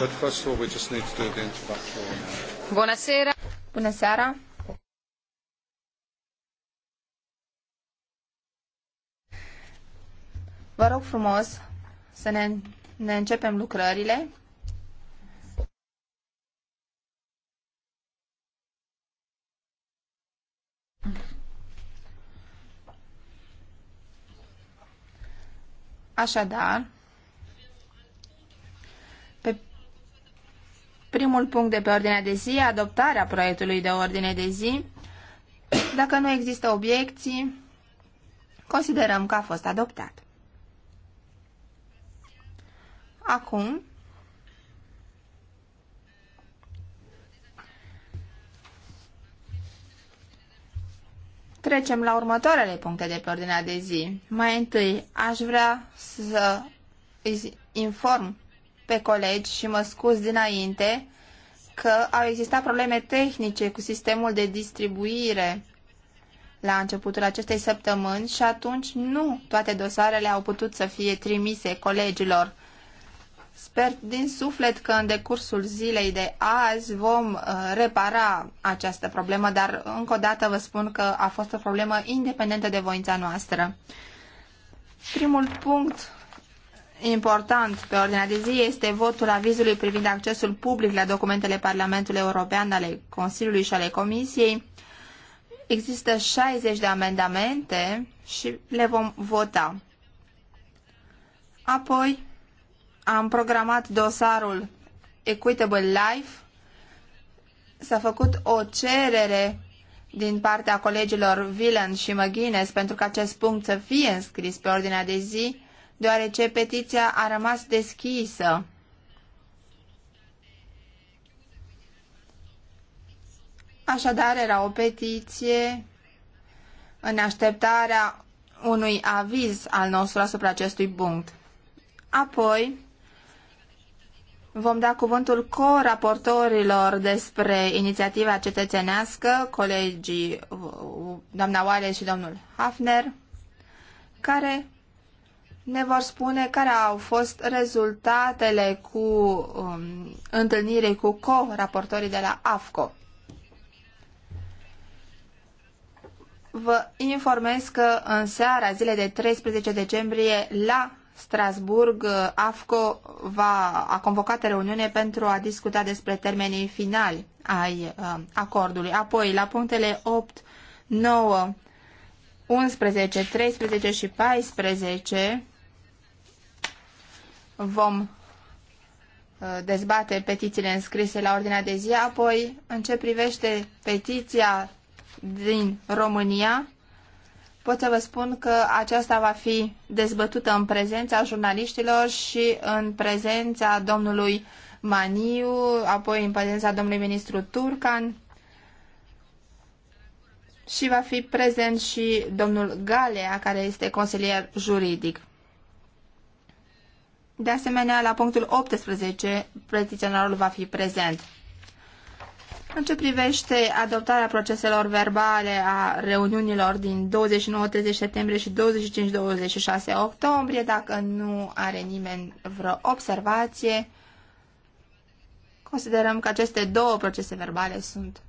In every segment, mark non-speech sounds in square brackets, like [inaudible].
But first of all, we just need to do the introductory. Bună seara! Bună seara! Vă rog frumos să ne, ne începem lucrările. Așadar, Primul punct de pe ordinea de zi, adoptarea proiectului de ordine de zi. Dacă nu există obiecții, considerăm că a fost adoptat. Acum, Trecem la următoarele puncte de pe ordinea de zi. Mai întâi, aș vrea să îi inform pe colegi și mă scuz dinainte că au existat probleme tehnice cu sistemul de distribuire la începutul acestei săptămâni și atunci nu toate dosarele au putut să fie trimise colegilor. Sper din suflet că în decursul zilei de azi vom uh, repara această problemă, dar încă o dată vă spun că a fost o problemă independentă de voința noastră. Primul punct important pe ordinea de zi este votul avizului privind accesul public la documentele Parlamentului European, ale Consiliului și ale Comisiei. Există 60 de amendamente și le vom vota. Apoi am programat dosarul Equitable Life. S-a făcut o cerere din partea colegilor Villan și McGuinness pentru că acest punct să fie înscris pe ordinea de zi deoarece petiția a rămas deschisă. Așadar, era o petiție în așteptarea unui aviz al nostru asupra acestui punct. Apoi, vom da cuvântul co-raportorilor despre inițiativa cetățenească, colegii doamna Oale și domnul Hafner, care ne vor spune care au fost rezultatele cu um, întâlnirii cu co-raportorii de la AFCO. Vă informez că în seara zilei de 13 decembrie la Strasburg, AFCO va, a convocat reuniune pentru a discuta despre termenii finali ai uh, acordului. Apoi, la punctele 8, 9, 11, 13 și 14, vom uh, dezbate petițiile înscrise la ordinea de zi. Apoi, în ce privește petiția din România, pot să vă spun că aceasta va fi dezbătută în prezența jurnaliștilor și în prezența domnului Maniu, apoi în prezența domnului ministru Turcan și va fi prezent și domnul Galea, care este consilier juridic. De asemenea, la punctul 18, petiționarul va fi prezent. În ce privește adoptarea proceselor verbale a reuniunilor din 29-30 septembrie și 25-26 octombrie, dacă nu are nimeni vreo observație, considerăm că aceste două procese verbale sunt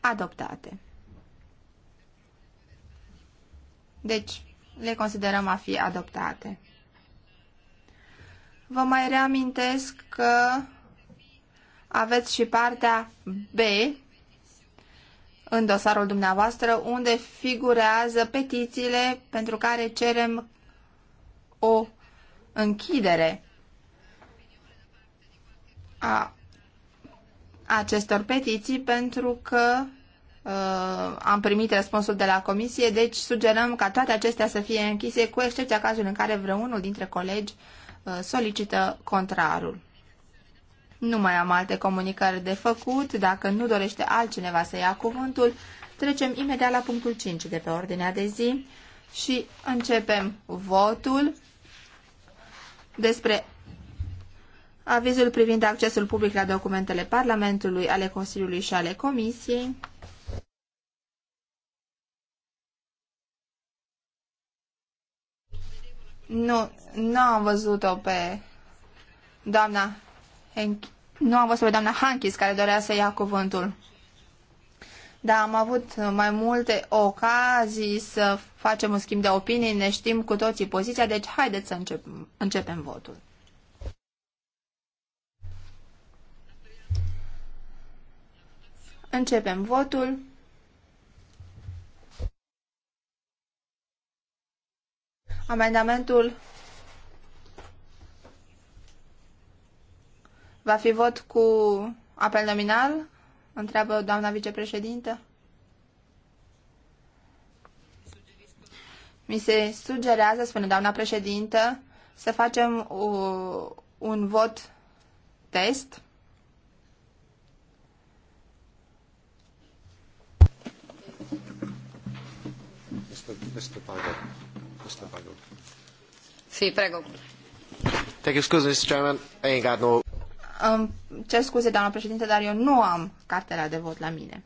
adoptate. Deci, le considerăm a fi adoptate. Vă mai reamintesc că aveți și partea B în dosarul dumneavoastră, unde figurează petițiile pentru care cerem o închidere a acestor petiții pentru că uh, am primit răspunsul de la comisie, deci sugerăm ca toate acestea să fie închise, cu excepția cazului în care vreunul dintre colegi Uh, solicită contrarul. Nu mai am alte comunicări de făcut. Dacă nu dorește altcineva să ia cuvântul, trecem imediat la punctul 5 de pe ordinea de zi și începem votul despre avizul privind accesul public la documentele Parlamentului, ale Consiliului și ale Comisiei. Nu, nu am văzut-o pe doamna Henk... Nu am văzut pe doamna Hankis care dorea să ia cuvântul. Da, am avut mai multe ocazii să facem un schimb de opinii, ne știm cu toții poziția, deci haideți să încep, începem votul. Începem votul. Amendamentul va fi vot cu apel nominal? Întreabă doamna vicepreședintă. Mi se sugerează, spune doamna președintă, să facem o, un vot test. Este, este Pavel questa prego. Sì, prego. Thank you, scuze, Mr. Chairman. I ain't got no... Um, cer scuze, doamna președinte, dar eu nu am cartela de vot la mine.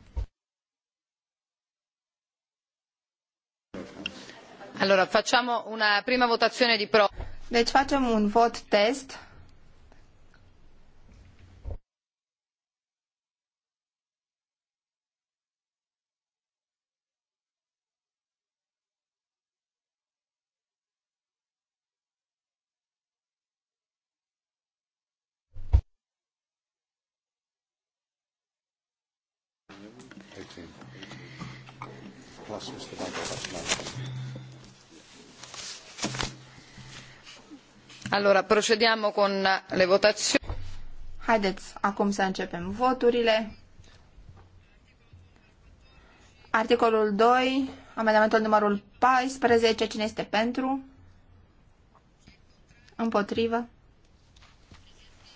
Allora, facciamo una prima votazione di pro. Deci facem un vot test Allora, procediamo con le votazioni. Haideți acum să începem voturile. Articolul 2, amendamentul numărul 14, cine este pentru? Împotrivă?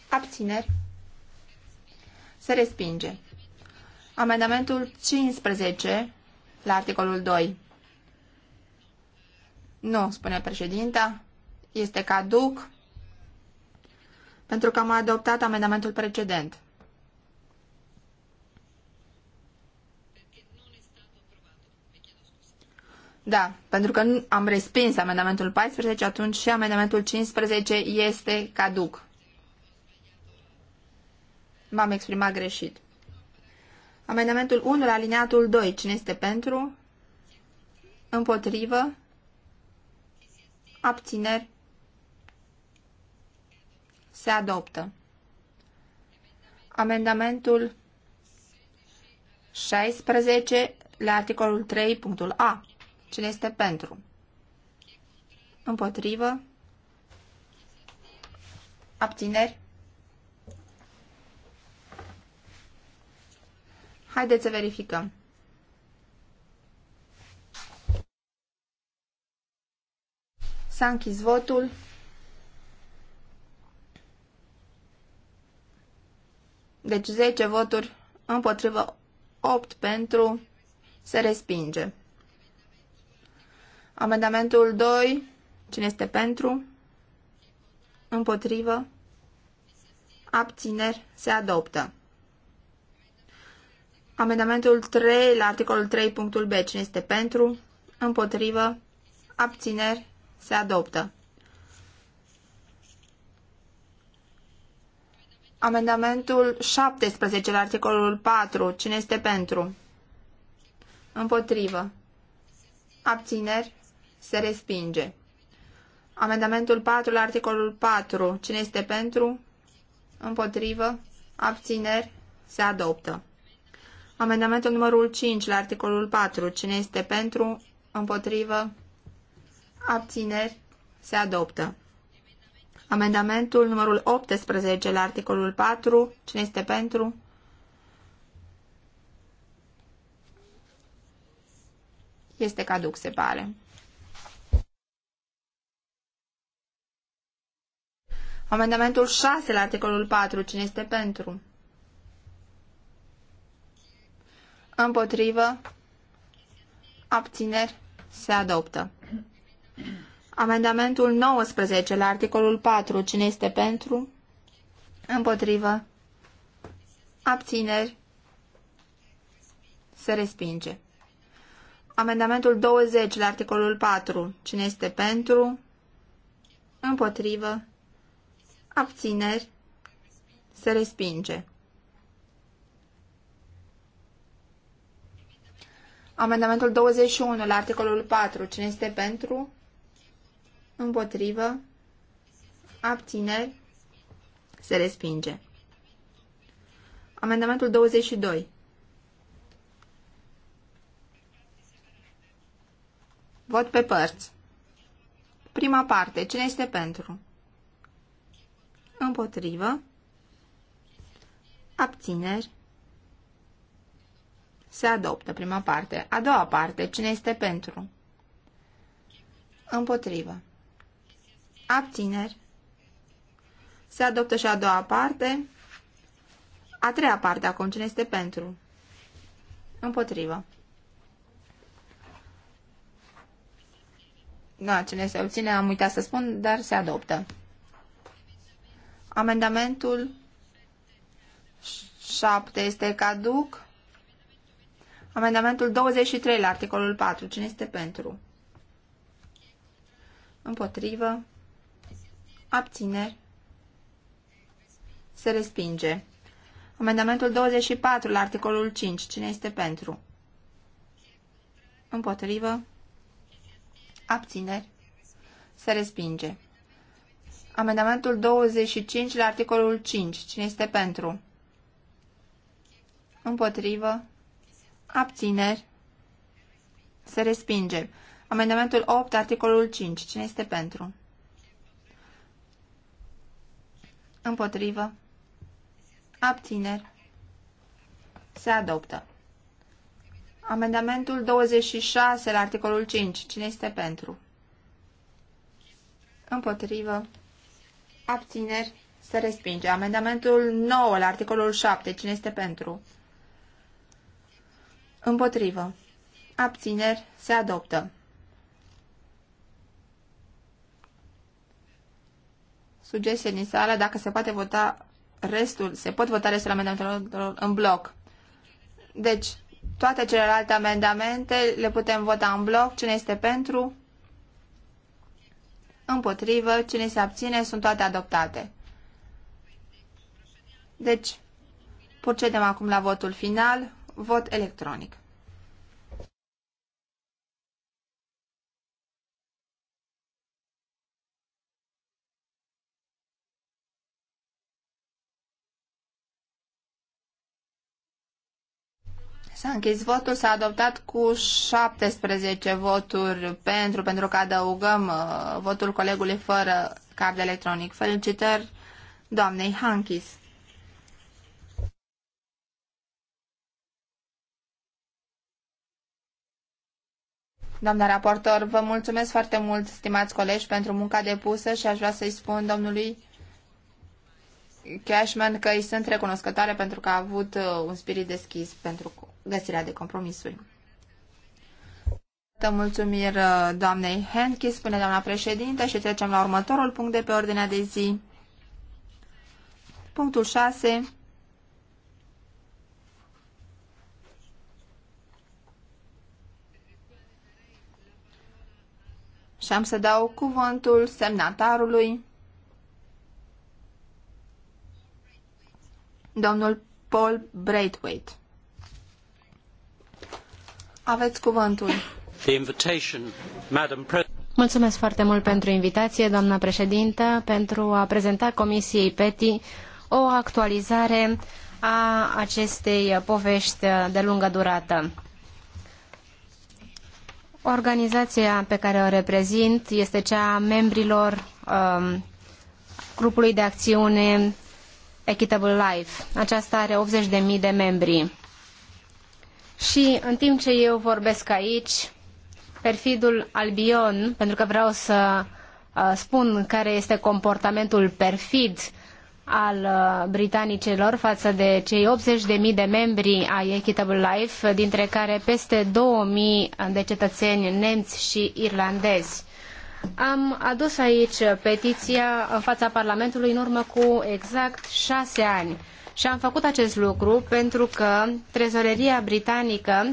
Abțineri? Se respinge. Amendamentul 15 la articolul 2. Nu, spune președinta este caduc pentru că am adoptat amendamentul precedent. Da, pentru că am respins amendamentul 14, atunci și amendamentul 15 este caduc. M-am exprimat greșit. Amendamentul 1 la alineatul 2. Cine este pentru? Împotrivă? Abțineri? Se adoptă. Amendamentul 16 la articolul 3, punctul A. Cine este pentru? Împotrivă? Abțineri? Haideți să verificăm. S-a închis votul. Deci 10 voturi împotrivă 8 pentru se respinge. Amendamentul 2. Cine este pentru? Împotrivă? Abțineri? Se adoptă. Amendamentul 3 la articolul 3.b, Cine este pentru? Împotrivă? Abțineri? Se adoptă. Amendamentul 17 la articolul 4. Cine este pentru? Împotrivă. Abțineri. Se respinge. Amendamentul 4 la articolul 4. Cine este pentru? Împotrivă. Abțineri. Se adoptă. Amendamentul numărul 5 la articolul 4. Cine este pentru? Împotrivă? Abțineri? Se adoptă. Amendamentul numărul 18 la articolul 4. Cine este pentru? Este caduc, se pare. Amendamentul 6 la articolul 4. Cine este pentru? Împotrivă? Abțineri? Se adoptă. Amendamentul 19 la articolul 4. Cine este pentru? Împotrivă. Abțineri. Se respinge. Amendamentul 20 la articolul 4. Cine este pentru? Împotrivă. Abțineri. Se respinge. Amendamentul 21 la articolul 4. Cine este pentru? împotrivă, abțineri, se respinge. Amendamentul 22. Vot pe părți. Prima parte. Cine este pentru? Împotrivă. Abțineri. Se adoptă prima parte. A doua parte. Cine este pentru? Împotrivă abțineri, se adoptă și a doua parte, a treia parte acum, cine este pentru, împotrivă. Da, cine se obține, am uitat să spun, dar se adoptă. Amendamentul 7 este caduc. Amendamentul 23 la articolul 4. Cine este pentru? Împotrivă abține, se respinge. Amendamentul 24 la articolul 5. Cine este pentru? Împotrivă. Abțineri. Se respinge. Amendamentul 25 la articolul 5. Cine este pentru? Împotrivă. Abțineri. Se respinge. Amendamentul 8, articolul 5. Cine este pentru? Împotrivă. Abțineri. Se adoptă. Amendamentul 26 la articolul 5. Cine este pentru? Împotrivă. Abțineri. Se respinge. Amendamentul 9 la articolul 7. Cine este pentru? Împotrivă. Abțineri. Se adoptă. sugestie din sală dacă se poate vota restul, se pot vota restul amendamentelor în bloc. Deci, toate celelalte amendamente le putem vota în bloc. Cine este pentru? Împotrivă. Cine se abține? Sunt toate adoptate. Deci, procedem acum la votul final, vot electronic. S-a închis votul, s-a adoptat cu 17 voturi pentru, pentru că adăugăm uh, votul colegului fără card electronic. Felicitări doamnei Hankis. Doamna raportor, vă mulțumesc foarte mult, stimați colegi, pentru munca depusă și aș vrea să-i spun domnului Cashman că îi sunt recunoscătoare pentru că a avut uh, un spirit deschis pentru găsirea de compromisuri. Mulțumiri uh, doamnei Henke, spune doamna președinte și trecem la următorul punct de pe ordinea de zi. Punctul 6. Și am să dau cuvântul semnatarului, domnul Paul Braithwaite. Aveți cuvântul. The invitation, Madam Mulțumesc foarte mult pentru invitație, doamna președintă, pentru a prezenta Comisiei PETI o actualizare a acestei povești de lungă durată. Organizația pe care o reprezint este cea a membrilor um, grupului de acțiune Equitable Life. Aceasta are 80.000 de membri. Și în timp ce eu vorbesc aici, perfidul Albion, pentru că vreau să uh, spun care este comportamentul perfid al uh, britanicilor față de cei 80.000 de membri ai Equitable Life, dintre care peste 2.000 de cetățeni nemți și irlandezi. Am adus aici petiția în fața Parlamentului în urmă cu exact șase ani și am făcut acest lucru pentru că trezoreria britanică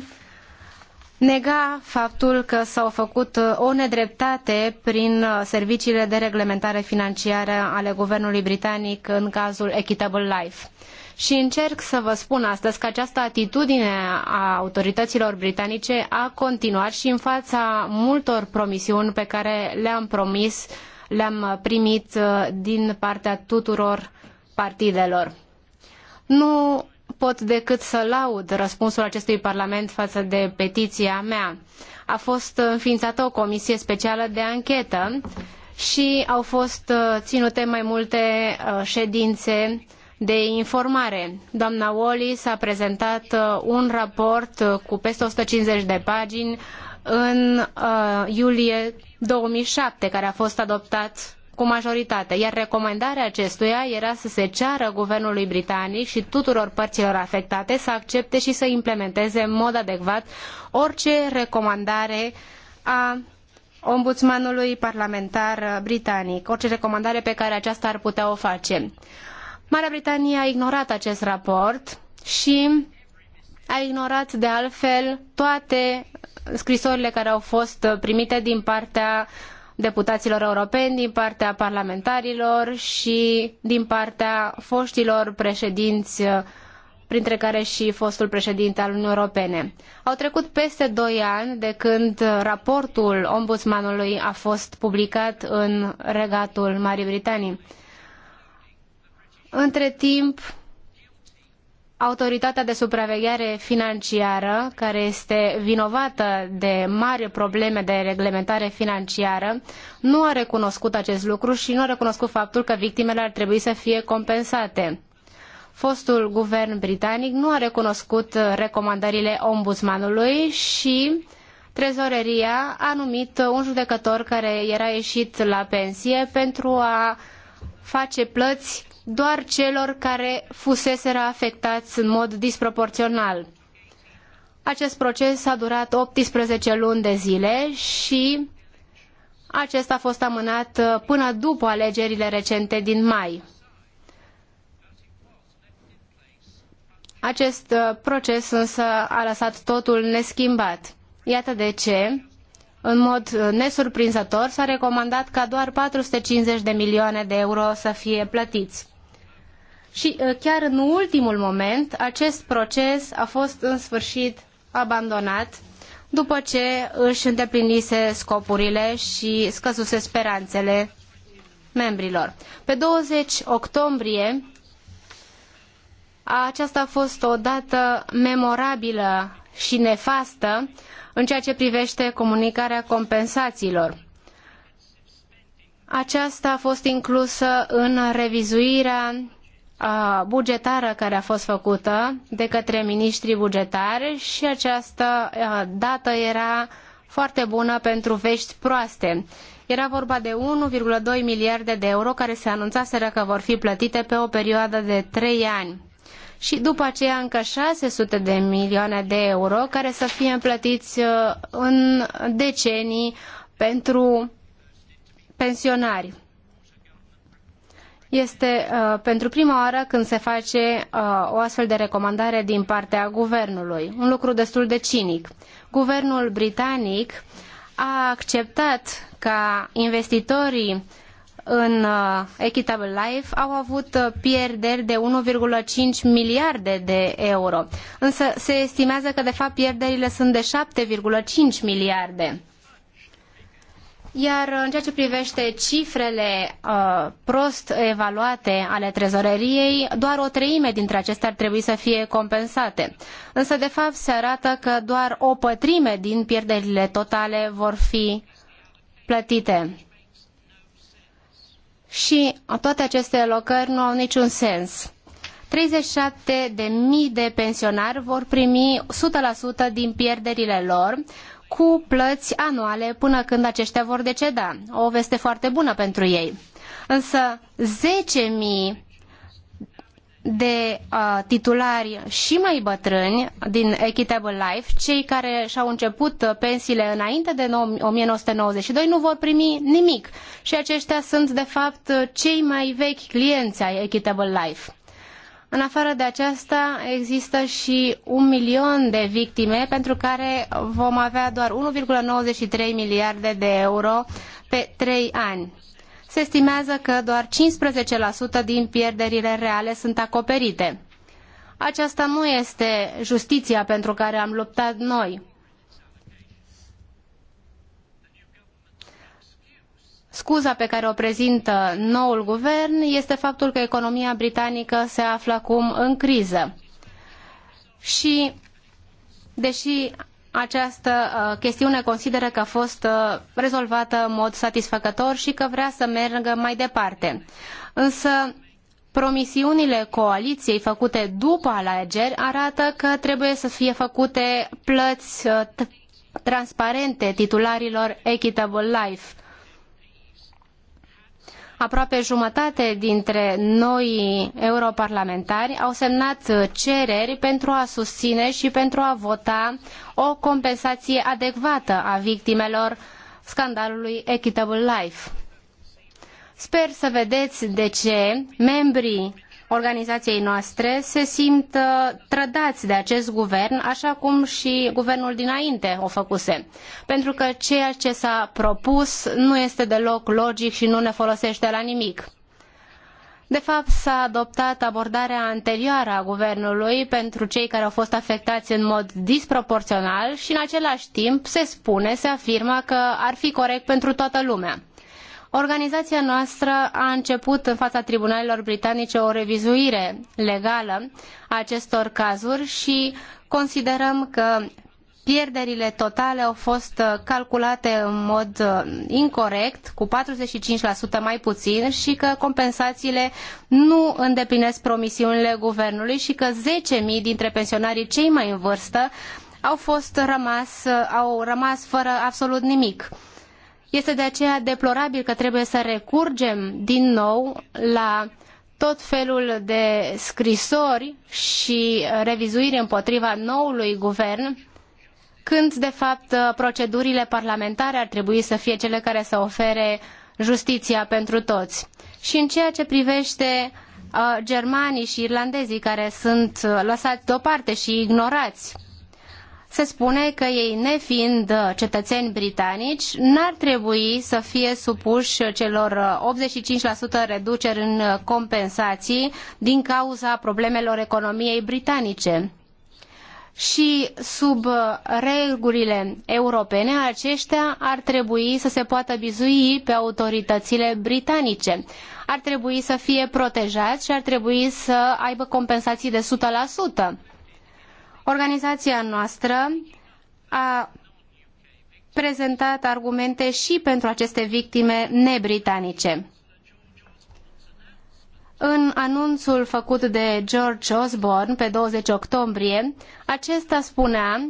nega faptul că s-au făcut uh, o nedreptate prin uh, serviciile de reglementare financiară ale guvernului britanic în cazul Equitable Life. Și încerc să vă spun astăzi că această atitudine a autorităților britanice a continuat și în fața multor promisiuni pe care le-am promis, le-am primit uh, din partea tuturor partidelor. Nu pot decât să laud răspunsul acestui Parlament față de petiția mea. A fost înființată o comisie specială de anchetă și au fost uh, ținute mai multe uh, ședințe de informare. Doamna Wallis a prezentat uh, un raport cu peste 150 de pagini în iulie 2007, care a fost adoptat cu majoritate, iar recomandarea acestuia era să se ceară guvernului britanic și tuturor părților afectate să accepte și să implementeze în mod adecvat orice recomandare a ombudsmanului parlamentar britanic, orice recomandare pe care aceasta ar putea o face. Marea Britanie a ignorat acest raport și a ignorat de altfel toate scrisorile care au fost primite din partea deputaților europeni, din partea parlamentarilor și din partea foștilor președinți, printre care și fostul președinte al Uniunii Europene. Au trecut peste doi ani de când raportul ombudsmanului a fost publicat în regatul Marii Britanii. Între timp, autoritatea de supraveghere financiară, care este vinovată de mari probleme de reglementare financiară, nu a recunoscut acest lucru și nu a recunoscut faptul că victimele ar trebui să fie compensate. Fostul guvern britanic nu a recunoscut recomandările ombudsmanului și trezoreria a numit un judecător care era ieșit la pensie pentru a face plăți doar celor care fuseseră afectați în mod disproporțional. Acest proces a durat 18 luni de zile și acesta a fost amânat uh, până după alegerile recente din mai. Acest uh, proces însă a lăsat totul neschimbat. Iată de ce, în mod uh, nesurprinzător, s-a recomandat ca doar 450 de milioane de euro să fie plătiți. Și uh, chiar în ultimul moment, acest proces a fost în sfârșit abandonat după ce își îndeplinise scopurile și scăzuse speranțele membrilor. Pe 20 octombrie, aceasta a fost o dată memorabilă și nefastă în ceea ce privește comunicarea compensațiilor. Aceasta a fost inclusă în revizuirea bugetară care a fost făcută de către miniștrii bugetari și această dată era foarte bună pentru vești proaste. Era vorba de 1,2 miliarde de euro care se anunțaseră că vor fi plătite pe o perioadă de trei ani și după aceea încă 600 de milioane de euro care să fie plătiți în decenii pentru pensionari. Este uh, pentru prima oară când se face uh, o astfel de recomandare din partea guvernului. Un lucru destul de cinic. Guvernul britanic a acceptat ca investitorii în uh, Equitable Life au avut uh, pierderi de 1,5 miliarde de euro. Însă se estimează că de fapt pierderile sunt de 7,5 miliarde. Iar în ceea ce privește cifrele uh, prost evaluate ale trezoreriei, doar o treime dintre acestea ar trebui să fie compensate. Însă, de fapt, se arată că doar o pătrime din pierderile totale vor fi plătite. Și toate aceste locări nu au niciun sens. 37.000 de mii de pensionari vor primi 100% din pierderile lor, cu plăți anuale până când aceștia vor deceda. O veste foarte bună pentru ei. Însă 10.000 de uh, titulari și mai bătrâni din Equitable Life, cei care și-au început uh, pensiile înainte de 1992, nu vor primi nimic. Și aceștia sunt, de fapt, cei mai vechi clienți ai Equitable Life. În afară de aceasta, există și un milion de victime pentru care vom avea doar 1,93 miliarde de euro pe trei ani. Se estimează că doar 15% din pierderile reale sunt acoperite. Aceasta nu este justiția pentru care am luptat noi Scuza pe care o prezintă noul guvern este faptul că economia britanică se află acum în criză. Și, deși această uh, chestiune consideră că a fost uh, rezolvată în mod satisfăcător și că vrea să meargă mai departe. Însă, promisiunile coaliției făcute după alegeri arată că trebuie să fie făcute plăți uh, transparente titularilor Equitable Life Aproape jumătate dintre noi europarlamentari au semnat cereri pentru a susține și pentru a vota o compensație adecvată a victimelor scandalului Equitable Life. Sper să vedeți de ce membrii organizației noastre se simt uh, trădați de acest guvern, așa cum și guvernul dinainte o făcuse. Pentru că ceea ce s-a propus nu este deloc logic și nu ne folosește la nimic. De fapt, s-a adoptat abordarea anterioară a guvernului pentru cei care au fost afectați în mod disproporțional și în același timp se spune, se afirmă că ar fi corect pentru toată lumea. Organizația noastră a început în fața tribunalelor britanice o revizuire legală a acestor cazuri și considerăm că pierderile totale au fost calculate în mod uh, incorrect, cu 45% mai puțin și că compensațiile nu îndeplinesc promisiunile guvernului și că 10.000 dintre pensionarii cei mai în vârstă au fost rămas, uh, au rămas fără absolut nimic. Este de aceea deplorabil că trebuie să recurgem din nou la tot felul de scrisori și revizuiri împotriva noului guvern, când, de fapt, procedurile parlamentare ar trebui să fie cele care să ofere justiția pentru toți. Și în ceea ce privește uh, germanii și irlandezii care sunt uh, lăsați deoparte și ignorați se spune că ei, nefiind uh, cetățeni britanici, n-ar trebui să fie supuși celor 85% uh, reduceri în uh, compensații din cauza problemelor economiei britanice. Și sub regulile europene, aceștia ar trebui să se poată bizui pe autoritățile britanice. Ar trebui să fie protejați și ar trebui să aibă compensații de 100%. Organizația noastră a prezentat argumente și pentru aceste victime nebritanice. În anunțul făcut de George Osborne pe 20 octombrie, acesta spunea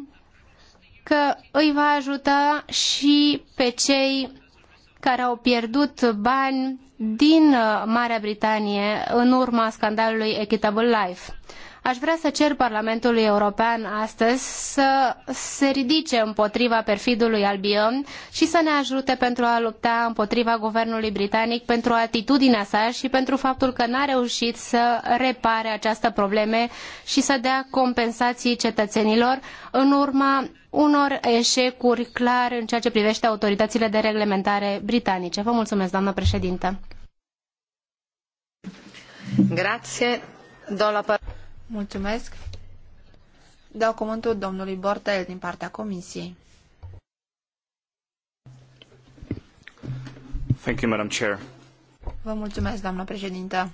că îi va ajuta și pe cei care au pierdut bani din Marea Britanie în urma scandalului Equitable Life. Aș vrea să cer Parlamentului European astăzi să se ridice împotriva perfidului Albion și să ne ajute pentru a lupta împotriva guvernului britanic pentru atitudinea sa și pentru faptul că n-a reușit să repare această probleme și să dea compensații cetățenilor în urma unor eșecuri clare în ceea ce privește autoritățile de reglementare britanice. Vă mulțumesc, doamnă președintă. Grazie. Mulțumesc. Dau cuvântul domnului Bortel din partea Comisiei. Thank you, Madam Chair. Vă mulțumesc, doamnă președintă.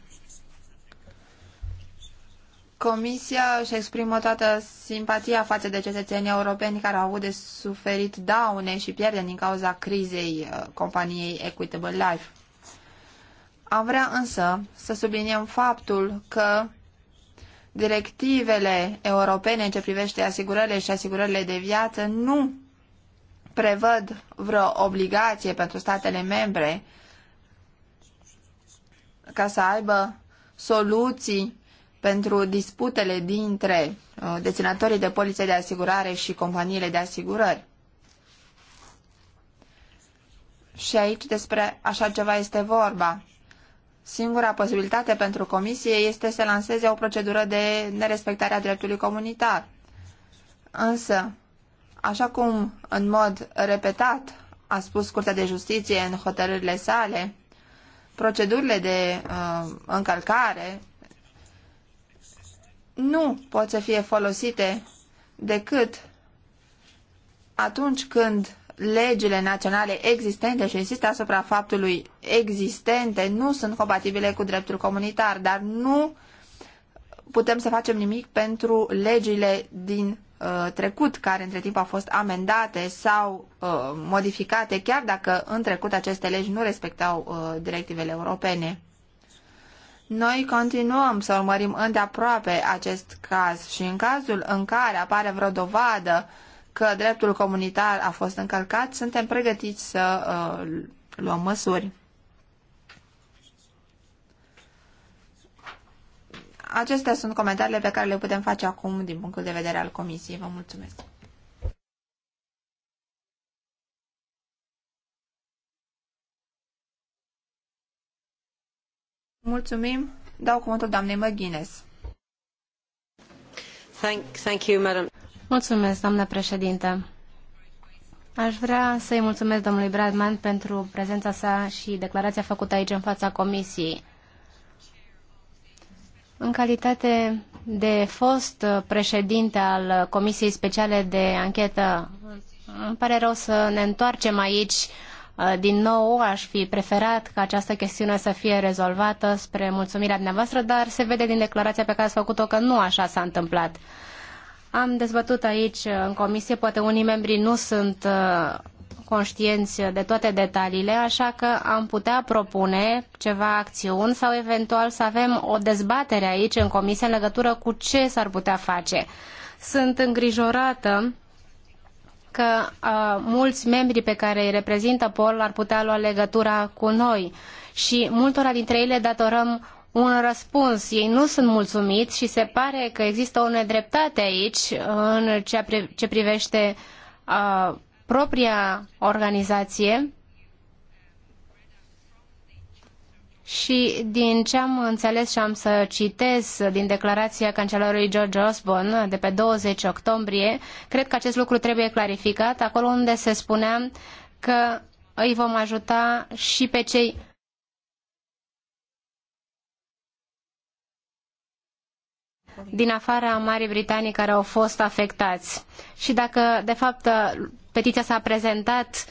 Comisia își exprimă toată simpatia față de cetățenii europeni care au avut de suferit daune și pierderi din cauza crizei uh, companiei Equitable Life. Am vrea însă să subliniem faptul că directivele europene în ce privește asigurările și asigurările de viață nu prevăd vreo obligație pentru statele membre ca să aibă soluții pentru disputele dintre uh, deținătorii de polițe de asigurare și companiile de asigurări. Și aici despre așa ceva este vorba. Singura posibilitate pentru comisie este să lanseze o procedură de nerespectare a dreptului comunitar. Însă, așa cum în mod repetat a spus Curtea de Justiție în hotărârile sale, procedurile de uh, încălcare nu pot să fie folosite decât atunci când legile naționale existente și insist asupra faptului existente nu sunt compatibile cu dreptul comunitar, dar nu putem să facem nimic pentru legile din uh, trecut, care între timp au fost amendate sau uh, modificate, chiar dacă în trecut aceste legi nu respectau uh, directivele europene. Noi continuăm să urmărim îndeaproape acest caz și în cazul în care apare vreo dovadă că dreptul comunitar a fost încălcat, suntem pregătiți să uh, luăm măsuri. Acestea sunt comentariile pe care le putem face acum din punctul de vedere al Comisiei. Vă mulțumesc! Mulțumim. Dau cuvântul doamnei McGuinness. Thank, thank you, madam. Mulțumesc, doamnă președinte. Aș vrea să-i mulțumesc domnului Bradman pentru prezența sa și declarația făcută aici în fața comisiei. În calitate de fost președinte al Comisiei Speciale de Anchetă, îmi pare rău să ne întoarcem aici uh, din nou. Aș fi preferat ca această chestiune să fie rezolvată spre mulțumirea dumneavoastră, dar se vede din declarația pe care ați făcut-o că nu așa s-a întâmplat. Am dezbătut aici în comisie, poate unii membri nu sunt uh, conștienți de toate detaliile, așa că am putea propune ceva acțiuni sau eventual să avem o dezbatere aici în comisie în legătură cu ce s-ar putea face. Sunt îngrijorată că uh, mulți membri pe care îi reprezintă Pol ar putea lua legătura cu noi și multora dintre ele datorăm un răspuns. Ei nu sunt mulțumiți și se pare că există o nedreptate aici în ceea ce privește uh, propria organizație. Și din ce am înțeles și am să citez din declarația cancelarului George Osborne de pe 20 octombrie, cred că acest lucru trebuie clarificat acolo unde se spunea că îi vom ajuta și pe cei din afara Marii Britanii care au fost afectați. Și dacă, de fapt, petiția s-a prezentat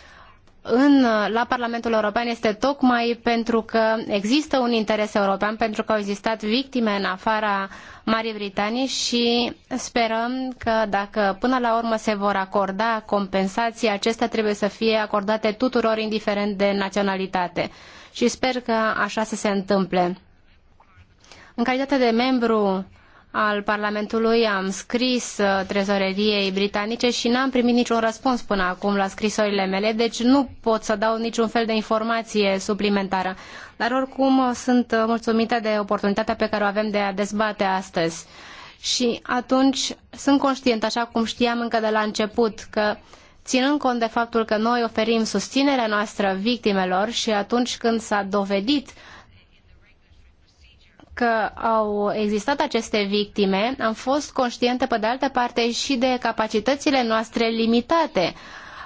în, la Parlamentul European este tocmai pentru că există un interes european, pentru că au existat victime în afara Marii Britanii și sperăm că dacă până la urmă se vor acorda compensații, acestea trebuie să fie acordate tuturor, indiferent de naționalitate. Și sper că așa să se întâmple. În calitate de membru al Parlamentului am scris uh, trezoreriei britanice și n-am primit niciun răspuns până acum la scrisorile mele, deci nu pot să dau niciun fel de informație suplimentară. Dar oricum uh, sunt uh, mulțumită de oportunitatea pe care o avem de a dezbate astăzi. Și atunci sunt conștient, așa cum știam încă de la început, că ținând cont de faptul că noi oferim susținerea noastră victimelor și atunci când s-a dovedit că au existat aceste victime, am fost conștientă pe de altă parte și de capacitățile noastre limitate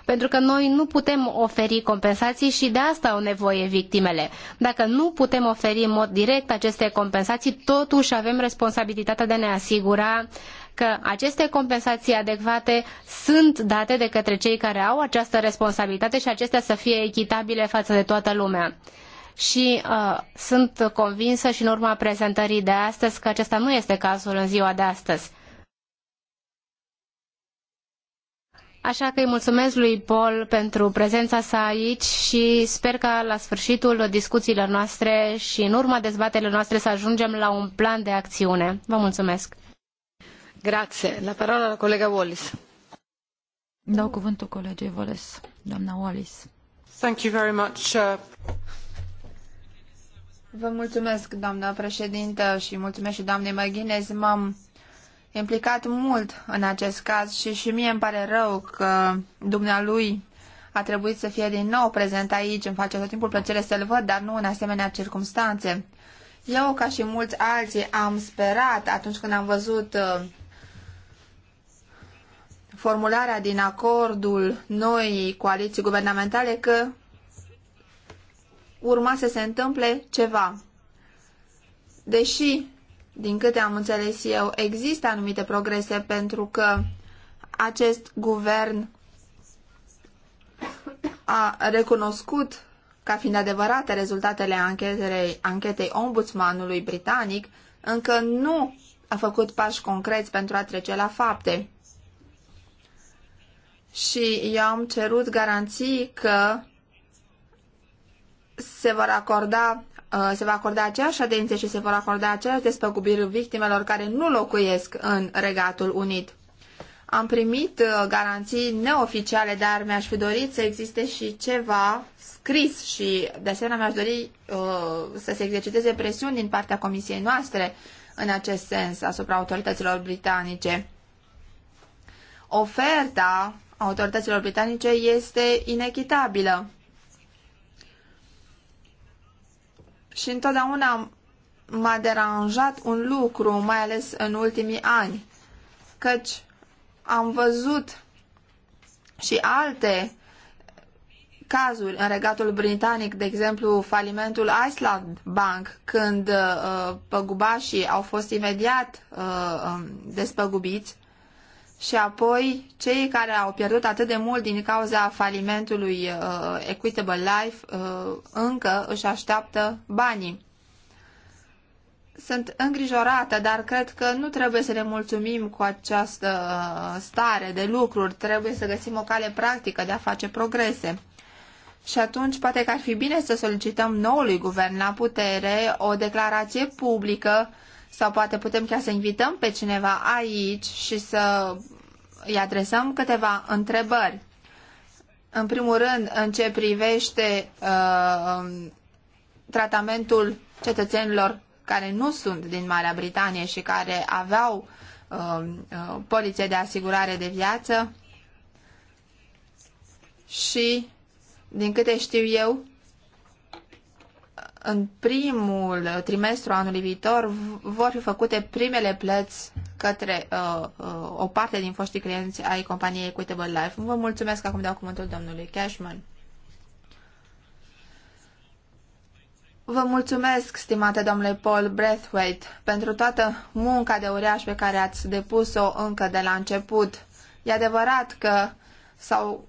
pentru că noi nu putem oferi compensații și de asta au nevoie victimele. Dacă nu putem oferi în mod direct aceste compensații, totuși avem responsabilitatea de a ne asigura că aceste compensații adecvate sunt date de către cei care au această responsabilitate și acestea să fie echitabile față de toată lumea și uh, sunt convinsă și în urma prezentării de astăzi că acesta nu este cazul în ziua de astăzi. Așa că îi mulțumesc lui Paul pentru prezența sa aici și sper că la sfârșitul discuțiilor noastre și în urma dezbaterilor noastre să ajungem la un plan de acțiune. Vă mulțumesc. Grazie. La parola la colega Wallis. Dau cuvântul colegei Wallis, doamna Wallis. Thank you very much. Uh, Vă mulțumesc, doamnă președintă, și mulțumesc și doamnei Măghinez. M-am implicat mult în acest caz și și mie îmi pare rău că dumnealui a trebuit să fie din nou prezent aici. Îmi face tot timpul plăcere să-l văd, dar nu în asemenea circunstanțe. Eu, ca și mulți alții, am sperat atunci când am văzut uh, formularea din acordul noii coaliții guvernamentale că urma să se întâmple ceva. Deși, din câte am înțeles eu, există anumite progrese pentru că acest guvern a recunoscut ca fiind adevărate rezultatele anchetei, anchetei ombudsmanului britanic, încă nu a făcut pași concreți pentru a trece la fapte. Și eu am cerut garanții că se vor acorda uh, se va acorda aceeași atenție și se vor acorda aceleași despăgubiri victimelor care nu locuiesc în Regatul Unit. Am primit uh, garanții neoficiale, dar mi-aș fi dorit să existe și ceva scris și de asemenea mi-aș dori uh, să se exerciteze presiuni din partea comisiei noastre în acest sens asupra autorităților britanice. Oferta autorităților britanice este inechitabilă Și întotdeauna m-a deranjat un lucru, mai ales în ultimii ani, căci am văzut și alte cazuri în regatul britanic, de exemplu falimentul Iceland Bank, când uh, păgubașii au fost imediat uh, um, despăgubiți și apoi cei care au pierdut atât de mult din cauza falimentului uh, Equitable Life uh, încă își așteaptă banii. Sunt îngrijorată, dar cred că nu trebuie să ne mulțumim cu această uh, stare de lucruri, trebuie să găsim o cale practică de a face progrese. Și atunci poate că ar fi bine să solicităm noului guvern la putere o declarație publică sau poate putem chiar să invităm pe cineva aici și să îi adresăm câteva întrebări. În primul rând, în ce privește uh, tratamentul cetățenilor care nu sunt din Marea Britanie și care aveau uh, uh, poliție de asigurare de viață și, din câte știu eu, în primul trimestru anului viitor vor fi făcute primele plăți către uh, uh, o parte din foștii clienți ai companiei Equitable Life. Vă mulțumesc acum dau cuvântul domnului Cashman. Vă mulțumesc, stimate domnule Paul Breathwaite, pentru toată munca de uriaș pe care ați depus-o încă de la început. E adevărat că s-au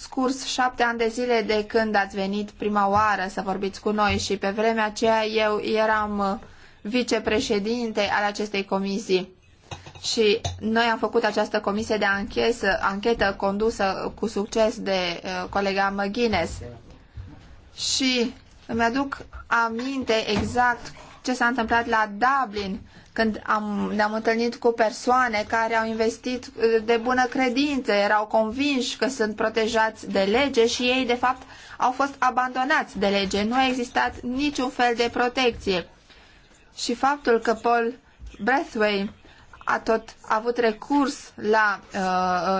scurs șapte ani de zile de când ați venit prima oară să vorbiți cu noi și pe vremea aceea eu eram uh, vicepreședinte al acestei comisii. Și noi am făcut această comisie de anchetă, anchetă condusă cu succes de uh, colega Măghines. Și îmi aduc aminte exact ce s-a întâmplat la Dublin, când am, ne-am întâlnit cu persoane care au investit uh, de bună credință, erau convinși că sunt protejați de lege și ei, de fapt, au fost abandonați de lege. Nu a existat niciun fel de protecție. Și faptul că Paul Breathway a tot avut recurs la uh,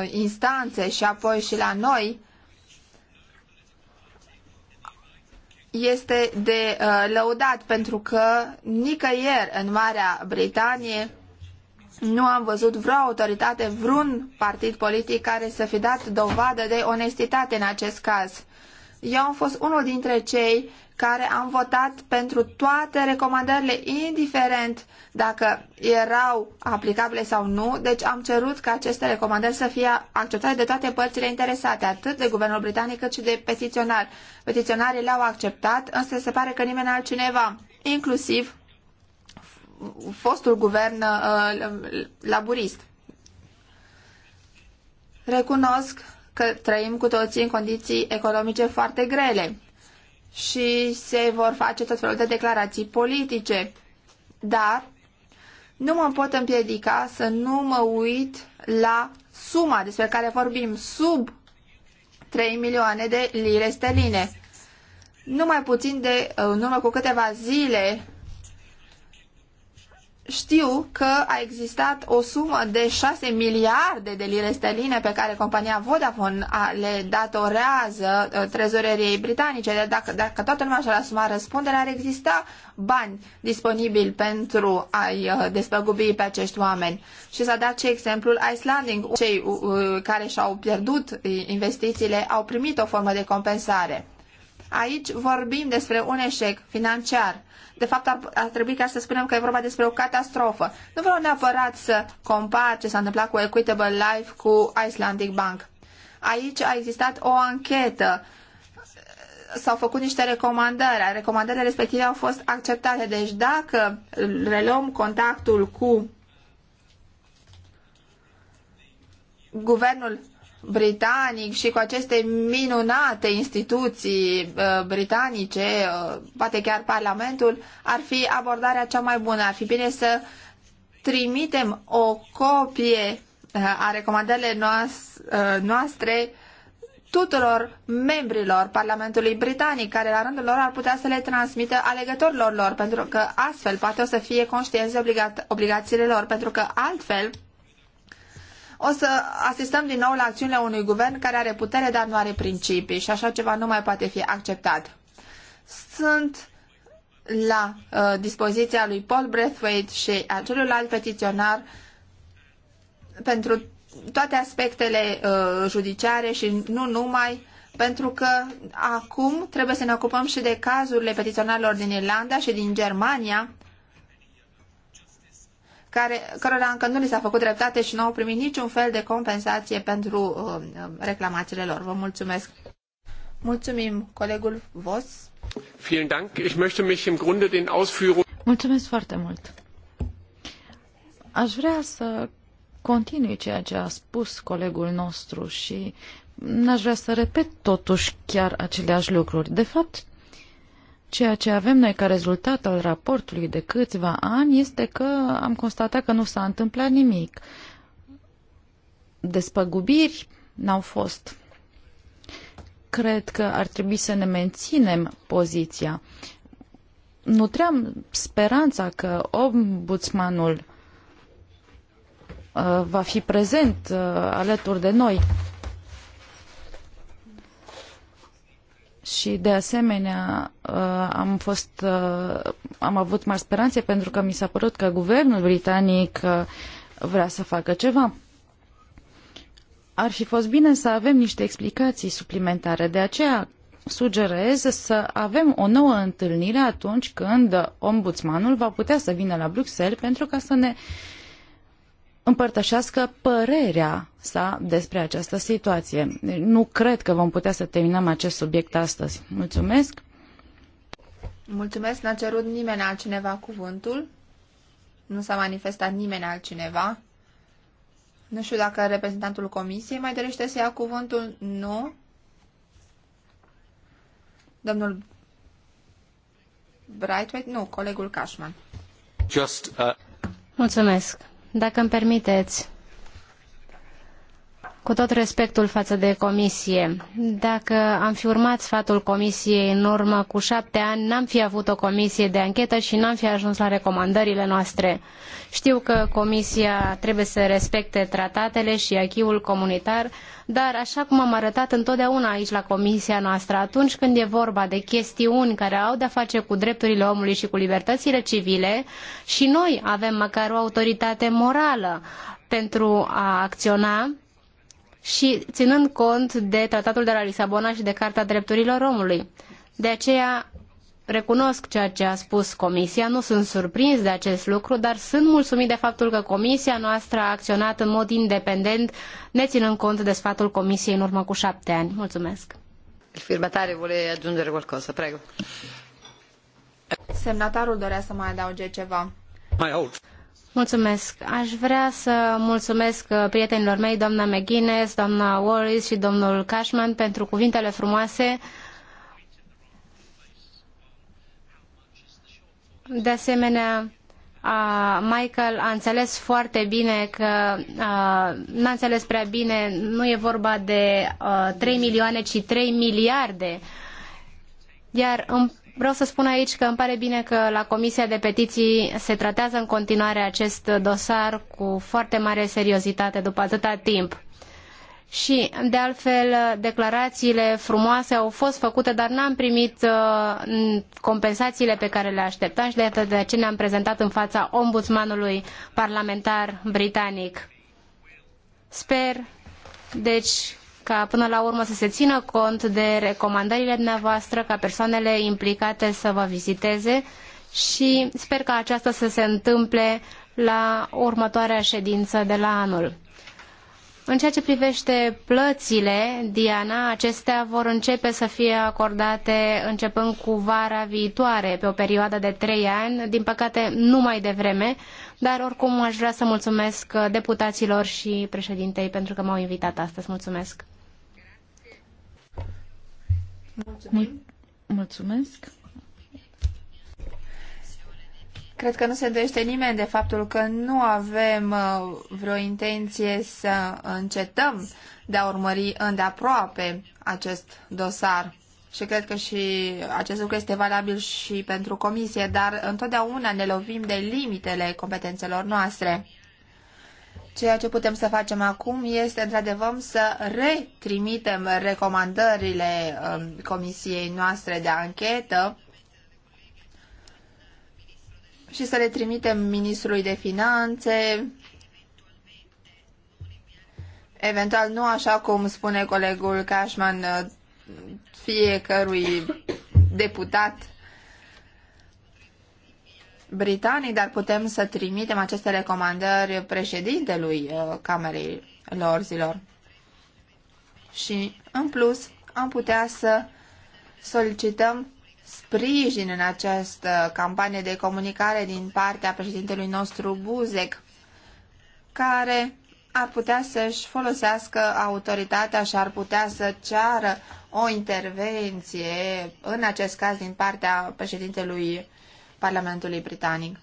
uh, instanțe și apoi și la noi, este de uh, lăudat pentru că nicăieri în Marea Britanie nu am văzut vreo autoritate, vreun partid politic care să fi dat dovadă de onestitate în acest caz. Eu am fost unul dintre cei care am votat pentru toate recomandările, indiferent dacă erau aplicabile sau nu. Deci am cerut ca aceste recomandări să fie acceptate de toate părțile interesate, atât de guvernul britanic cât și de petiționari. Petiționarii le-au acceptat, însă se pare că nimeni altcineva, inclusiv fostul guvern uh, laburist. Recunosc că trăim cu toții în condiții economice foarte grele și se vor face tot felul de declarații politice. Dar nu mă pot împiedica să nu mă uit la suma despre care vorbim, sub 3 milioane de lire sterline. Numai puțin de, în urmă cu câteva zile, știu că a existat o sumă de 6 miliarde de lire sterline pe care compania Vodafone le datorează uh, trezoreriei britanice. dacă, dacă toată lumea și-ar asuma răspunderea, ar exista bani disponibili pentru a-i uh, despăgubi pe acești oameni. Și s-a dat și exemplul Icelanding. Cei uh, care și-au pierdut investițiile au primit o formă de compensare. Aici vorbim despre un eșec financiar de fapt, ar, ar trebui ca să spunem că e vorba despre o catastrofă. Nu vreau neapărat să compar ce s-a întâmplat cu Equitable Life cu Icelandic Bank. Aici a existat o anchetă s-au făcut niște recomandări. Recomandările respective au fost acceptate. Deci dacă reluăm contactul cu guvernul britanic și cu aceste minunate instituții uh, britanice, uh, poate chiar Parlamentul, ar fi abordarea cea mai bună. Ar fi bine să trimitem o copie uh, a recomandările noastre tuturor membrilor Parlamentului Britanic, care la rândul lor ar putea să le transmită alegătorilor lor, pentru că astfel poate o să fie conștienți de obligațiile lor, pentru că altfel o să asistăm din nou la acțiunile unui guvern care are putere, dar nu are principii și așa ceva nu mai poate fi acceptat. Sunt la uh, dispoziția lui Paul Breathwaite și a celuilalt petiționar pentru toate aspectele uh, judiciare și nu numai, pentru că acum trebuie să ne ocupăm și de cazurile petiționarilor din Irlanda și din Germania, care, cărora încă nu li s-a făcut dreptate și nu au primit niciun fel de compensație pentru uh, reclamațiile lor. Vă mulțumesc! Mulțumim, colegul Vos. Vielen Dank. Ich möchte mich im Grunde den Ausführungen... Mulțumesc foarte mult! Aș vrea să continui ceea ce a spus colegul nostru și n-aș vrea să repet totuși chiar aceleași lucruri. De fapt, Ceea ce avem noi ca rezultat al raportului de câțiva ani este că am constatat că nu s-a întâmplat nimic. Despăgubiri n-au fost. Cred că ar trebui să ne menținem poziția. Nutream speranța că ombudsmanul uh, va fi prezent uh, alături de noi și de asemenea uh, am fost uh, am avut mari speranțe pentru că mi s-a părut că guvernul britanic uh, vrea să facă ceva. Ar fi fost bine să avem niște explicații suplimentare, de aceea sugerez să avem o nouă întâlnire atunci când ombudsmanul va putea să vină la Bruxelles pentru ca să ne uh, împărtășească părerea sa despre această situație. Nu cred că vom putea să terminăm acest subiect astăzi. Mulțumesc! Mulțumesc, n-a cerut nimeni altcineva cuvântul. Nu s-a manifestat nimeni altcineva. Nu știu dacă reprezentantul comisiei mai dorește să ia cuvântul. Nu. Domnul Brightway? Nu, colegul Cashman. Just, uh... Mulțumesc. Dacă îmi permiteți, cu tot respectul față de comisie, dacă am fi urmat sfatul comisiei în urmă cu șapte ani, n-am fi avut o comisie de anchetă și n-am fi ajuns la recomandările noastre. Știu că comisia trebuie să respecte tratatele și achiul comunitar, dar așa cum am arătat întotdeauna aici la comisia noastră, atunci când e vorba de chestiuni care au de-a face cu drepturile omului și cu libertățile civile, și noi avem măcar o autoritate morală pentru a acționa și ținând cont de Tratatul de la Lisabona și de Carta Drepturilor Omului. De aceea recunosc ceea ce a spus Comisia, nu sunt surprins de acest lucru, dar sunt mulțumit de faptul că Comisia noastră a acționat în mod independent, ne ținând cont de sfatul Comisiei în urmă cu șapte ani. Mulțumesc. firmatare qualcosa, prego. Semnatarul dorea să mai adauge ceva. Mai aud. Mulțumesc. Aș vrea să mulțumesc uh, prietenilor mei, doamna McGuinness, doamna Wallis și domnul Cashman pentru cuvintele frumoase. De asemenea, Michael a înțeles foarte bine că n-a înțeles prea bine, nu e vorba de trei milioane, ci trei miliarde. Iar în Vreau să spun aici că îmi pare bine că la Comisia de Petiții se tratează în continuare acest dosar cu foarte mare seriozitate după atâta timp. Și, de altfel, declarațiile frumoase au fost făcute, dar n-am primit uh, compensațiile pe care le așteptam și de atât de ce ne-am prezentat în fața ombudsmanului parlamentar britanic. Sper, deci, ca până la urmă să se țină cont de recomandările dumneavoastră, ca persoanele implicate să vă viziteze și sper ca aceasta să se întâmple la următoarea ședință de la anul. În ceea ce privește plățile, Diana, acestea vor începe să fie acordate începând cu vara viitoare, pe o perioadă de trei ani, din păcate nu mai devreme, dar oricum aș vrea să mulțumesc deputaților și președintei pentru că m-au invitat astăzi. Mulțumesc! Mulțumim. Mulțumesc. Cred că nu se îndoiește nimeni de faptul că nu avem uh, vreo intenție să încetăm de a urmări îndeaproape acest dosar. Și cred că și acest lucru este valabil și pentru comisie, dar întotdeauna ne lovim de limitele competențelor noastre. Ceea ce putem să facem acum este, într-adevăr, să retrimitem recomandările um, comisiei noastre de anchetă și să le trimitem ministrului de finanțe, eventual nu așa cum spune colegul Cashman uh, fiecărui deputat britanii, dar putem să trimitem aceste recomandări președintelui uh, Camerei Lorzilor. Și, în plus, am putea să solicităm sprijin în această campanie de comunicare din partea președintelui nostru Buzek, care ar putea să-și folosească autoritatea și ar putea să ceară o intervenție, în acest caz din partea președintelui Parlamentului Britanic.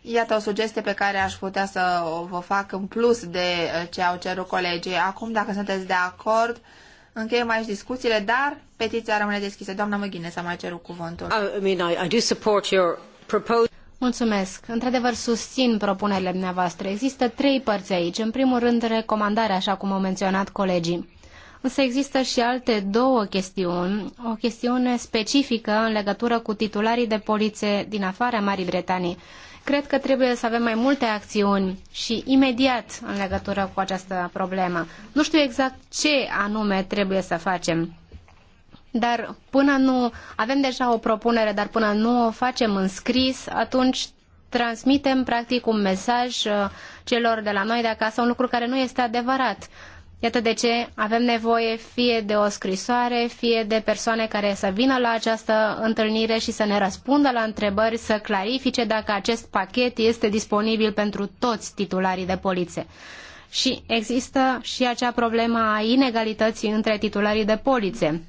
Iată o sugestie pe care aș putea să o vă fac în plus de uh, ce au cerut colegii. Acum, dacă sunteți de acord, încheiem aici discuțiile, dar petiția rămâne deschisă. Doamna Măghine s-a mai cerut cuvântul. I mean, I, I do support your proposal. Mulțumesc. Într-adevăr, susțin propunerile dumneavoastră. Există trei părți aici. În primul rând, recomandarea, așa cum au menționat colegii. Însă există și alte două chestiuni, o chestiune specifică în legătură cu titularii de polițe din afara Marii Britanii. Cred că trebuie să avem mai multe acțiuni și imediat în legătură cu această problemă. Nu știu exact ce anume trebuie să facem. Dar până nu avem deja o propunere, dar până nu o facem în scris, atunci transmitem practic un mesaj uh, celor de la noi de acasă, un lucru care nu este adevărat. Iată de ce avem nevoie fie de o scrisoare, fie de persoane care să vină la această întâlnire și să ne răspundă la întrebări, să clarifice dacă acest pachet este disponibil pentru toți titularii de polițe. Și există și acea problemă a inegalității între titularii de polițe.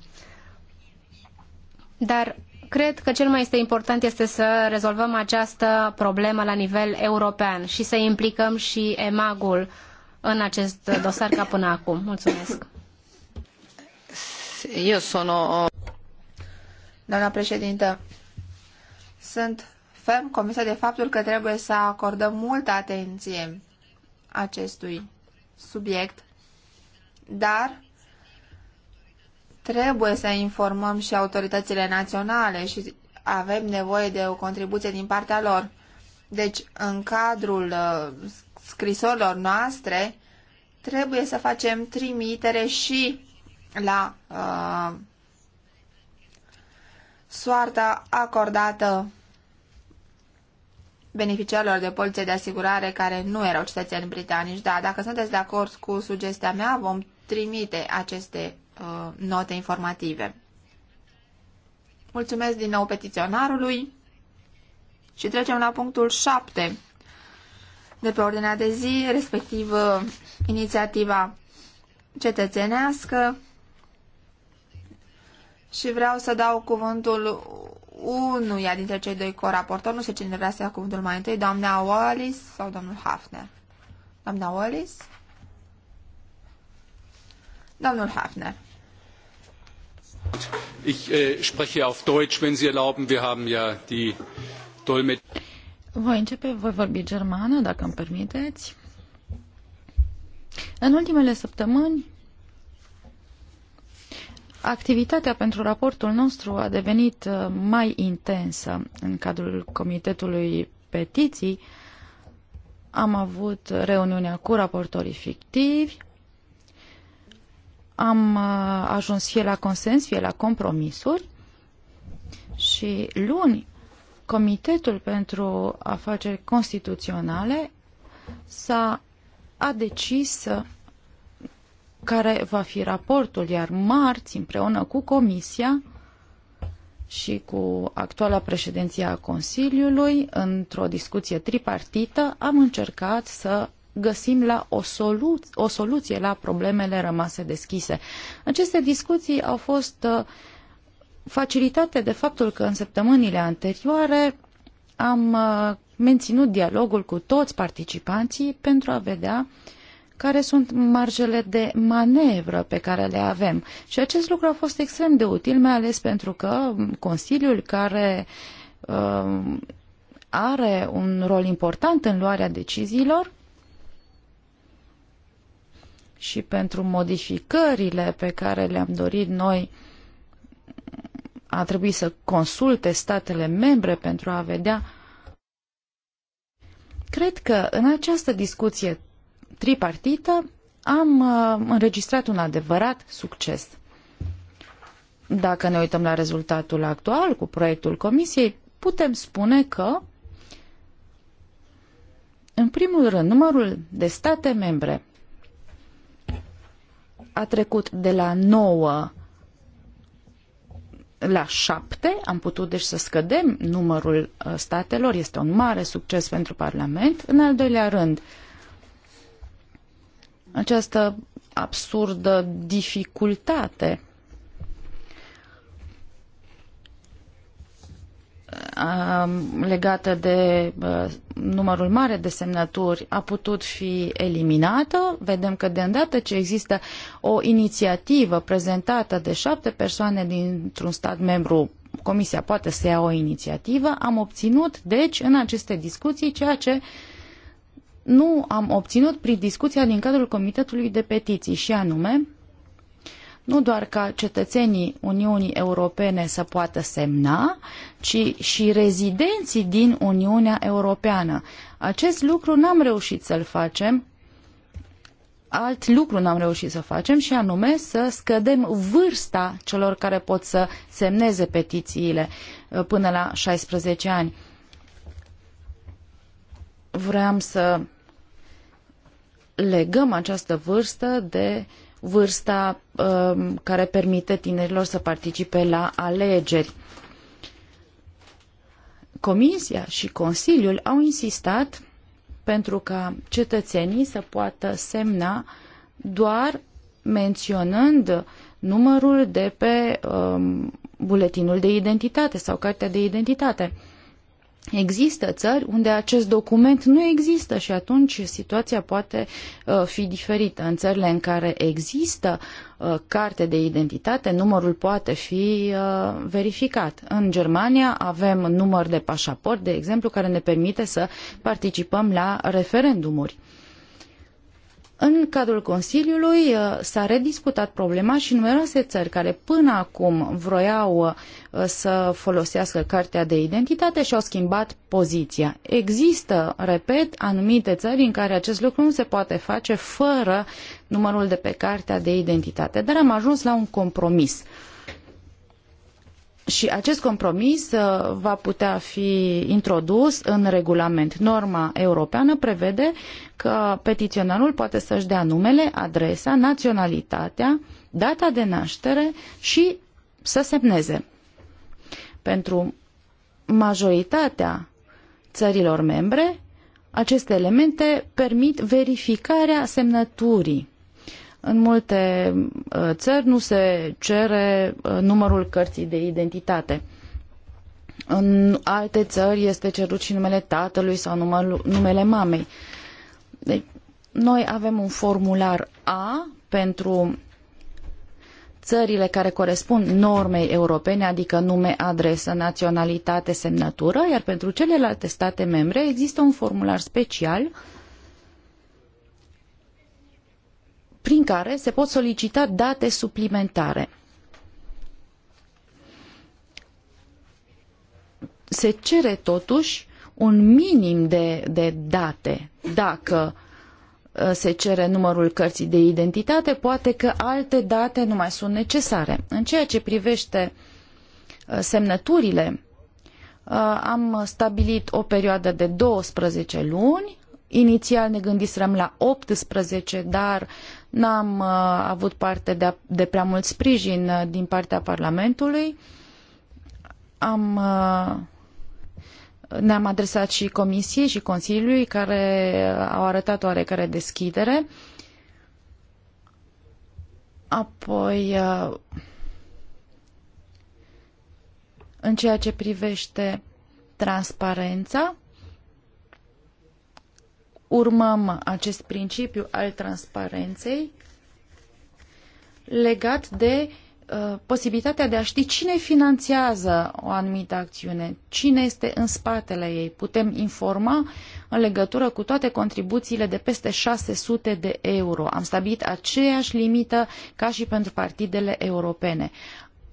Dar cred că cel mai este important este să rezolvăm această problemă la nivel european și să implicăm și EMAG-ul în acest dosar ca până acum. Mulțumesc. Eu sunt o... Doamna președintă, sunt ferm convinsă de faptul că trebuie să acordăm multă atenție acestui subiect, dar trebuie să informăm și autoritățile naționale și avem nevoie de o contribuție din partea lor. Deci, în cadrul uh, scrisorilor noastre trebuie să facem trimitere și la uh, soarta acordată beneficiarilor de poliție de asigurare care nu erau cetățeni britanici. Da, dacă sunteți de acord cu sugestia mea, vom trimite aceste uh, note informative. Mulțumesc din nou petiționarului și trecem la punctul 7 de pe ordinea de zi, respectiv uh, inițiativa cetățenească și vreau să dau cuvântul unuia dintre cei doi coraportori, nu știu cine vrea să ia cuvântul mai întâi, doamna Wallis sau domnul Hafner. Doamna Wallis? Domnul Hafner. Ich äh, spreche auf Deutsch, wenn Sie erlauben. Wir haben ja die Dolmetsch. Voi începe, voi vorbi germană, dacă îmi permiteți. În ultimele săptămâni, activitatea pentru raportul nostru a devenit uh, mai intensă în cadrul Comitetului Petiții. Am avut reuniunea cu raportorii fictivi, am uh, ajuns fie la consens, fie la compromisuri și luni Comitetul pentru Afaceri Constituționale s-a a decis care va fi raportul, iar marți, împreună cu Comisia și cu actuala președinție a Consiliului, într-o discuție tripartită, am încercat să găsim la o, solu- o soluție la problemele rămase deschise. Aceste discuții au fost uh, facilitate de faptul că în săptămânile anterioare am uh, menținut dialogul cu toți participanții pentru a vedea care sunt marjele de manevră pe care le avem. Și acest lucru a fost extrem de util, mai ales pentru că Consiliul care uh, are un rol important în luarea deciziilor și pentru modificările pe care le-am dorit noi uh, a trebui să consulte statele membre pentru a vedea. Cred că în această discuție tripartită am uh, înregistrat un adevărat succes. Dacă ne uităm la rezultatul actual cu proiectul Comisiei, putem spune că, în primul rând, numărul de state membre a trecut de la 9 la șapte, am putut deci să scădem numărul uh, statelor, este un mare succes pentru Parlament. În al doilea rând, această absurdă dificultate legată de numărul mare de semnături a putut fi eliminată. Vedem că de îndată ce există o inițiativă prezentată de șapte persoane dintr-un stat membru, Comisia poate să ia o inițiativă. Am obținut, deci, în aceste discuții ceea ce nu am obținut prin discuția din cadrul Comitetului de Petiții și anume nu doar ca cetățenii Uniunii Europene să poată semna, ci și rezidenții din Uniunea Europeană. Acest lucru n-am reușit să-l facem, alt lucru n-am reușit să facem și anume să scădem vârsta celor care pot să semneze petițiile uh, până la 16 ani. Vreau să legăm această vârstă de uh, vârsta um, care permite tinerilor să participe la alegeri. Comisia și Consiliul au insistat pentru ca cetățenii să poată semna doar menționând numărul de pe um, buletinul de identitate sau cartea de identitate. Există țări unde acest document nu există și atunci situația poate uh, fi diferită. În țările în care există uh, carte de identitate, numărul poate fi uh, verificat. În Germania avem număr de pașaport, de exemplu, care ne permite să participăm la referendumuri. În cadrul Consiliului uh, s-a rediscutat problema și numeroase țări care până acum vroiau uh, să folosească cartea de identitate și-au schimbat poziția. Există, repet, anumite țări în care acest lucru nu se poate face fără numărul de pe cartea de identitate, dar am ajuns la un compromis și acest compromis uh, va putea fi introdus în regulament. Norma europeană prevede că petiționarul poate să-și dea numele, adresa, naționalitatea, data de naștere și să semneze. Pentru majoritatea țărilor membre, aceste elemente permit verificarea semnăturii în multe ă, țări nu se cere ă, numărul cărții de identitate. În alte țări este cerut și numele tatălui sau numele mamei. Deci, noi avem un formular A pentru țările care corespund normei europene, adică nume, adresă, naționalitate, semnătură, iar pentru celelalte state membre există un formular special uh, prin care se pot solicita date suplimentare. Se cere totuși un minim de, de date. Dacă uh, se cere numărul cărții de identitate, poate că alte date nu mai sunt necesare. În ceea ce privește uh, semnăturile, uh, am stabilit o perioadă de 12 luni Inițial ne gândisem la 18, dar n-am uh, avut parte de, de prea mult sprijin uh, din partea Parlamentului. Am, uh, ne-am adresat și Comisiei și Consiliului, care uh, au arătat oarecare deschidere. Apoi, uh, în ceea ce privește transparența, urmăm acest principiu al transparenței legat de uh, posibilitatea de a ști cine finanțează o anumită acțiune, cine este în spatele ei. Putem informa în legătură cu toate contribuțiile de peste 600 de euro. Am stabilit aceeași limită ca și pentru partidele europene.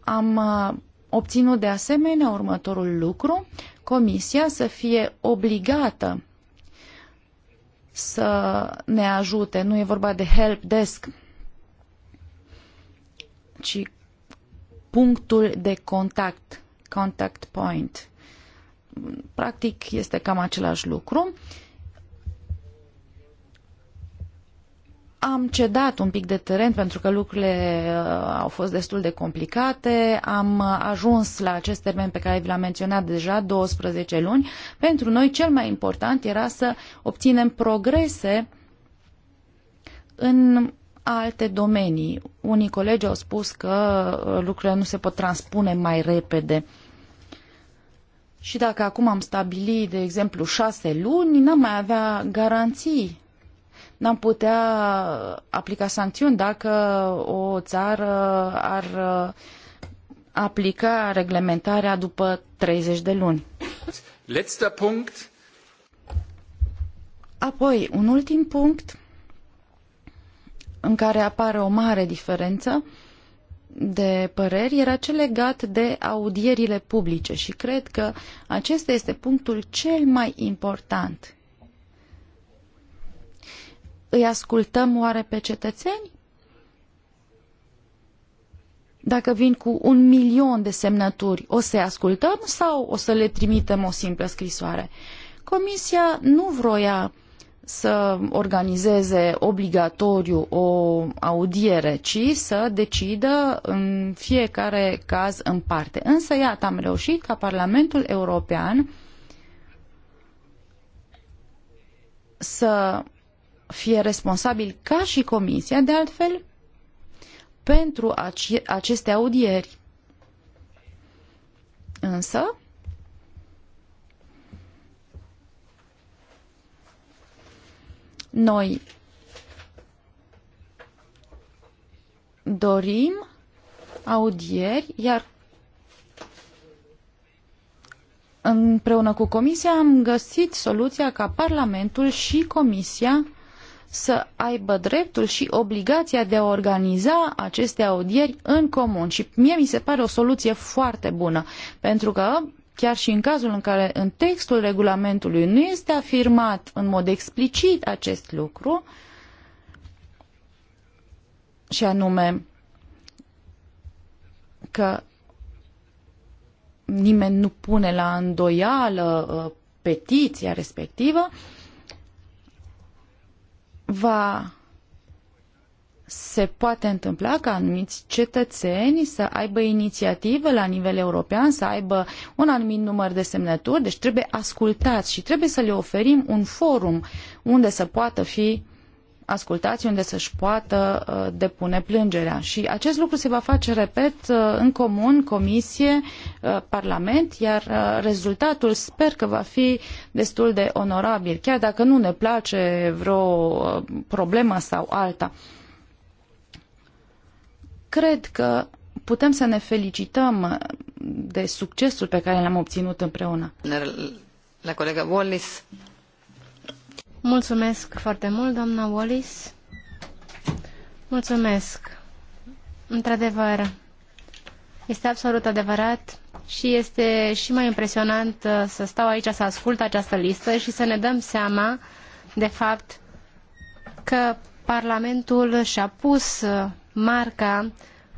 Am uh, obținut de asemenea următorul lucru, Comisia să fie obligată să ne ajute. Nu e vorba de help desk, ci punctul de contact, contact point. Practic este cam același lucru. Uh, am cedat un pic de teren pentru că lucrurile uh, au fost destul de complicate, am uh, ajuns la acest termen pe care vi l-am menționat deja, 12 luni. Pentru noi cel mai important era să obținem progrese în alte domenii. Unii colegi au spus că uh, lucrurile nu se pot transpune mai repede. Și dacă acum am stabili, de exemplu, șase luni, n-am mai avea garanții n-am putea aplica sancțiuni dacă o țară ar aplica reglementarea după 30 de luni. Letzter punct. Apoi, un ultim punct în care apare o mare diferență de păreri era cel legat de audierile publice și cred că acesta este punctul cel mai important îi ascultăm oare pe cetățeni? Dacă vin cu un milion de semnături, o să-i ascultăm sau o să le trimitem o simplă scrisoare? Comisia nu vroia să organizeze obligatoriu o audiere, ci să decidă în fiecare caz în parte. Însă, iată, am reușit ca Parlamentul European să fie responsabil ca și Comisia, de altfel, pentru aceste audieri. Însă, noi dorim audieri, iar împreună cu Comisia am găsit soluția ca Parlamentul și Comisia să aibă dreptul și obligația de a organiza aceste audieri în comun. Și mie mi se pare o soluție foarte bună, pentru că chiar și în cazul în care în textul regulamentului nu este afirmat în mod explicit acest lucru, și anume că nimeni nu pune la îndoială uh, petiția respectivă, uh, va se poate întâmpla ca anumiți cetățeni să aibă inițiativă la nivel european, să aibă un anumit număr de semnături, deci trebuie ascultați și trebuie să le oferim un forum unde să poată fi ascultați, unde să-și poată uh, depune plângerea. Și acest lucru se va face, repet, uh, în comun, comisie, uh, parlament, iar rezultatul sper că va fi destul de onorabil, chiar dacă nu ne place vreo problemă sau alta. Cred că putem să ne felicităm de succesul pe care l-am obținut împreună. La colega Wallis Mulțumesc foarte mult, doamna Wallis. Mulțumesc. Într-adevăr, este absolut adevărat și este și mai impresionant uh, să stau aici să ascult această listă și să ne dăm seama, de fapt, că Parlamentul și-a pus uh, marca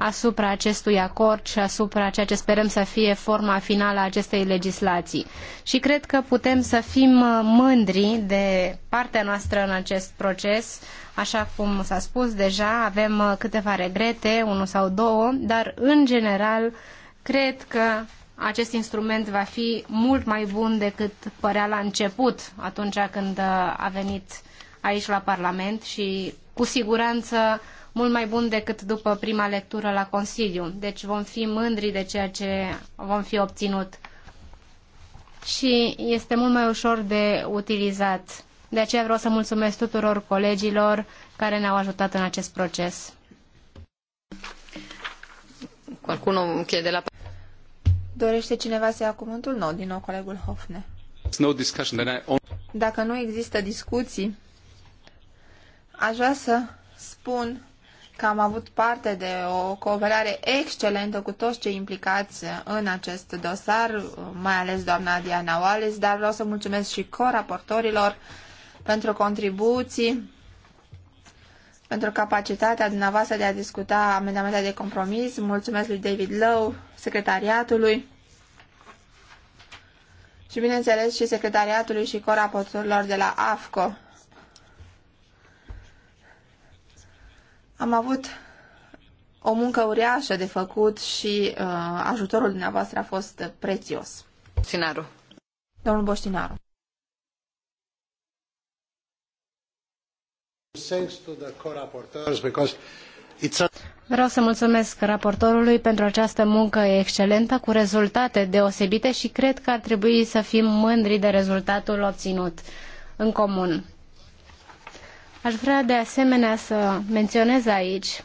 asupra acestui acord și asupra ceea ce sperăm să fie forma finală a acestei legislații. Și cred că putem să fim uh, mândri de partea noastră în acest proces. Așa cum s-a spus deja, avem uh, câteva regrete, unul sau două, dar în general cred că acest instrument va fi mult mai bun decât părea la început, atunci când uh, a venit aici la Parlament și cu siguranță mult mai bun decât după prima lectură la Consiliu. Deci vom fi mândri de ceea ce vom fi obținut. Și este mult mai ușor de utilizat. De aceea vreau să mulțumesc tuturor colegilor care ne-au ajutat în acest proces. la... Dorește cineva să ia cuvântul? Nu, din nou colegul Hofne. Dacă nu există discuții, aș vrea să spun că am avut parte de o cooperare excelentă cu toți cei implicați în acest dosar, mai ales doamna Diana Wallis, dar vreau să mulțumesc și coraportorilor pentru contribuții, pentru capacitatea dumneavoastră de a discuta amendamente de compromis. Mulțumesc lui David Lowe, secretariatului și, bineînțeles, și secretariatului și coraportorilor de la AFCO. Am avut o muncă uriașă de făcut și uh, ajutorul dumneavoastră a fost prețios. Sinaru. Domnul Boștinaru. Vreau să mulțumesc raportorului pentru această muncă excelentă cu rezultate deosebite și cred că ar trebui să fim mândri de rezultatul obținut în comun. Aș vrea de asemenea să menționez aici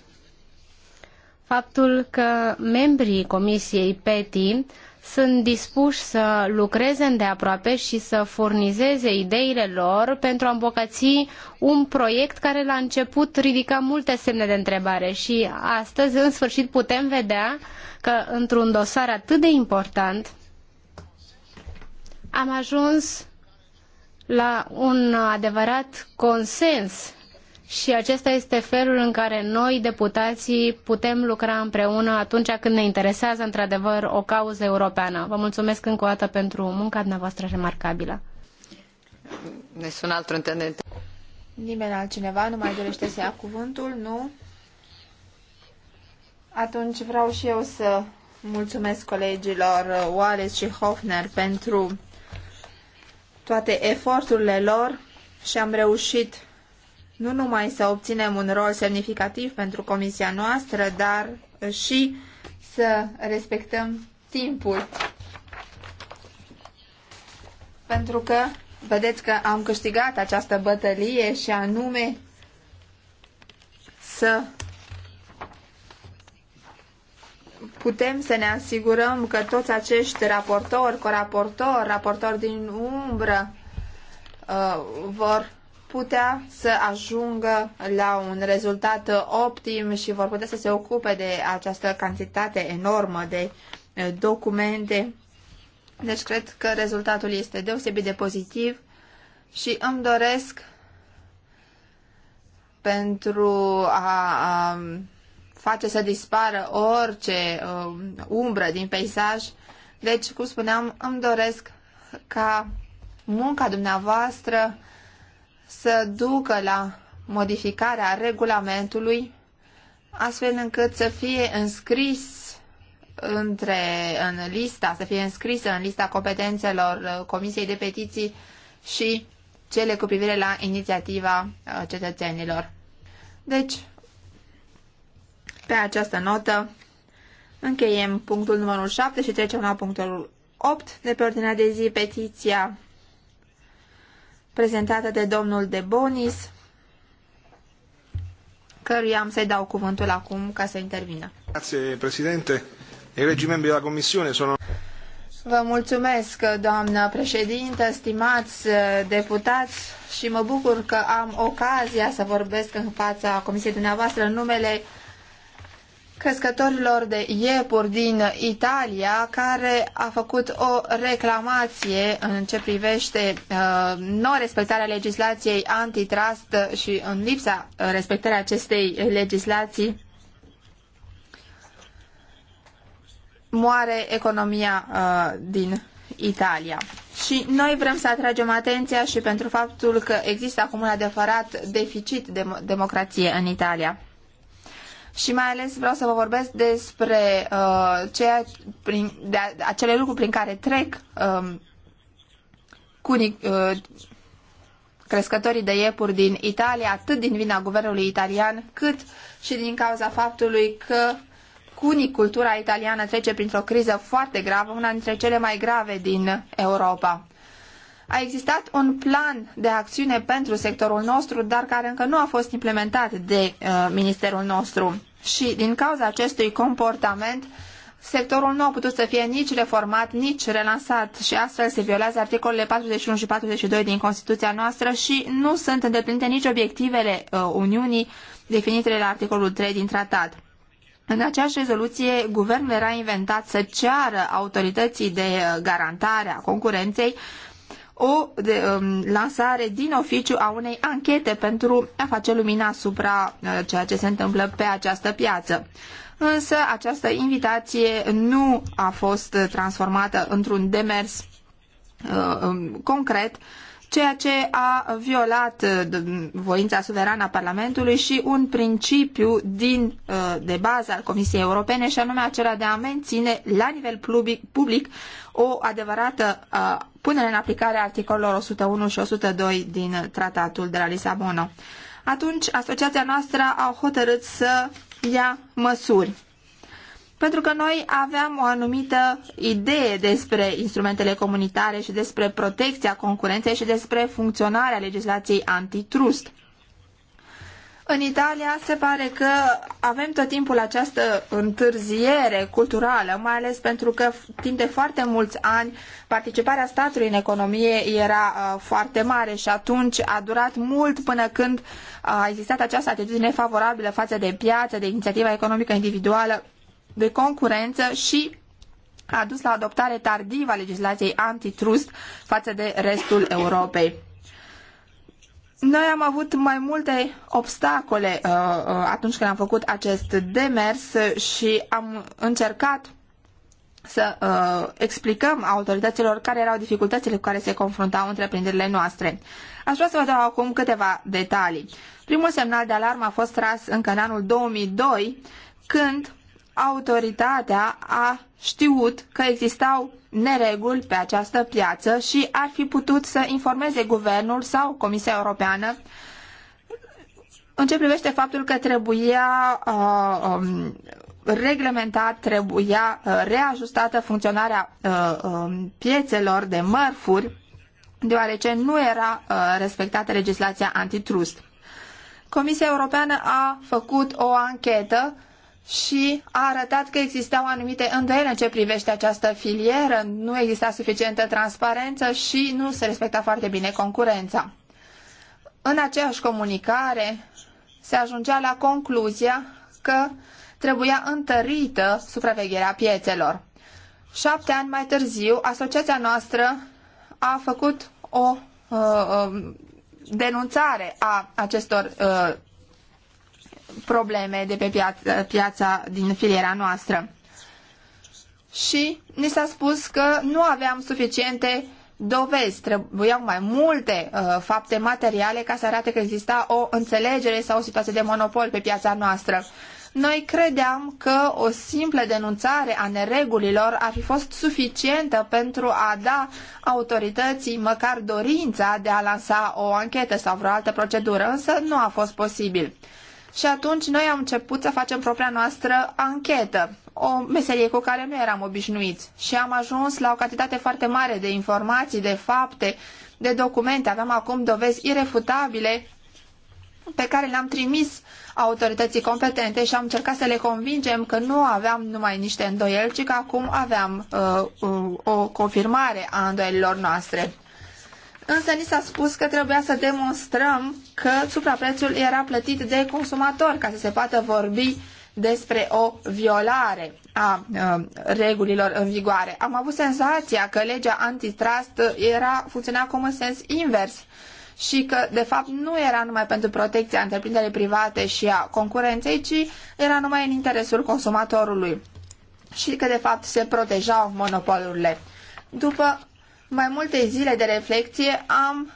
faptul că membrii Comisiei PETI sunt dispuși să lucreze îndeaproape și să furnizeze ideile lor pentru a îmbogăți un proiect care la început ridica multe semne de întrebare și astăzi în sfârșit putem vedea că într-un dosar atât de important am ajuns la un adevărat consens și acesta este felul în care noi, deputații, putem lucra împreună atunci când ne interesează într-adevăr o cauză europeană. Vă mulțumesc încă o dată pentru munca dumneavoastră remarcabilă. Nessun altro intendente. Nimeni altcineva nu mai dorește să ia cuvântul, nu? Atunci vreau și eu să mulțumesc colegilor Wallace și Hofner pentru toate eforturile lor și am reușit nu numai să obținem un rol semnificativ pentru comisia noastră, dar și să respectăm timpul. Pentru că vedeți că am câștigat această bătălie și anume să putem să ne asigurăm că toți acești raportori, coraportori, raportori din umbră uh, vor putea să ajungă la un rezultat optim și vor putea să se ocupe de această cantitate enormă de uh, documente. Deci cred că rezultatul este deosebit de pozitiv și îmi doresc pentru a, a face să dispară orice uh, umbră din peisaj. Deci, cum spuneam, îmi doresc ca munca dumneavoastră să ducă la modificarea regulamentului astfel încât să fie înscris între, în lista, să fie înscrisă în lista competențelor uh, Comisiei de Petiții și cele cu privire la inițiativa uh, cetățenilor. Deci, pe această notă încheiem punctul numărul 7 și trecem la punctul 8 de pe ordinea de zi, petiția prezentată de domnul De Bonis, căruia am să-i dau cuvântul acum ca să intervină. Grazie, președinte. membri la Comisiune, Vă mulțumesc, doamnă președintă, stimați eh, deputați și mă bucur că am ocazia să vorbesc în fața Comisiei dumneavoastră în numele crescătorilor de iepuri din Italia care a făcut o reclamație în ce privește uh, non-respectarea legislației antitrust și în lipsa respectării acestei legislații moare economia uh, din Italia. Și noi vrem să atragem atenția și pentru faptul că există acum un adevărat deficit de democrație în Italia și mai ales vreau să vă vorbesc despre uh, ceea, prin, de, acele lucruri prin care trec um, cu, uh, crescătorii de iepuri din Italia, atât din vina guvernului italian, cât și din cauza faptului că cunicultura italiană trece printr-o criză foarte gravă, una dintre cele mai grave din Europa. A existat un plan de acțiune pentru sectorul nostru, dar care încă nu a fost implementat de uh, ministerul nostru. Și din cauza acestui comportament, sectorul nu a putut să fie nici reformat, nici relansat și astfel se violează articolele 41 și 42 din Constituția noastră și nu sunt îndeplinite nici obiectivele uh, Uniunii definitele la articolul 3 din tratat. În aceeași rezoluție, guvernul era inventat să ceară autorității de uh, garantare a concurenței o de, um, lansare din oficiu a unei anchete pentru a face lumina asupra uh, ceea ce se întâmplă pe această piață. Însă această invitație nu a fost transformată într-un demers uh, um, concret, ceea ce a violat uh, voința suverană a Parlamentului și un principiu din, uh, de bază al Comisiei Europene, și anume acela de a menține la nivel public, public o adevărată uh, punere în aplicare a articolelor 101 și 102 din tratatul de la Lisabona. Atunci, asociația noastră a hotărât să ia măsuri. Pentru că noi aveam o anumită idee despre instrumentele comunitare și despre protecția concurenței și despre funcționarea legislației antitrust. În Italia se pare că avem tot timpul această întârziere culturală, mai ales pentru că timp de foarte mulți ani participarea statului în economie era uh, foarte mare și atunci a durat mult până când a existat această atitudine favorabilă față de piață, de inițiativa economică individuală, de concurență și a dus la adoptare tardivă a legislației antitrust față de restul Europei. Noi am avut mai multe obstacole uh, uh, atunci când am făcut acest demers și am încercat să uh, explicăm autorităților care erau dificultățile cu care se confruntau întreprinderile noastre. Aș vrea să vă dau acum câteva detalii. Primul semnal de alarmă a fost tras încă în anul 2002, când autoritatea a știut că existau nereguli pe această piață și ar fi putut să informeze guvernul sau Comisia Europeană în ce privește faptul că trebuia uh, um, reglementat, trebuia uh, reajustată funcționarea uh, um, piețelor de mărfuri, deoarece nu era uh, respectată legislația antitrust. Comisia Europeană a făcut o anchetă și a arătat că existau anumite îndoieli în ce privește această filieră, nu exista suficientă transparență și nu se respecta foarte bine concurența. În aceeași comunicare se ajungea la concluzia că trebuia întărită supravegherea piețelor. Șapte ani mai târziu, asociația noastră a făcut o uh, um, denunțare a acestor uh, probleme de pe piața, piața din filiera noastră. Și ni s-a spus că nu aveam suficiente dovezi, trebuiau mai multe uh, fapte materiale ca să arate că exista o înțelegere sau o situație de monopol pe piața noastră. Noi credeam că o simplă denunțare a neregulilor ar fi fost suficientă pentru a da autorității măcar dorința de a lansa o anchetă sau vreo altă procedură, însă nu a fost posibil. Și atunci noi am început să facem propria noastră anchetă, o meserie cu care nu eram obișnuiți. Și am ajuns la o cantitate foarte mare de informații, de fapte, de documente. Aveam acum dovezi irefutabile pe care le-am trimis autorității competente și am încercat să le convingem că nu aveam numai niște îndoieli, ci că acum aveam uh, uh, o confirmare a îndoielilor noastre însă ni s-a spus că trebuia să demonstrăm că supraprețul era plătit de consumator ca să se poată vorbi despre o violare a a regulilor în vigoare. Am avut senzația că legea antitrust era, funcționa cum un sens invers și că, de fapt, nu era numai pentru protecția întreprinderii private și a concurenței, ci era numai în interesul consumatorului și că, de fapt, se protejau monopolurile. După mai multe zile de reflecție am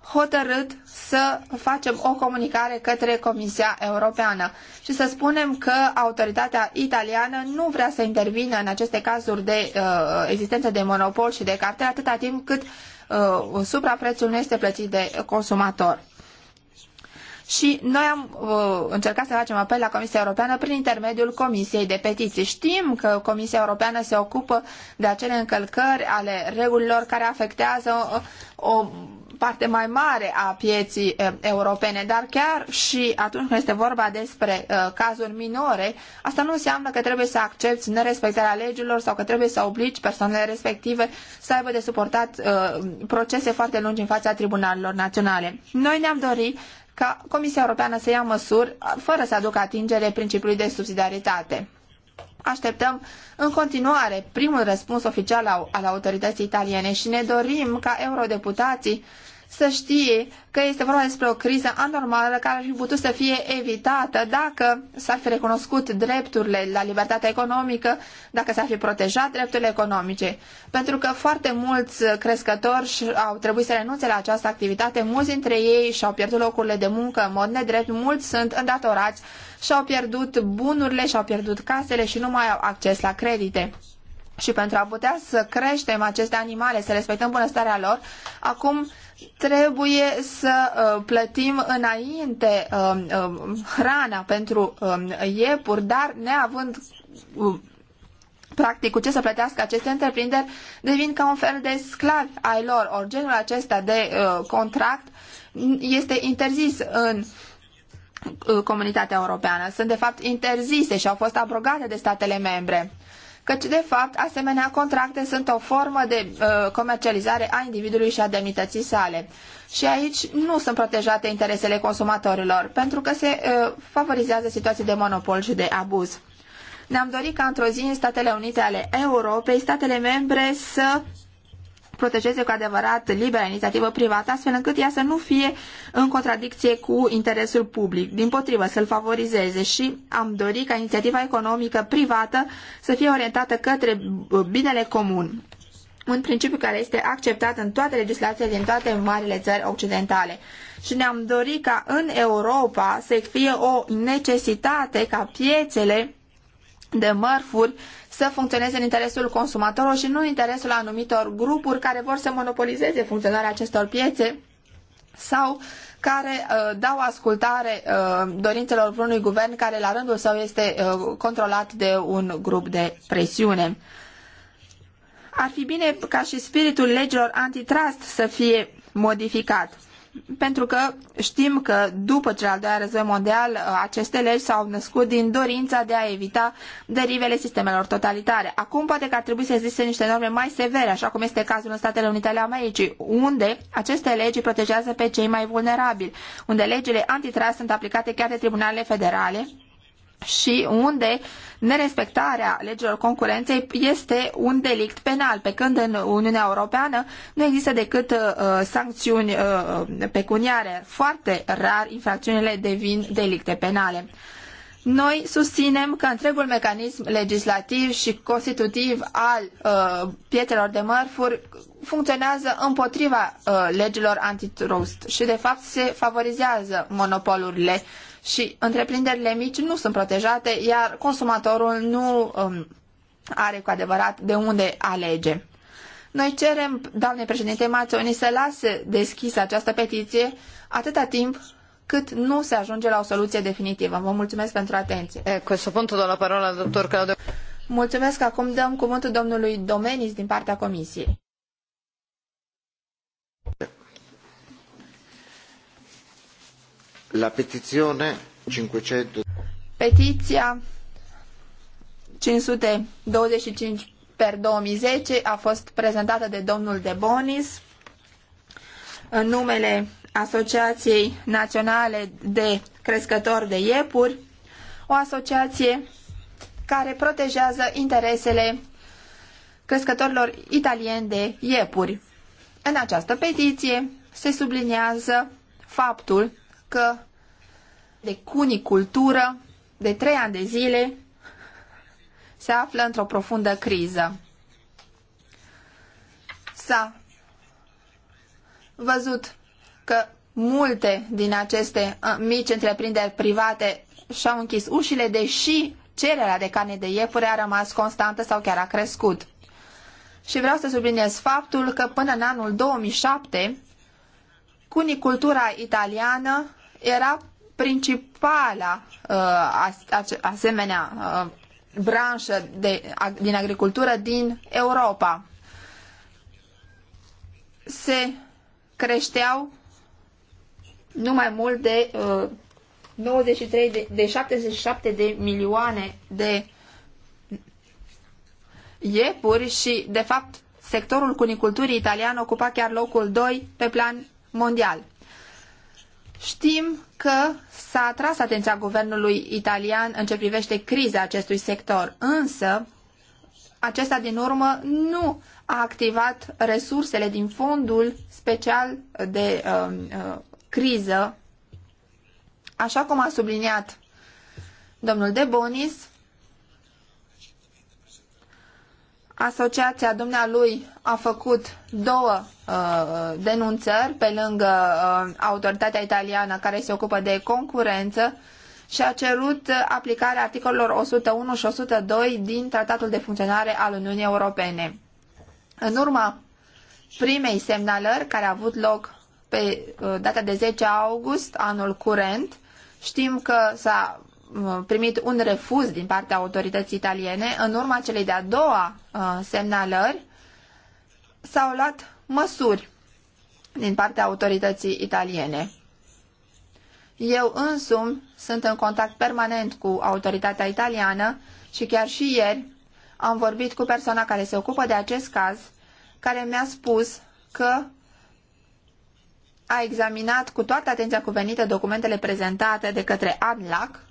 hotărât să facem o comunicare către Comisia Europeană și să spunem că autoritatea italiană nu vrea să intervină în aceste cazuri de uh, existență de monopol și de cartel atâta timp cât uh, supraprețul nu este plătit de consumator și noi am uh, încercat să facem apel la Comisia Europeană prin intermediul Comisiei de Petiții. Știm că Comisia Europeană se ocupă de acele încălcări ale regulilor care afectează o, uh, o parte mai mare a pieții uh, europene, dar chiar și atunci când este vorba despre uh, cazuri minore, asta nu înseamnă că trebuie să accepti nerespectarea legilor sau că trebuie să obligi persoanele respective să aibă de suportat uh, procese foarte lungi în fața tribunalelor naționale. Noi ne-am dorit ca Comisia Europeană să ia măsuri fără să aducă atingere principiului de subsidiaritate. Așteptăm în continuare primul răspuns oficial al, al autorității italiene și ne dorim ca eurodeputații să știe că este vorba despre o criză anormală care ar fi putut să fie evitată dacă s-ar fi recunoscut drepturile la libertatea economică, dacă s-ar fi protejat drepturile economice. Pentru că foarte mulți crescători au trebuit să renunțe la această activitate, mulți dintre ei și-au pierdut locurile de muncă în mod nedrept, mulți sunt îndatorați, și-au pierdut bunurile, și-au pierdut casele și nu mai au acces la credite. Și pentru a putea să creștem aceste animale, să respectăm bunăstarea lor, acum trebuie să uh, plătim înainte um, um, hrana pentru um, iepuri, dar neavând uh, practic cu ce să plătească aceste întreprinderi, devin ca un fel de sclavi ai lor. Ori genul acesta de uh, contract este interzis în comunitatea europeană. Sunt de fapt interzise și au fost abrogate de statele membre căci, de fapt, asemenea contracte sunt o formă de uh, comercializare a individului și a demnității sale. Și aici nu sunt protejate interesele consumatorilor, pentru că se uh, favorizează situații de monopol și de abuz. Ne-am dorit ca într-o zi în Statele Unite ale Europei, statele membre să protejeze cu adevărat libera inițiativă privată, astfel încât ea să nu fie în contradicție cu interesul public, din potrivă să-l favorizeze și am dori ca inițiativa economică privată să fie orientată către uh, binele comun un principiu care este acceptat în toate legislațiile din toate marile țări occidentale. Și ne-am dorit ca în Europa să fie o necesitate ca piețele de mărfuri să funcționeze în interesul consumatorilor și nu în interesul anumitor grupuri care vor să monopolizeze funcționarea acestor piețe sau care uh, dau ascultare uh, dorințelor vreunui guvern care la rândul său este uh, controlat de un grup de presiune. Ar fi bine ca și spiritul legilor antitrust să fie modificat pentru că știm că după cel al doilea război mondial uh, aceste legi s-au născut din dorința de a evita derivele sistemelor totalitare. Acum poate că ar trebui să existe niște norme mai severe, așa cum este cazul în Statele Unite ale Americii, unde aceste legi protejează pe cei mai vulnerabili, unde legile antitrust sunt aplicate chiar de tribunalele federale și unde nerespectarea legilor concurenței este un delict penal, pe când în Uniunea Europeană nu există decât uh, sancțiuni uh, pecuniare. Foarte rar infracțiunile devin delicte penale. Noi susținem că întregul mecanism legislativ și constitutiv al uh, pietelor de mărfuri funcționează împotriva uh, legilor antitrust și, de fapt, se favorizează monopolurile uh, și întreprinderile mici nu sunt protejate, iar consumatorul nu um, are cu adevărat de unde alege. Noi cerem, doamne președinte Mațoni, să lase deschisă această petiție atâta timp cât nu se ajunge la o soluție definitivă. Vă mulțumesc pentru atenție. E, eh, questo punto la parola al dottor Mulțumesc. Acum dăm cuvântul domnului Domenis din partea comisiei. La petizione 500... Petiția 525 per 2010 a fost prezentată de domnul De Bonis în numele Asociației Naționale de Crescători de Iepuri, o asociație care protejează interesele crescătorilor italieni de iepuri. În această petiție se subliniază faptul muncă, de cunicultură de trei ani de zile se află într-o profundă criză. S-a văzut că multe din aceste uh, mici întreprinderi private și-au închis ușile, deși cererea de carne de iepure a rămas constantă sau chiar a crescut. Și vreau să subliniez faptul că până în anul 2007, cunicultura italiană era principala uh, asemenea uh, branșă de, a, din agricultură din Europa. Se creșteau nu mai mult de uh, 93 de, de 77 de milioane de iepuri și de fapt sectorul cuniculturii italian ocupa chiar locul 2 pe plan mondial. Știm că s-a atras atenția guvernului italian în ce privește criza acestui sector, însă acesta din urmă nu a activat resursele din fondul special de uh, uh, criză, așa cum a subliniat domnul De Bonis, Asociația dumnealui a făcut două uh, denunțări pe lângă uh, autoritatea italiană care se ocupă de concurență și a cerut aplicarea articolelor 101 și 102 din Tratatul de Funcționare al Uniunii Europene. În urma primei semnalări care a avut loc pe uh, data de 10 august anul curent, știm că s-a Uh, primit un refuz din partea autorității italiene, în urma celei de-a doua uh, semnalări, s-au luat măsuri din partea autorității italiene. Eu însumi sunt în contact permanent cu autoritatea italiană și chiar și ieri am vorbit cu persoana care se ocupă de acest caz, care mi-a spus că a examinat cu toată atenția cuvenită documentele prezentate de către ANLAC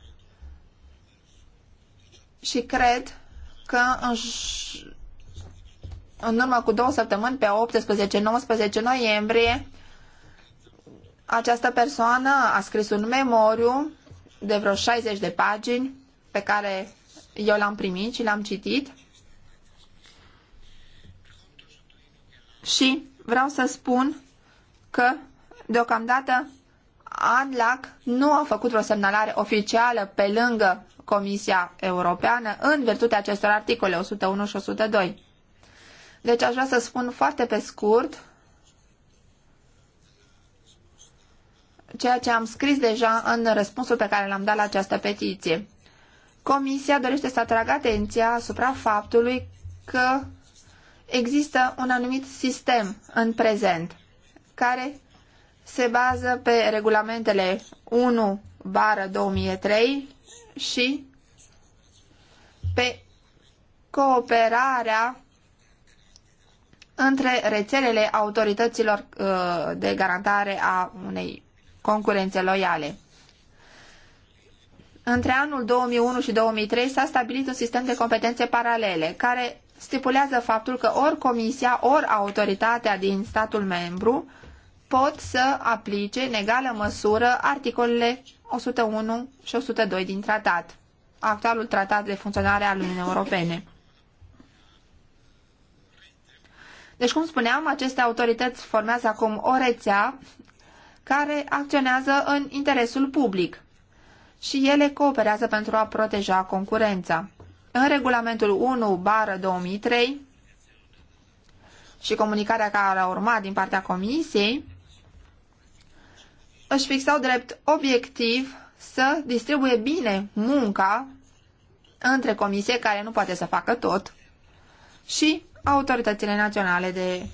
și cred că în, în urmă cu două săptămâni, pe 18-19 noiembrie, această persoană a scris un memoriu de vreo 60 de pagini pe care eu l-am primit și l-am citit. Și vreau să spun că deocamdată ANLAC nu a făcut vreo semnalare oficială pe lângă Comisia Europeană în virtutea acestor articole 101 și 102. Deci aș vrea să spun foarte pe scurt ceea ce am scris deja în răspunsul pe care l-am dat la această petiție. Comisia dorește să atragă atenția asupra faptului că există un anumit sistem în prezent care se bază pe regulamentele 1 bară 2003 și pe cooperarea între rețelele autorităților uh, de garantare a unei concurențe loiale. Între anul 2001 și 2003 s-a stabilit un sistem de competențe paralele, care stipulează faptul că ori comisia, ori autoritatea din statul membru pot să aplice în egală măsură articolele 101 și 102 din tratat, actualul tratat de funcționare al Uniunii Europene. Deci, cum spuneam, aceste autorități formează acum o rețea care acționează în interesul public și ele cooperează pentru a proteja concurența. În regulamentul 1 bară 2003 și comunicarea care a urmat din partea Comisiei, își fixau drept obiectiv să distribuie bine munca între comisie, care nu poate să facă tot, și autoritățile naționale de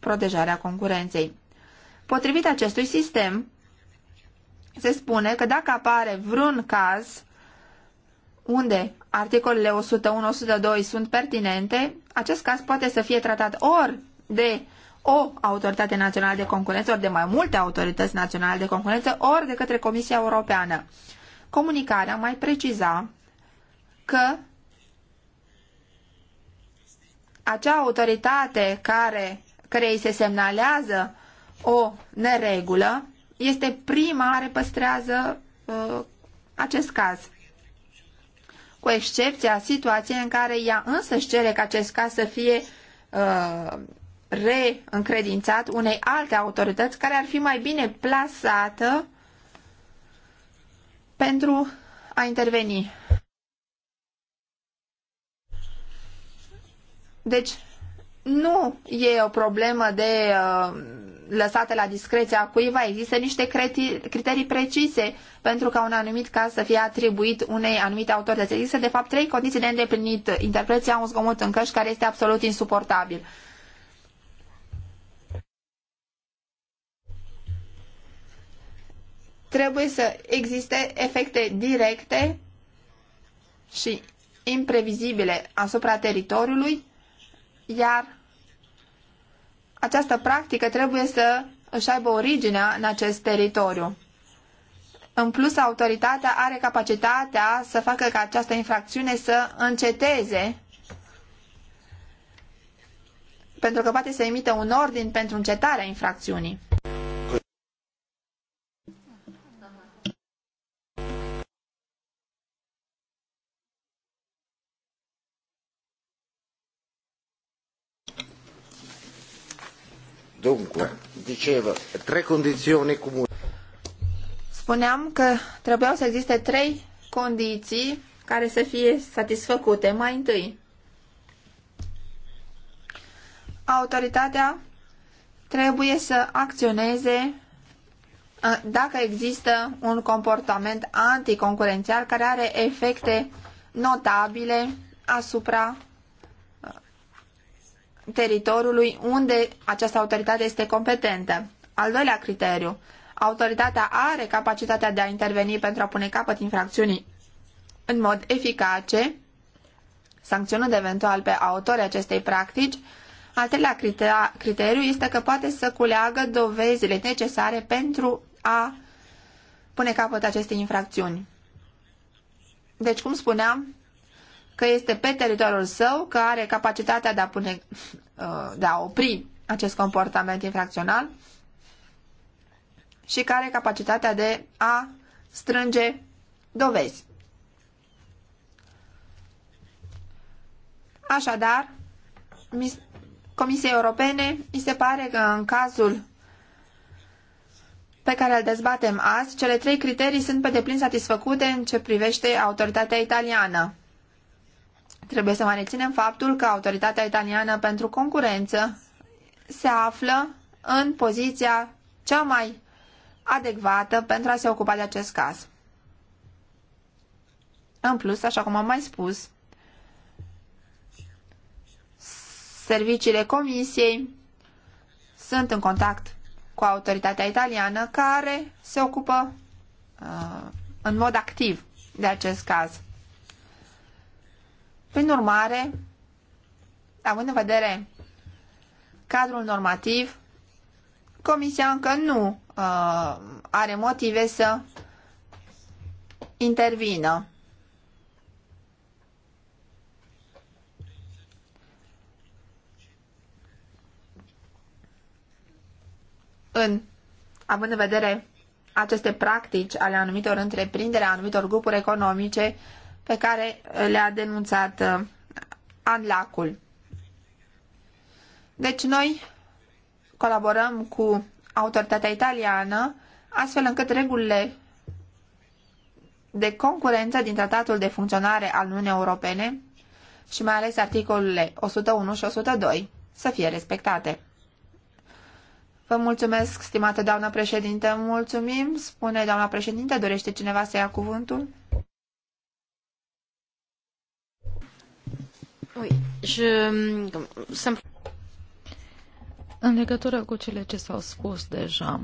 protejare a concurenței. Potrivit acestui sistem, se spune că dacă apare vreun caz unde articolele 101-102 sunt pertinente, acest caz poate să fie tratat ori de o autoritate națională de concurență, ori de mai multe autorități naționale de concurență, ori de către Comisia Europeană. Comunicarea mai preciza că acea autoritate care, care îi se semnalează o neregulă este prima care păstrează uh, acest caz cu excepția situației în care ea însă își cere ca acest caz să fie uh, reîncredințat unei alte autorități care ar fi mai bine plasată pentru a interveni. Deci, nu e o problemă de uh, lăsată la discreția cuiva. Există niște criterii precise pentru ca un anumit caz să fie atribuit unei anumite autorități. Există, de fapt, trei condiții de îndeplinit. Interpreția un zgomot în căști care este absolut insuportabil. Uh, trebuie să existe efecte directe și imprevizibile asupra teritoriului, iar această practică trebuie să își aibă originea în acest teritoriu. În plus, autoritatea are capacitatea să facă ca această infracțiune să înceteze pentru că poate să emită un ordin pentru încetarea infracțiunii. Dunque, dicevo, tre condizioni comuni. Spuneam că trebuiau să existe trei condiții care să fie satisfăcute. Mai întâi, autoritatea trebuie să acționeze dacă există un comportament anticoncurențial care are efecte notabile asupra teritoriului unde această autoritate este competentă. Al doilea criteriu, autoritatea are capacitatea de a interveni pentru a pune capăt infracțiunii în mod eficace, sancționând eventual pe autorii acestei practici. Al treilea criteriu este că poate să culeagă dovezile necesare pentru a pune capăt acestei infracțiuni. Deci, cum spuneam, că este pe teritoriul său, că are capacitatea de a, pune, uh, de a opri acest comportament infracțional și care are capacitatea de a strânge dovezi. Așadar, Comisiei Europene îi se pare că în cazul pe care îl dezbatem azi, cele trei criterii sunt pe deplin satisfăcute în ce privește autoritatea italiană. Trebuie să mai reținem faptul că autoritatea italiană pentru concurență se află în poziția cea mai adecvată pentru a se ocupa de acest caz. În plus, așa cum am mai spus, serviciile comisiei sunt în contact cu autoritatea italiană care se ocupă uh, în mod activ de acest caz. Prin urmare, având în vedere cadrul normativ, Comisia încă nu uh, are motive să intervină. În, având în vedere aceste practici ale anumitor întreprinderi, a anumitor grupuri economice, pe care uh, le-a denunțat uh, Anlacul. Deci noi colaborăm cu autoritatea italiană astfel încât regulile de concurență din tratatul de funcționare al Uniunii Europene și mai ales articolele 101 și 102 să fie respectate. Vă mulțumesc, stimată doamnă președinte, mulțumim, spune doamna președinte, dorește cineva să ia cuvântul? Oui, je... Um, În legătură cu cele ce s-au spus deja,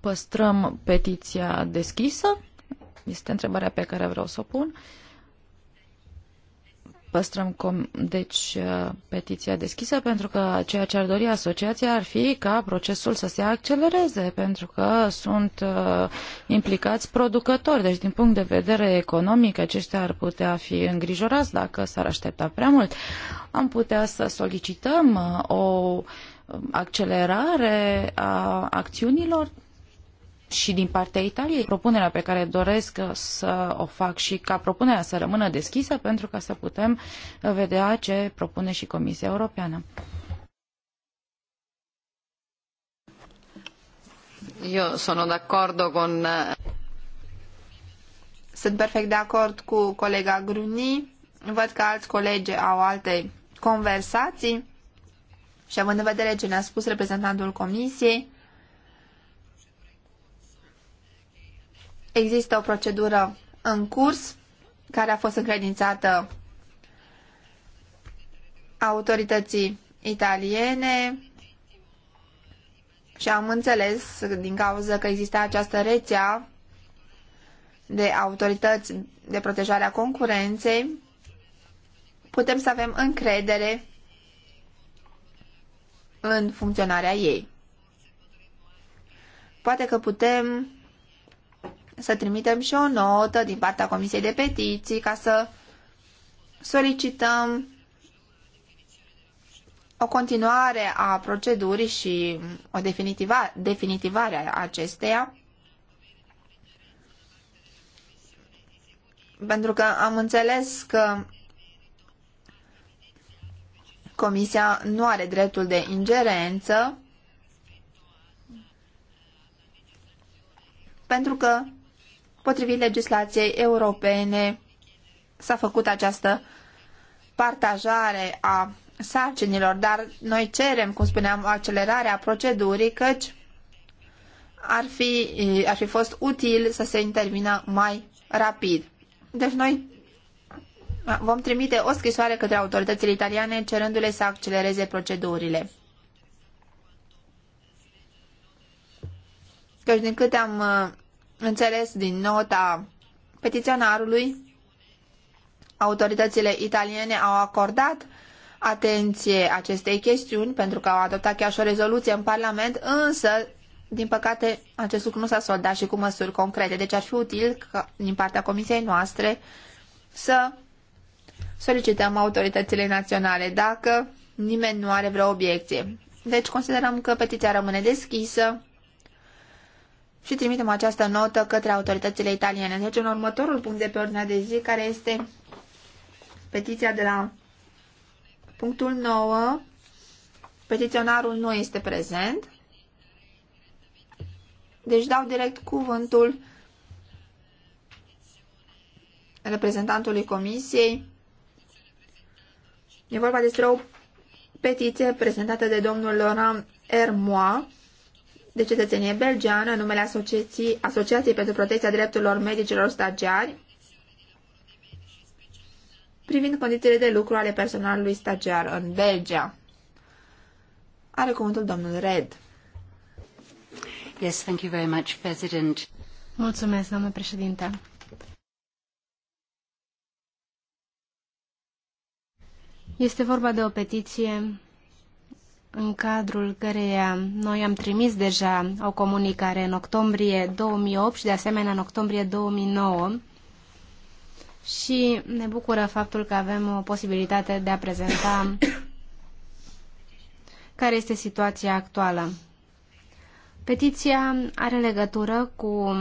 păstrăm petiția deschisă? Este întrebarea pe care vreau să o pun. Uh, păstrăm com- deci uh, petiția deschisă pentru că ceea ce ar dori asociația ar fi ca procesul să se accelereze pentru că sunt uh, implicați producători. Deci din punct de vedere economic aceștia ar putea fi îngrijorați dacă s-ar aștepta prea mult. Am putea să solicităm uh, o accelerare a acțiunilor și din partea Italiei propunerea pe care doresc să o fac și ca propunerea să rămână deschisă pentru ca să putem vedea ce propune și Comisia Europeană. Eu sono d'accordo con... Uh, sunt perfect de acord cu colega Gruni. Văd că alți colegi au alte conversații și având în vedere ce ne-a spus reprezentantul Comisiei, Există o procedură în curs care a fost încredințată autorității italiene și am înțeles din cauza că exista această rețea de autorități de protejare a concurenței, putem să avem încredere în funcționarea ei. Poate că putem să trimitem și o notă din partea Comisiei de Petiții ca să solicităm o continuare a procedurii și o definitiva, definitivare a acesteia. Pentru că am înțeles că Comisia nu are dreptul de ingerență pentru că Potrivit legislației europene s-a făcut această partajare a sarcinilor, dar noi cerem, cum spuneam, accelerarea procedurii, căci ar fi, ar fi fost util să se intervină mai rapid. Deci noi vom trimite o scrisoare către autoritățile italiane cerându-le să accelereze procedurile. Căci din câte am înțeles din nota petiționarului, autoritățile italiene au acordat atenție acestei chestiuni pentru că au adoptat chiar și o rezoluție în Parlament, însă, din păcate, acest lucru nu s-a soldat și cu măsuri concrete. Deci ar fi util ca, din partea comisiei noastre să solicităm autoritățile naționale dacă nimeni nu are vreo obiecție. Deci considerăm că petiția rămâne deschisă și trimitem această notă către autoritățile italiene. Deci, în următorul punct de pe ordinea de zi, care este petiția de la punctul 9, petiționarul nu este prezent. Deci dau direct cuvântul reprezentantului comisiei. E vorba despre o petiție prezentată de domnul Laurent Ermois, de cetățenie belgeană în numele Asociației, Asociației pentru Protecția Drepturilor Medicilor Stagiari privind condițiile de lucru ale personalului stagiar în Belgia. Are cuvântul domnul Red. Yes, thank you very much, President. Mulțumesc, doamnă președinte. Este vorba de o petiție în cadrul căreia noi am trimis deja o comunicare în octombrie 2008 și de asemenea în octombrie 2009 și ne bucură faptul că avem o posibilitate de a prezenta [coughs] care este situația actuală. Petiția are legătură cu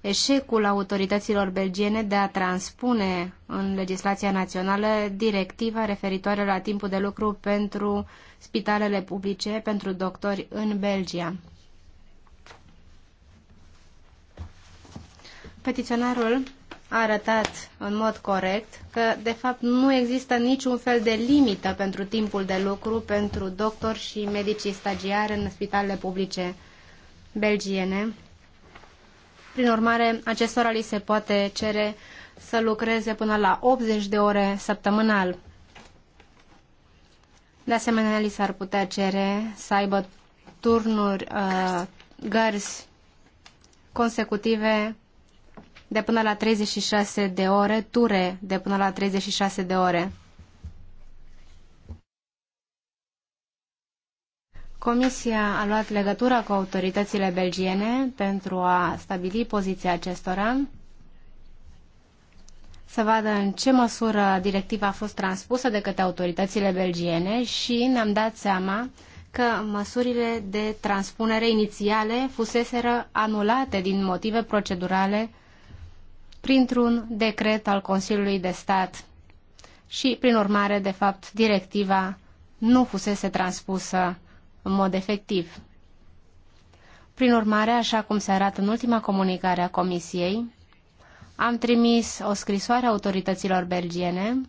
eșecul autorităților belgiene de a transpune în legislația națională directiva referitoare la timpul de lucru pentru spitalele publice, pentru doctori în Belgia. Petiționarul a arătat în mod corect că, de fapt, nu există niciun fel de limită pentru timpul de lucru pentru doctori și medicii stagiari în spitalele publice belgiene prin urmare, acestora li se poate cere să lucreze până la 80 de ore săptămânal. De asemenea, li s-ar putea cere să aibă turnuri, uh, gărzi consecutive de până la 36 de ore, ture de până la 36 de ore. Comisia a luat legătura cu autoritățile belgiene pentru a stabili poziția acestora, să vadă în ce măsură directiva a fost transpusă de către autoritățile belgiene și ne-am dat seama că măsurile de transpunere inițiale fuseseră anulate din motive procedurale printr-un decret al Consiliului de Stat și, prin urmare, de fapt, directiva nu fusese transpusă în mod efectiv. Prin urmare, așa cum se arată în ultima comunicare a Comisiei, am trimis o scrisoare autorităților belgiene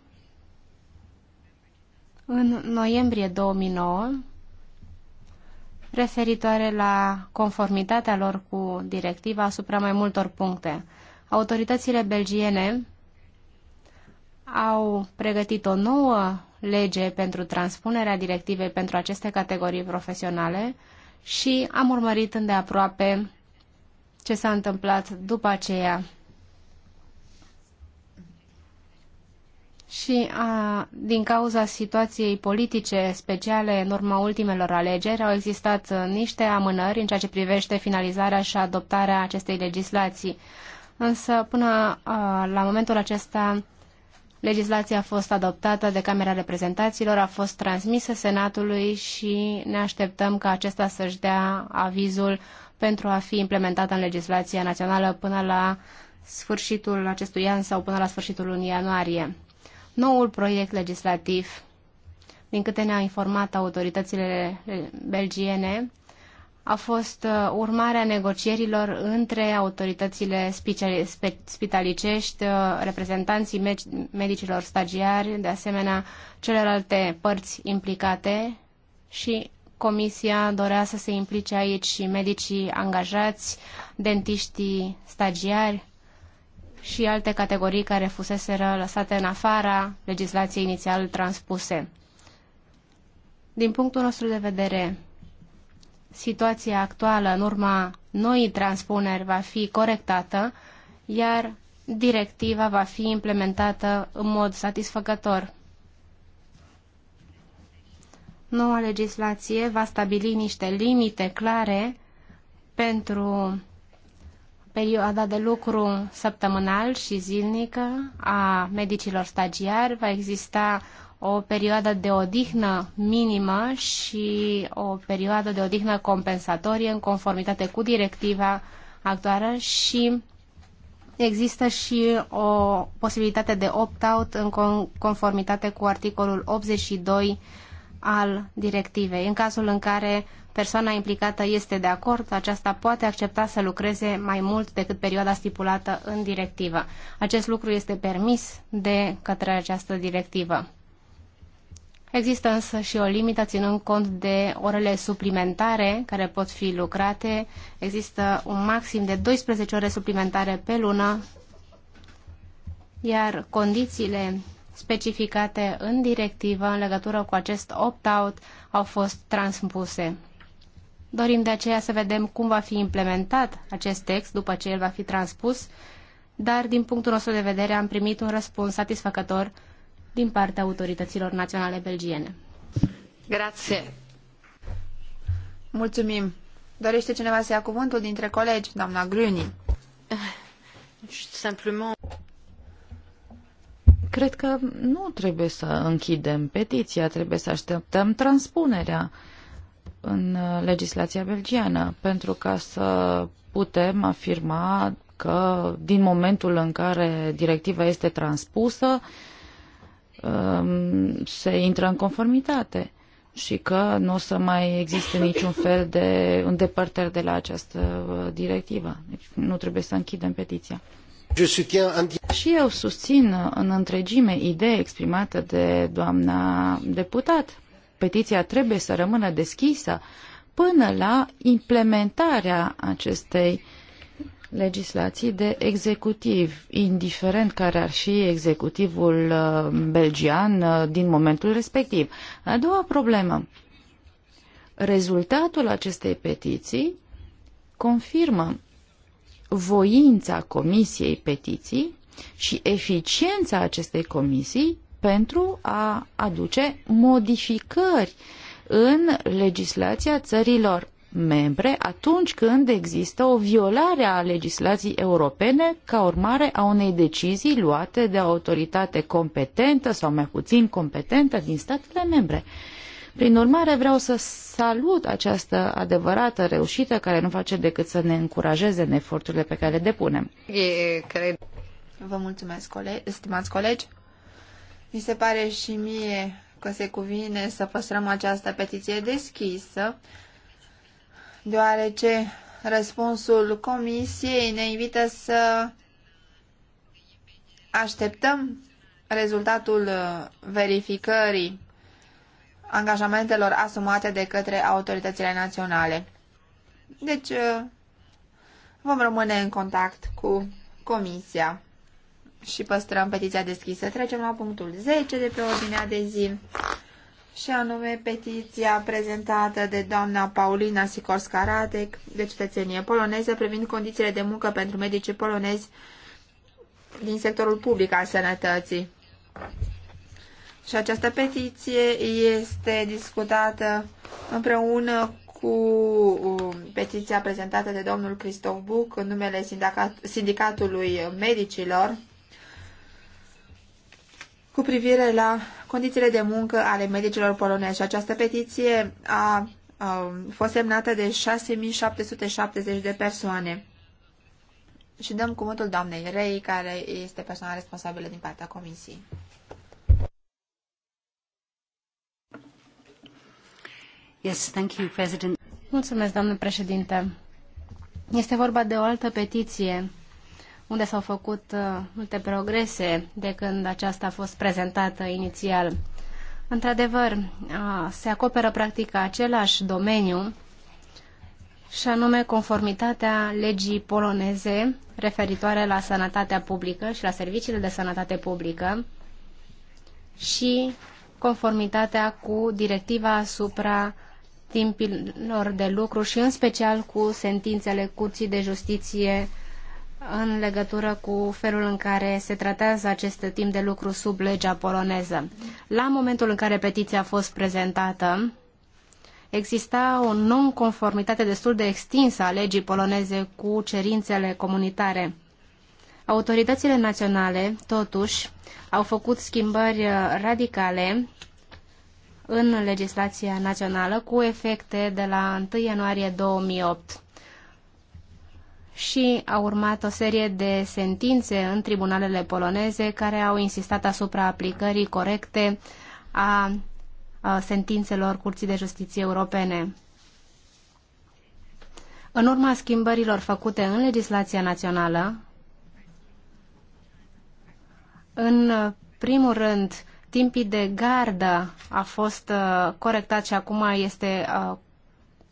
în noiembrie 2009 referitoare la conformitatea lor cu directiva asupra mai multor puncte. Autoritățile belgiene au pregătit o nouă lege pentru transpunerea directivei pentru aceste categorii profesionale și am urmărit îndeaproape ce s-a întâmplat după aceea. Și a, din cauza situației politice speciale în urma ultimelor alegeri au existat uh, niște amânări în ceea ce privește finalizarea și adoptarea acestei legislații. Însă până a, uh, la momentul acesta Legislația a fost adoptată de Camera Reprezentanților, a fost transmisă Senatului și ne așteptăm ca acesta să-și dea avizul pentru a fi implementată în legislația națională până la sfârșitul acestui an sau până la sfârșitul lunii ianuarie. Noul proiect legislativ, din câte ne-au informat autoritățile belgiene, a fost uh, urmarea negocierilor între autoritățile spitalicești, uh, reprezentanții medicilor stagiari, de asemenea celelalte părți implicate și comisia dorea să se implice aici și medicii angajați, dentiștii stagiari și alte categorii care fusese lăsate în afara legislației inițial transpuse. Din punctul nostru de vedere, situația actuală în urma noii transpuneri va fi corectată, iar directiva va fi implementată în mod satisfăcător. Noua legislație va stabili niște limite clare pentru perioada de lucru săptămânal și zilnică a medicilor stagiari. Va exista o perioadă de odihnă minimă și o perioadă de odihnă compensatorie în conformitate cu directiva actuală și există și o posibilitate de opt-out în conformitate cu articolul 82 al directivei. În cazul în care persoana implicată este de acord, aceasta poate accepta să lucreze mai mult decât perioada stipulată în directivă. Acest lucru este permis de către această directivă. Există însă și o limită ținând cont de orele suplimentare care pot fi lucrate. Există un maxim de 12 ore suplimentare pe lună, iar condițiile specificate în directivă în legătură cu acest opt-out au fost transpuse. Dorim de aceea să vedem cum va fi implementat acest text după ce el va fi transpus, dar din punctul nostru de vedere am primit un răspuns satisfăcător din partea autorităților naționale belgiene. Grație. Mulțumim. Dorește cineva să ia cuvântul dintre colegi, doamna Gruni? Simplement. Cred că nu trebuie să închidem petiția, trebuie să așteptăm transpunerea în uh, legislația belgiană, pentru ca să putem afirma că din momentul în care directiva este transpusă, uh, Um, se intră în conformitate și că nu o să mai existe niciun fel de îndepărtări de la această uh, directivă. Deci nu trebuie să închidem petiția. Și eu susțin uh, în întregime ideea exprimată de doamna deputat. Petiția trebuie să rămână deschisă până la implementarea acestei uh, legislații de executiv, indiferent care ar fi executivul uh, belgian uh, din momentul respectiv. A doua problemă. Rezultatul acestei petiții confirmă voința Comisiei Petiții și eficiența acestei comisii pentru a aduce modificări în legislația țărilor membre atunci când există o violare a legislației europene ca urmare a unei decizii luate de autoritate competentă sau mai puțin competentă din statele membre. Prin urmare, vreau să salut această adevărată reușită care nu face decât să ne încurajeze în eforturile pe care le depunem. E, cred. Vă mulțumesc, colegi, stimați colegi. Mi se pare și mie că se cuvine să păstrăm această petiție deschisă deoarece răspunsul comisiei ne invită să așteptăm rezultatul uh, verificării angajamentelor asumate de către autoritățile naționale. Deci, uh, vom rămâne în contact cu comisia și păstrăm petiția deschisă. Trecem la punctul 10 de pe ordinea de zi și anume petiția prezentată de doamna Paulina Sikorska-Radek de cetățenie poloneză privind condițiile de muncă pentru medicii polonezi din sectorul public al sănătății. Și această petiție este discutată împreună cu um, petiția prezentată de domnul Cristof Buc în numele Sindicatului Medicilor cu privire la condițiile de muncă ale medicilor polonezi. Această petiție a, a fost semnată de 6.770 de persoane. Și dăm cuvântul doamnei Rei, care este persoana responsabilă din partea comisiei. Yes, thank you, President. Mulțumesc, doamnă președinte. Este vorba de o altă petiție unde s-au făcut uh, multe progrese de când aceasta a fost prezentată inițial. Într-adevăr, se acoperă practic același domeniu și anume conformitatea legii poloneze referitoare la sănătatea publică și la serviciile de sănătate publică și conformitatea cu directiva asupra timpilor de lucru și în special cu sentințele Curții de Justiție în legătură cu felul în care se tratează acest timp de lucru sub legea poloneză. La momentul în care petiția a fost prezentată, exista o nonconformitate destul de extinsă a legii poloneze cu cerințele comunitare. Autoritățile naționale, totuși, au făcut schimbări radicale în legislația națională cu efecte de la 1 ianuarie 2008 și a urmat o serie de sentințe în tribunalele poloneze care au insistat asupra aplicării corecte a, a sentințelor Curții de Justiție Europene. În urma schimbărilor făcute în legislația națională, în primul rând, timpii de gardă a fost uh, corectat și acum este uh,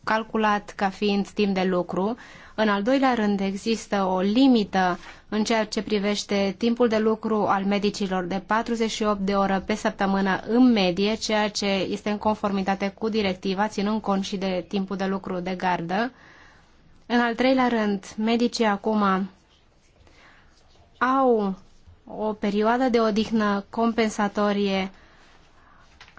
calculat ca fiind timp de lucru. În al doilea rând, există o limită în ceea ce privește timpul de lucru al medicilor de 48 de ore pe săptămână în medie, ceea ce este în conformitate cu directiva, ținând cont și de timpul de lucru de gardă. În al treilea rând, medicii acum au o perioadă de odihnă compensatorie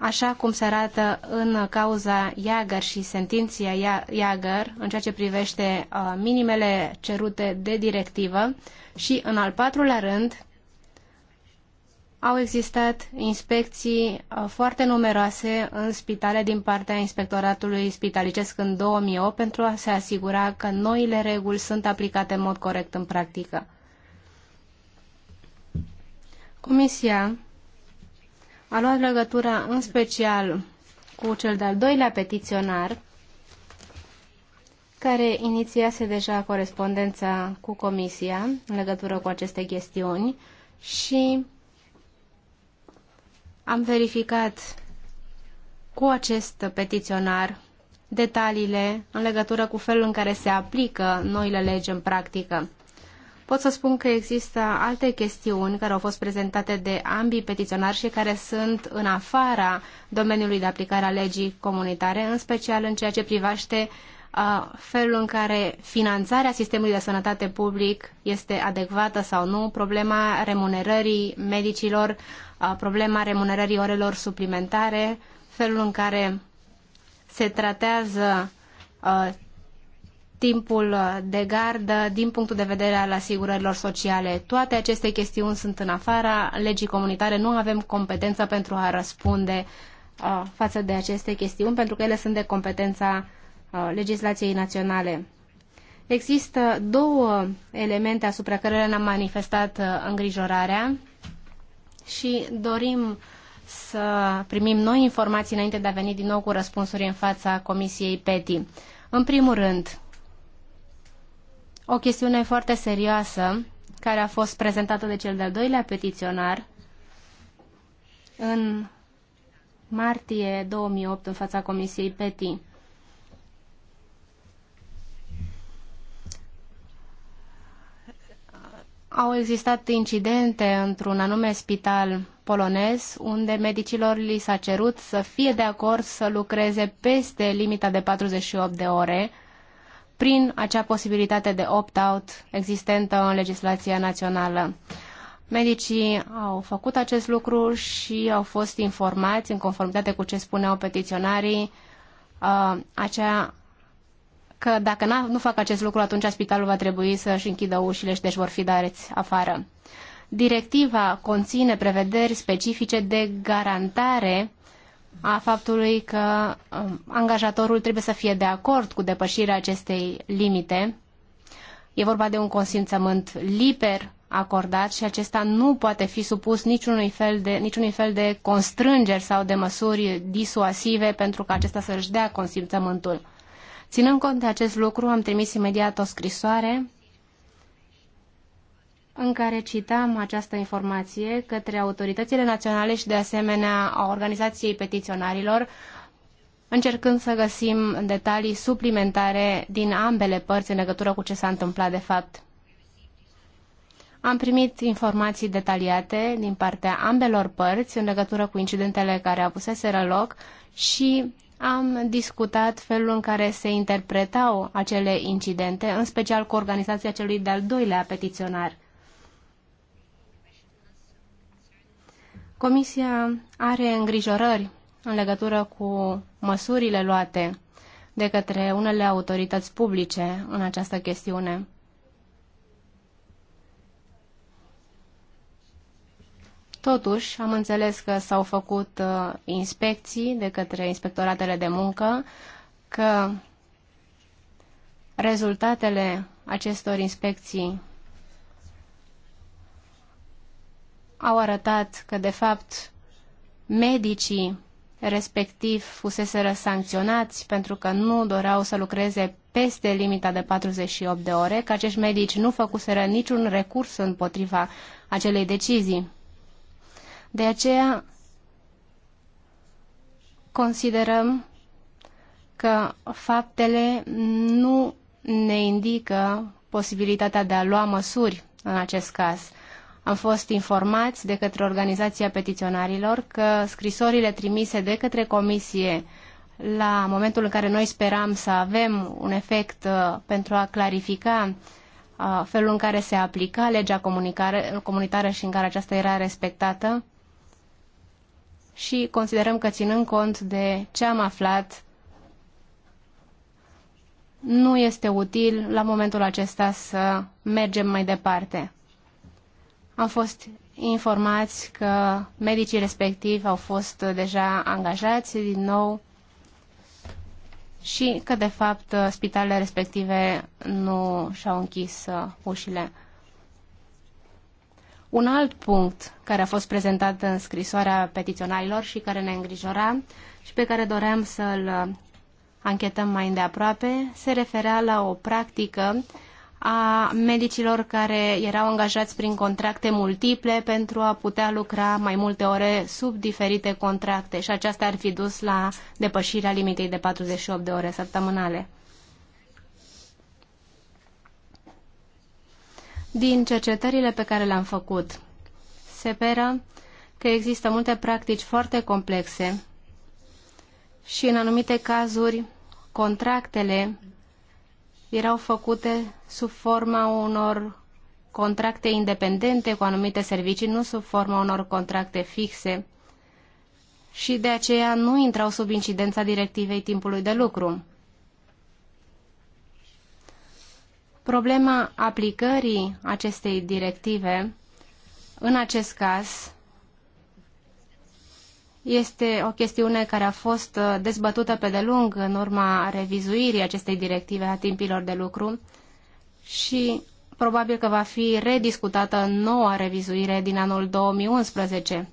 așa cum se arată în cauza Iagăr și sentinția Iagăr în ceea ce privește uh, minimele cerute de directivă și, în al patrulea rând, au existat inspecții uh, foarte numeroase în spitale din partea Inspectoratului Spitalicesc în 2008 pentru a se asigura că noile reguli sunt aplicate în mod corect în practică. Comisia a luat legătura în special cu cel de-al doilea petiționar, care inițiase deja corespondența cu Comisia în legătură cu aceste chestiuni și am verificat cu acest petiționar detaliile în legătură cu felul în care se aplică noile legi în practică. Pot să spun că există alte chestiuni care au fost prezentate de ambii petiționari și care sunt în afara domeniului de aplicare a legii comunitare, în special în ceea ce privește uh, felul în care finanțarea sistemului de sănătate public este adecvată sau nu, problema remunerării medicilor, uh, problema remunerării orelor suplimentare, felul în care se tratează uh, timpul de gardă din punctul de vedere al asigurărilor sociale. Toate aceste chestiuni sunt în afara legii comunitare. Nu avem competența pentru a răspunde uh, față de aceste chestiuni, pentru că ele sunt de competența uh, legislației naționale. Există două elemente asupra cărora ne-am manifestat uh, îngrijorarea și dorim să primim noi informații înainte de a veni din nou cu răspunsuri în fața Comisiei PETI. În primul rând, o chestiune foarte serioasă care a fost prezentată de cel de-al doilea petiționar în martie 2008 în fața Comisiei PETI. Au existat incidente într-un anume spital polonez unde medicilor li s-a cerut să fie de acord să lucreze peste limita de 48 de ore prin acea posibilitate de opt-out existentă în legislația națională. Medicii au făcut acest lucru și au fost informați, în conformitate cu ce spuneau petiționarii, uh, acea că dacă nu fac acest lucru, atunci spitalul va trebui să-și închidă ușile și deci vor fi dareți afară. Directiva conține prevederi specifice de garantare a faptului că um, angajatorul trebuie să fie de acord cu depășirea acestei limite. E vorba de un consimțământ liber acordat și acesta nu poate fi supus niciunui fel de, niciunui fel de constrângeri sau de măsuri disuasive pentru ca acesta să-și dea consimțământul. Ținând cont de acest lucru, am trimis imediat o scrisoare în care citam această informație către autoritățile naționale și de asemenea a organizației petiționarilor, încercând să găsim detalii suplimentare din ambele părți în legătură cu ce s-a întâmplat de fapt. Am primit informații detaliate din partea ambelor părți în legătură cu incidentele care avuseseră loc și am discutat felul în care se interpretau acele incidente, în special cu organizația celui de-al doilea petiționar. Comisia are îngrijorări în legătură cu măsurile luate de către unele autorități publice în această chestiune. Totuși, am înțeles că s-au făcut uh, inspecții de către inspectoratele de muncă, că rezultatele acestor inspecții au arătat că, de fapt, medicii respectiv fuseseră sancționați pentru că nu doreau să lucreze peste limita de 48 de ore, că acești medici nu făcuseră niciun recurs împotriva acelei decizii. De aceea considerăm că faptele nu ne indică posibilitatea de a lua măsuri în acest caz. Am fost informați de către organizația petiționarilor că scrisorile trimise de către comisie la momentul în care noi speram să avem un efect uh, pentru a clarifica uh, felul în care se aplica legea comunitară și în care aceasta era respectată și considerăm că ținând cont de ce am aflat nu este util la momentul acesta să mergem mai departe. Am fost informați că medicii respectivi au fost deja angajați din nou și că, de fapt, spitalele respective nu și-au închis uh, ușile. Un alt punct care a fost prezentat în scrisoarea petiționarilor și care ne îngrijora și pe care doream să-l uh, anchetăm mai îndeaproape se referea la o practică a medicilor care erau angajați prin contracte multiple pentru a putea lucra mai multe ore sub diferite contracte și aceasta ar fi dus la depășirea limitei de 48 de ore săptămânale. Din cercetările pe care le-am făcut, se peră că există multe practici foarte complexe și în anumite cazuri contractele erau făcute sub forma unor contracte independente cu anumite servicii, nu sub forma unor contracte fixe și de aceea nu intrau sub incidența directivei timpului de lucru. Problema aplicării acestei directive, în acest caz, este o chestiune care a fost uh, dezbătută pe de lung în urma revizuirii acestei directive a timpilor de lucru și probabil că va fi rediscutată în noua revizuire din anul 2011.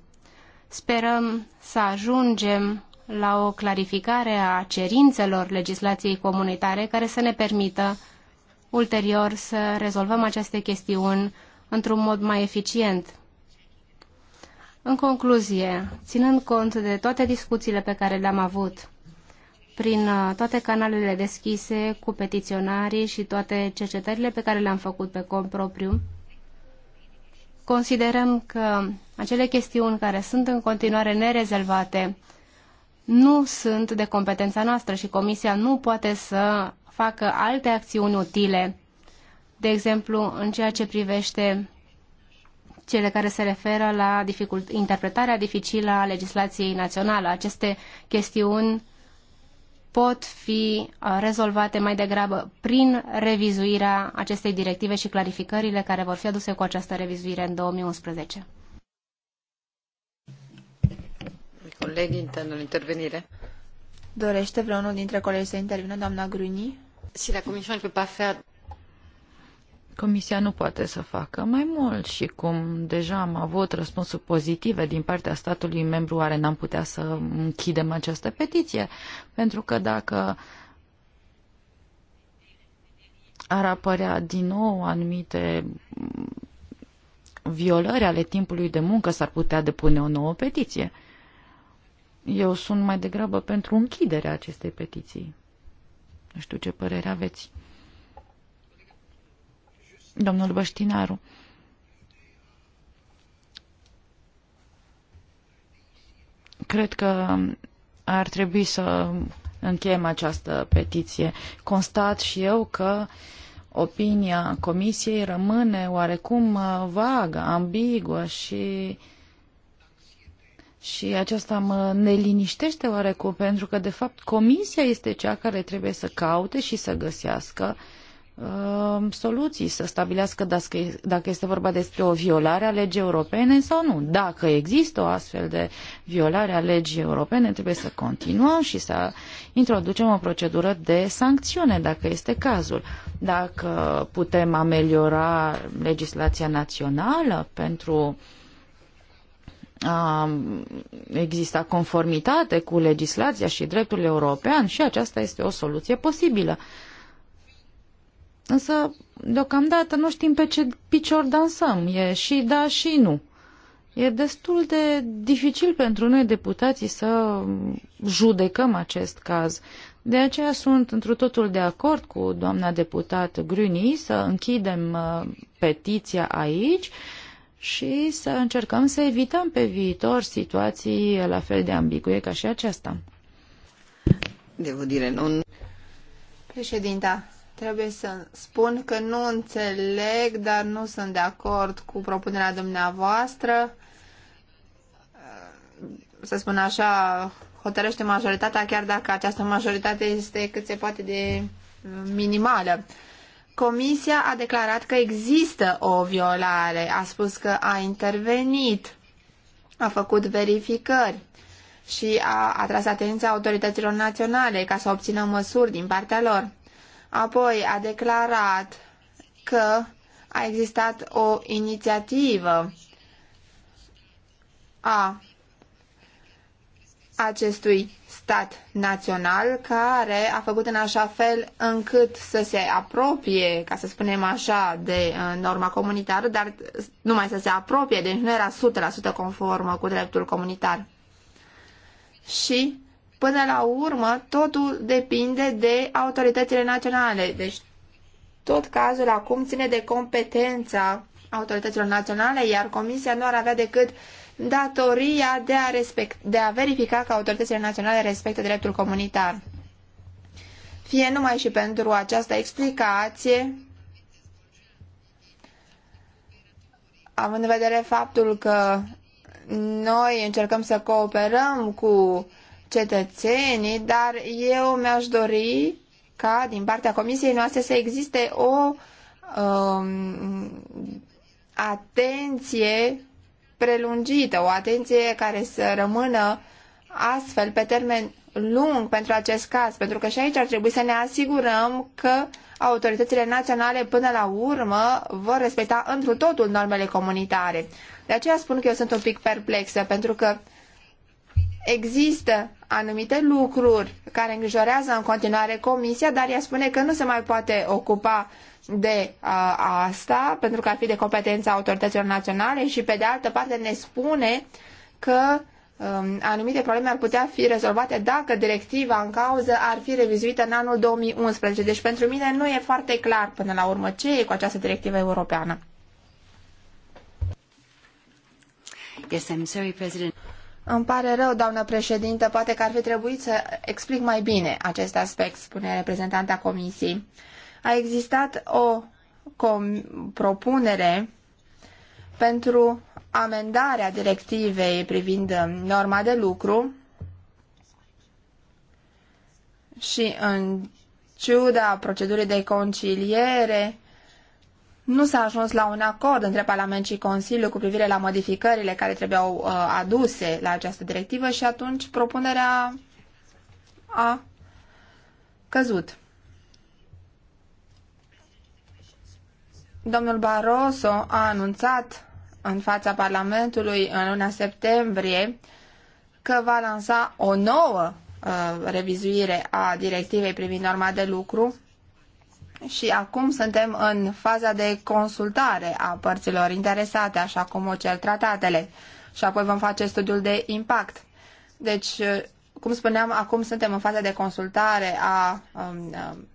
Sperăm să ajungem la o clarificare a cerințelor legislației comunitare care să ne permită ulterior să rezolvăm aceste chestiuni într-un mod mai eficient. În concluzie, ținând cont de toate discuțiile pe care le-am avut prin uh, toate canalele deschise cu petiționarii și toate cercetările pe care le-am făcut pe cont propriu, considerăm că acele chestiuni care sunt în continuare nerezolvate nu sunt de competența noastră și Comisia nu poate să facă alte acțiuni utile, de exemplu în ceea ce privește cele care se referă la dificult, interpretarea dificilă a legislației naționale. Aceste chestiuni pot fi uh, rezolvate mai degrabă prin revizuirea acestei directive și clarificările care vor fi aduse cu această revizuire în 2011. Colegii internul intervenire. Dorește vreunul dintre colegi să intervină, doamna Gruni? Si la Comisie ne peut pas faire Comisia nu poate să facă mai mult și cum deja am avut răspunsuri pozitive din partea statului membru, oare n-am putea să închidem această petiție? Pentru că dacă ar apărea din nou anumite violări ale timpului de muncă, s-ar putea depune o nouă petiție. Eu sunt mai degrabă pentru închiderea acestei petiții. Nu știu ce părere aveți domnul Băștinaru. Cred că ar trebui să încheiem această petiție. Constat și eu că opinia comisiei rămâne oarecum uh, vagă, ambiguă și și aceasta mă neliniștește oarecum, pentru că, de fapt, comisia este cea care trebuie să caute și să găsească uh, Um, soluții, să stabilească dacă este vorba despre o violare a legii europene sau nu. Dacă există o astfel de violare a legii europene, trebuie să continuăm și să introducem o procedură de sancțiune, dacă este cazul. Dacă putem ameliora legislația națională pentru a um, exista conformitate cu legislația și dreptul european și aceasta este o soluție posibilă. Însă, deocamdată, nu știm pe ce picior dansăm. E și da și nu. E destul de dificil pentru noi deputații să judecăm acest caz. De aceea sunt întru totul de acord cu doamna deputat Gruni să închidem uh, petiția aici și să încercăm să evităm pe viitor situații la fel de ambigue ca și aceasta. Devo dire, non... Președinta, Trebuie să spun că nu înțeleg, dar nu sunt de acord cu propunerea dumneavoastră. Să spun așa, hotărăște majoritatea, chiar dacă această majoritate este cât se poate de minimală. Comisia a declarat că există o violare, a spus că a intervenit, a făcut verificări și a atras atenția autorităților naționale ca să obțină măsuri din partea lor. Apoi a declarat că a existat o inițiativă a acestui stat național care a făcut în așa fel încât să se apropie, ca să spunem așa, de uh, norma comunitară, dar numai să se apropie, deci nu era 100% conformă cu dreptul comunitar. Și Până la urmă, totul depinde de autoritățile naționale. Deci, tot cazul acum ține de competența autorităților naționale, iar Comisia nu ar avea decât datoria de a, respect, de a verifica că autoritățile naționale respectă dreptul comunitar. Fie numai și pentru această explicație, având în vedere faptul că noi încercăm să cooperăm cu cetățenii, dar eu mi-aș dori ca din partea comisiei noastre să existe o um, atenție prelungită, o atenție care să rămână astfel pe termen lung pentru acest caz, pentru că și aici ar trebui să ne asigurăm că autoritățile naționale până la urmă vor respecta întru totul normele comunitare. De aceea spun că eu sunt un pic perplexă, pentru că Există anumite lucruri care îngrijorează în continuare comisia, dar ea spune că nu se mai poate ocupa de a, asta, pentru că ar fi de competența autorităților naționale și pe de altă parte ne spune că um, anumite probleme ar putea fi rezolvate dacă directiva în cauză ar fi revizuită în anul 2011. Deci pentru mine nu e foarte clar până la urmă ce e cu această directivă europeană. Yes, I'm sorry, President. Îmi pare rău, doamnă președintă, poate că ar fi trebuit să explic mai bine acest aspect, spune reprezentanta comisiei. A existat o propunere pentru amendarea directivei privind um, norma de lucru și în ciuda procedurii de conciliere nu s-a ajuns la un acord între Parlament și Consiliu cu privire la modificările care trebuiau uh, aduse la această directivă și atunci propunerea a căzut. Domnul Barroso a anunțat în fața Parlamentului în luna septembrie că va lansa o nouă uh, revizuire a directivei privind norma de lucru și acum suntem în faza de consultare a părților interesate, așa cum o cer tratatele, și apoi vom face studiul de impact. Deci, uh, cum spuneam, acum suntem în faza de consultare a um, um,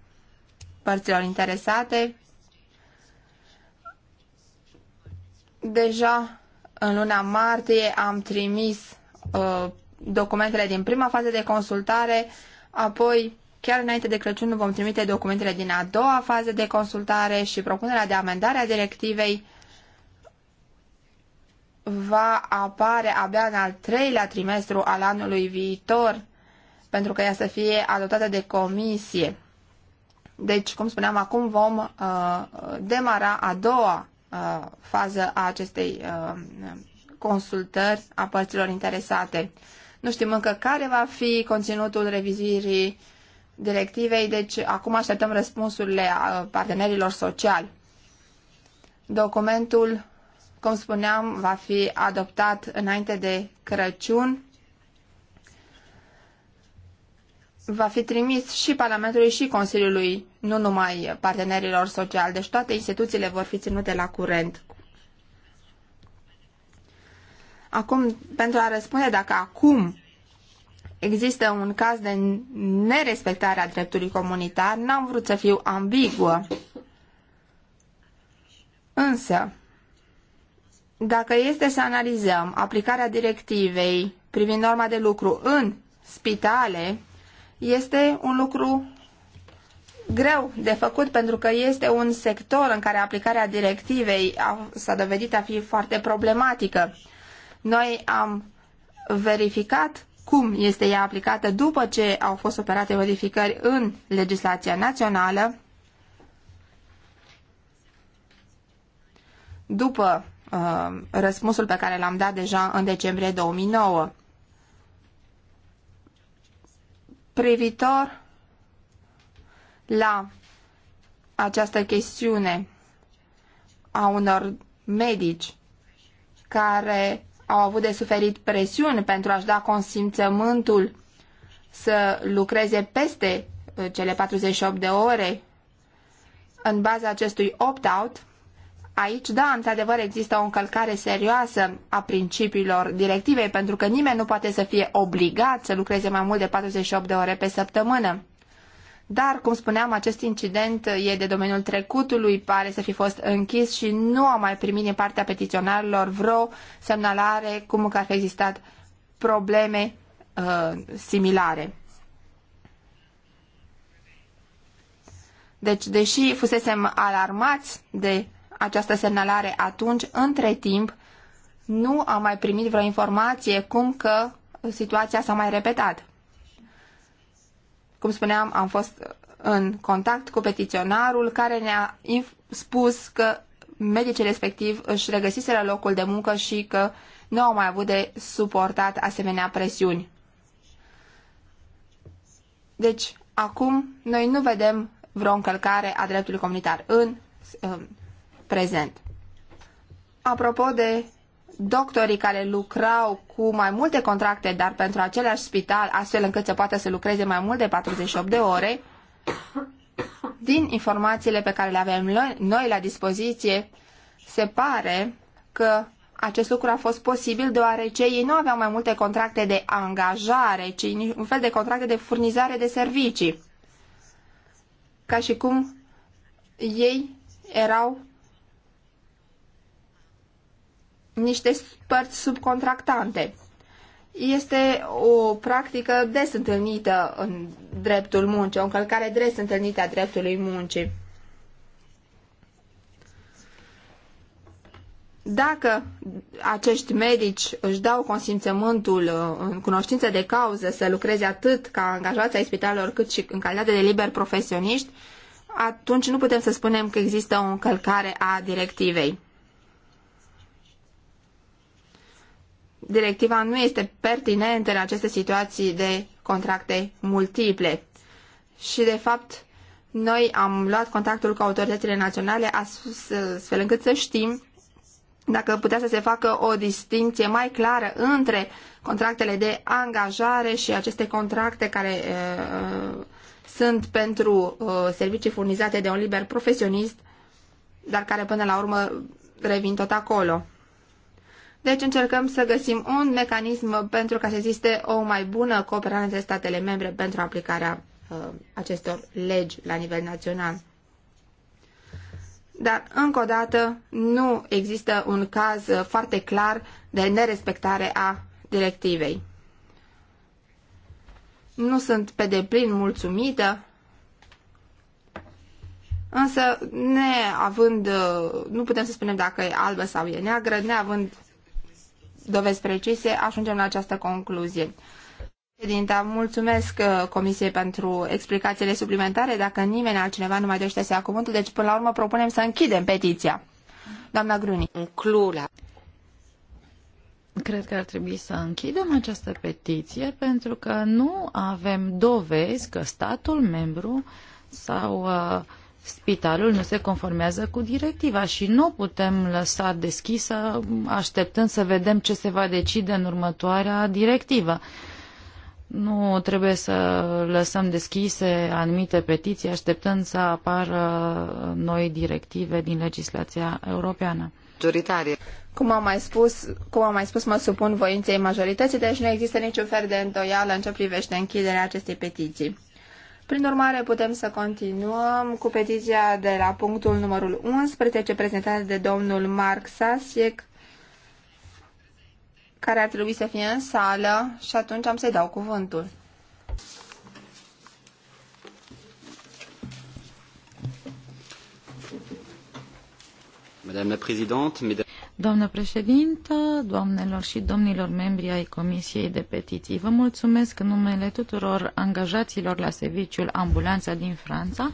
părților interesate. Deja în luna martie am trimis uh, documentele din prima fază de consultare, apoi Chiar înainte de Crăciun vom trimite documentele din a doua fază de consultare și propunerea de amendare a directivei va apare abia în al treilea trimestru al anului viitor, pentru că ea să fie adoptată de comisie. Deci, cum spuneam, acum vom uh, demara a doua uh, fază a acestei uh, consultări a părților interesate. Nu știm încă care va fi conținutul revizuirii directivei, deci acum așteptăm răspunsurile uh, partenerilor sociali. Documentul, cum spuneam, va fi adoptat înainte de Crăciun. Va fi trimis și Parlamentului și Consiliului, nu numai partenerilor sociali, deci toate instituțiile vor fi ținute la curent. Acum, pentru a răspunde dacă acum există un caz de nerespectare a dreptului comunitar, n-am vrut să fiu ambiguă. Însă, dacă este să analizăm aplicarea directivei privind norma de lucru în spitale, este un lucru greu de făcut pentru că este un sector în care aplicarea directivei s-a dovedit a fi foarte problematică. Noi am verificat cum este ea aplicată după ce au fost operate modificări în legislația națională, după uh, răspunsul pe care l-am dat deja în decembrie 2009. Privitor la această chestiune a unor medici care au avut de suferit presiuni pentru a-și da consimțământul să lucreze peste uh, cele 48 de ore în baza acestui opt-out, aici, da, într-adevăr există o încălcare serioasă a principiilor directivei, pentru că nimeni nu poate să fie obligat să lucreze mai mult de 48 de ore pe săptămână. Dar, cum spuneam, acest incident e de domeniul trecutului, pare să fi fost închis și nu a mai primit din partea petiționarilor vreo semnalare cum că ar fi existat probleme uh, similare. Deci, deși fusesem alarmați de această semnalare atunci, între timp, nu am mai primit vreo informație cum că situația s-a mai repetat. Cum spuneam, am fost în contact cu petiționarul care ne-a spus că medicii respectiv își regăsiseră locul de muncă și că nu au mai avut de suportat asemenea presiuni. Deci, acum, noi nu vedem vreo încălcare a dreptului comunitar în, în prezent. Apropo de doctorii care lucrau cu mai multe contracte, dar pentru același spital, astfel încât să poată să lucreze mai mult de 48 de ore, din informațiile pe care le avem noi la dispoziție, se pare că acest lucru a fost posibil deoarece ei nu aveau mai multe contracte de angajare, ci un fel de contracte de furnizare de servicii. Ca și cum ei erau niște părți subcontractante. Este o practică des întâlnită în dreptul muncii, o încălcare des întâlnită a dreptului muncii. Dacă acești medici își dau consimțământul uh, în cunoștință de cauză să lucreze atât ca angajați ai spitalelor cât și în calitate de liber profesioniști, atunci nu putem să spunem că există o încălcare a directivei. directiva nu este pertinentă în aceste situații de contracte multiple. Și, de fapt, noi am luat contactul cu autoritățile naționale astfel încât să știm dacă putea să se facă o distinție mai clară între contractele de angajare și aceste contracte care uh, uh sunt pentru uh, servicii furnizate de un liber profesionist, dar care până la urmă revin tot acolo. Deci încercăm să găsim un mecanism pentru ca să existe o mai bună cooperare între statele membre pentru aplicarea uh, acestor legi la nivel național. Dar, încă o dată, nu există un caz uh, foarte clar de nerespectare a directivei. Nu sunt pe deplin mulțumită, însă neavând, uh, nu putem să spunem dacă e albă sau e neagră, neavând dovezi precise, ajungem la această concluzie. Președinte, mulțumesc uh, Comisiei pentru explicațiile suplimentare. Dacă nimeni altcineva nu mai dorește să ia cuvântul, deci până la urmă propunem să închidem petiția. Doamna Gruni. Înclula. Cred că ar trebui să închidem această petiție pentru că nu avem dovezi că statul membru sau uh, spitalul nu se conformează cu directiva și nu putem lăsa deschisă așteptând să vedem ce se va decide în următoarea directivă. Nu trebuie să lăsăm deschise anumite petiții așteptând să apară noi directive din legislația europeană. Juritarie. Cum am mai spus, cum am mai spus, mă supun voinței majorității, deci nu există niciun fel de îndoială în ce privește închiderea acestei petiții. Prin urmare, putem să continuăm cu petiția de la punctul numărul 11, prezentată de domnul Mark Sasiek, care ar trebui să fie în sală și atunci am să-i dau cuvântul. Madame la Présidente, Mesdames Doamnă președintă, doamnelor și domnilor membri ai Comisiei de Petiții, vă mulțumesc în numele tuturor angajaților la serviciul Ambulanța din Franța,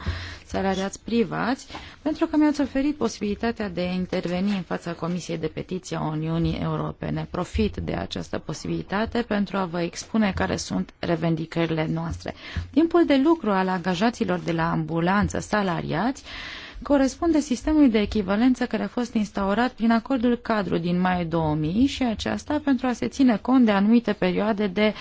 salariați privați, pentru că mi-ați oferit posibilitatea de a interveni în fața Comisiei de Petiții a Uniunii Europene. Profit de această posibilitate pentru a vă expune care sunt revendicările noastre. Timpul de lucru al angajaților de la ambulanță salariați corespunde sistemului de echivalență care a fost instaurat prin acordul cadru din mai 2000 și aceasta pentru a se ține cont de anumite perioade de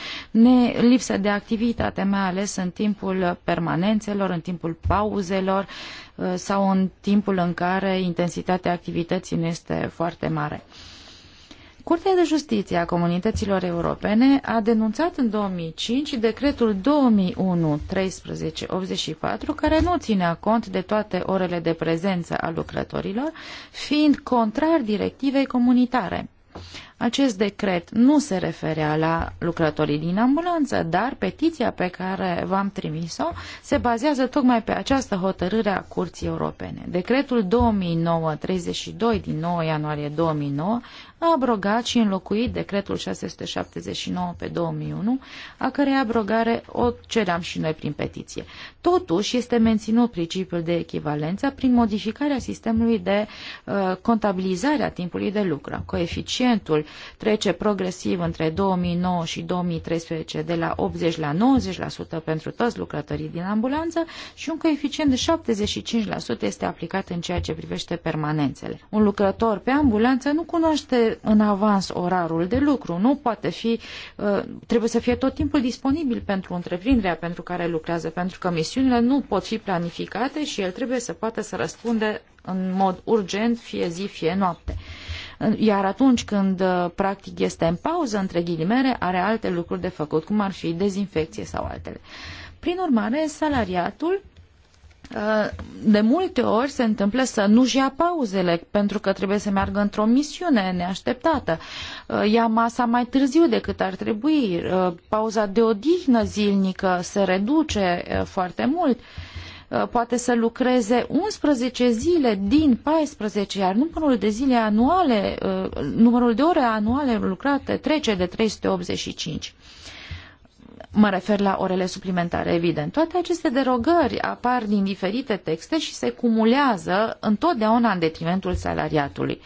lipsă de activitate, mai ales în timpul permanențelor, în timpul pauzelor uh, sau în timpul în care intensitatea activității nu este foarte mare. Curtea de Justiție a Comunităților Europene a denunțat în 2005 decretul 2001-1384, care nu ținea cont de toate orele de prezență a lucrătorilor, fiind contrar directivei comunitare. Acest decret nu se referea la lucrătorii din ambulanță, dar petiția pe care v-am trimis-o se bazează tocmai pe această hotărâre a Curții Europene. Decretul 2009-32 din 9 ianuarie 2009 a abrogat și înlocuit decretul 679 pe 2001, a cărei abrogare o ceream și noi prin petiție. Totuși, este menținut principiul de echivalență prin modificarea sistemului de uh, contabilizare a timpului de lucru. Coeficientul trece progresiv între 2009 și 2013 de la 80 la 90% pentru toți lucrătorii din ambulanță și un coeficient de 75% este aplicat în ceea ce privește permanențele. Un lucrător pe ambulanță nu cunoaște în avans orarul de lucru. Nu poate fi, uh, trebuie să fie tot timpul disponibil pentru întreprinderea pentru care lucrează, pentru că misiunile nu pot fi planificate și el trebuie să poată să răspunde în mod urgent, fie zi, fie noapte. Iar atunci când uh, practic este în pauză, între ghilimele, are alte lucruri de făcut, cum ar fi dezinfecție sau altele. Prin urmare, salariatul Uh, de multe ori se întâmplă să nu-și ia pauzele pentru că trebuie să meargă într-o misiune neașteptată. Uh, ia masa mai târziu decât ar trebui. Uh, pauza de odihnă zilnică se reduce foarte mult. Poate să lucreze 11 zile din 14, iar numărul de zile anuale, numărul de ore anuale lucrate trece de 385 mă refer la orele suplimentare, evident. Toate aceste derogări apar din diferite texte și se cumulează întotdeauna în detrimentul salariatului.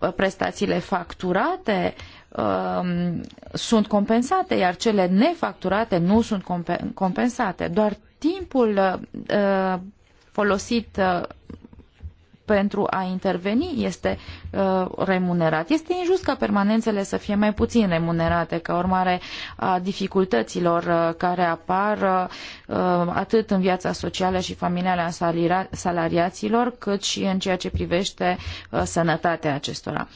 Uh, prestațiile facturate um, sunt compensate, iar cele nefacturate nu sunt compensate. Doar timpul uh, folosit uh, pentru a interveni este uh, remunerat. Este injust ca permanențele să fie mai puțin remunerate ca urmare a dificultăților uh, care apar uh, atât în viața socială și familială a salariaților, cât și în ceea ce privește sănătatea acestora.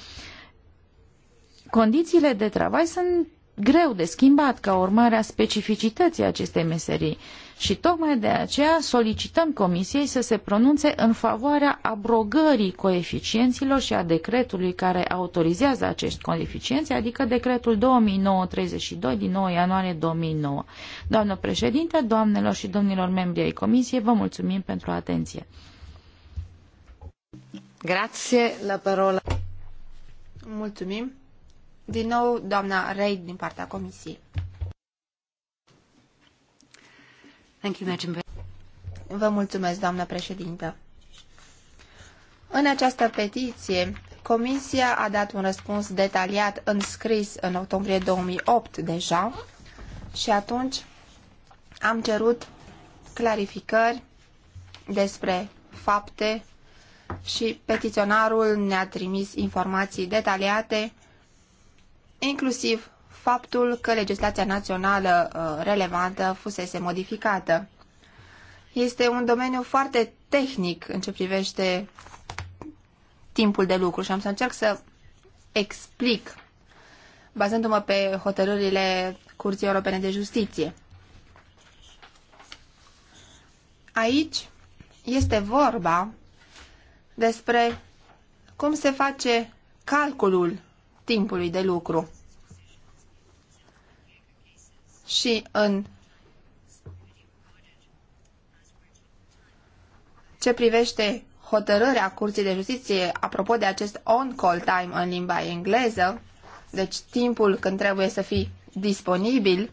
Condițiile de travai sunt greu de schimbat ca urmare a specificității acestei meserii. Uh, și tocmai de aceea solicităm Comisiei să se pronunțe în favoarea abrogării coeficienților și a decretului care autorizează acești coeficienți, adică decretul 2932 din 9 ianuarie 2009. Doamnă președinte, doamnelor și domnilor membri ai Comisiei, vă mulțumim pentru atenție. Grație la parola. Mulțumim. Din nou, doamna Reid din partea Comisiei. Vă mulțumesc, doamnă președintă. În această petiție, Comisia a dat un răspuns detaliat în scris în octombrie 2008 deja și atunci am cerut clarificări despre fapte și petiționarul ne-a trimis informații detaliate, inclusiv faptul că legislația națională uh, relevantă fusese modificată. Este un domeniu foarte tehnic în ce privește timpul de lucru și am să încerc să explic bazându-mă pe hotărârile Curții Europene de Justiție. Aici este vorba despre cum se face calculul timpului de lucru și în ce privește hotărârea Curții de Justiție apropo de acest on-call time în limba engleză, deci timpul când trebuie să fii disponibil,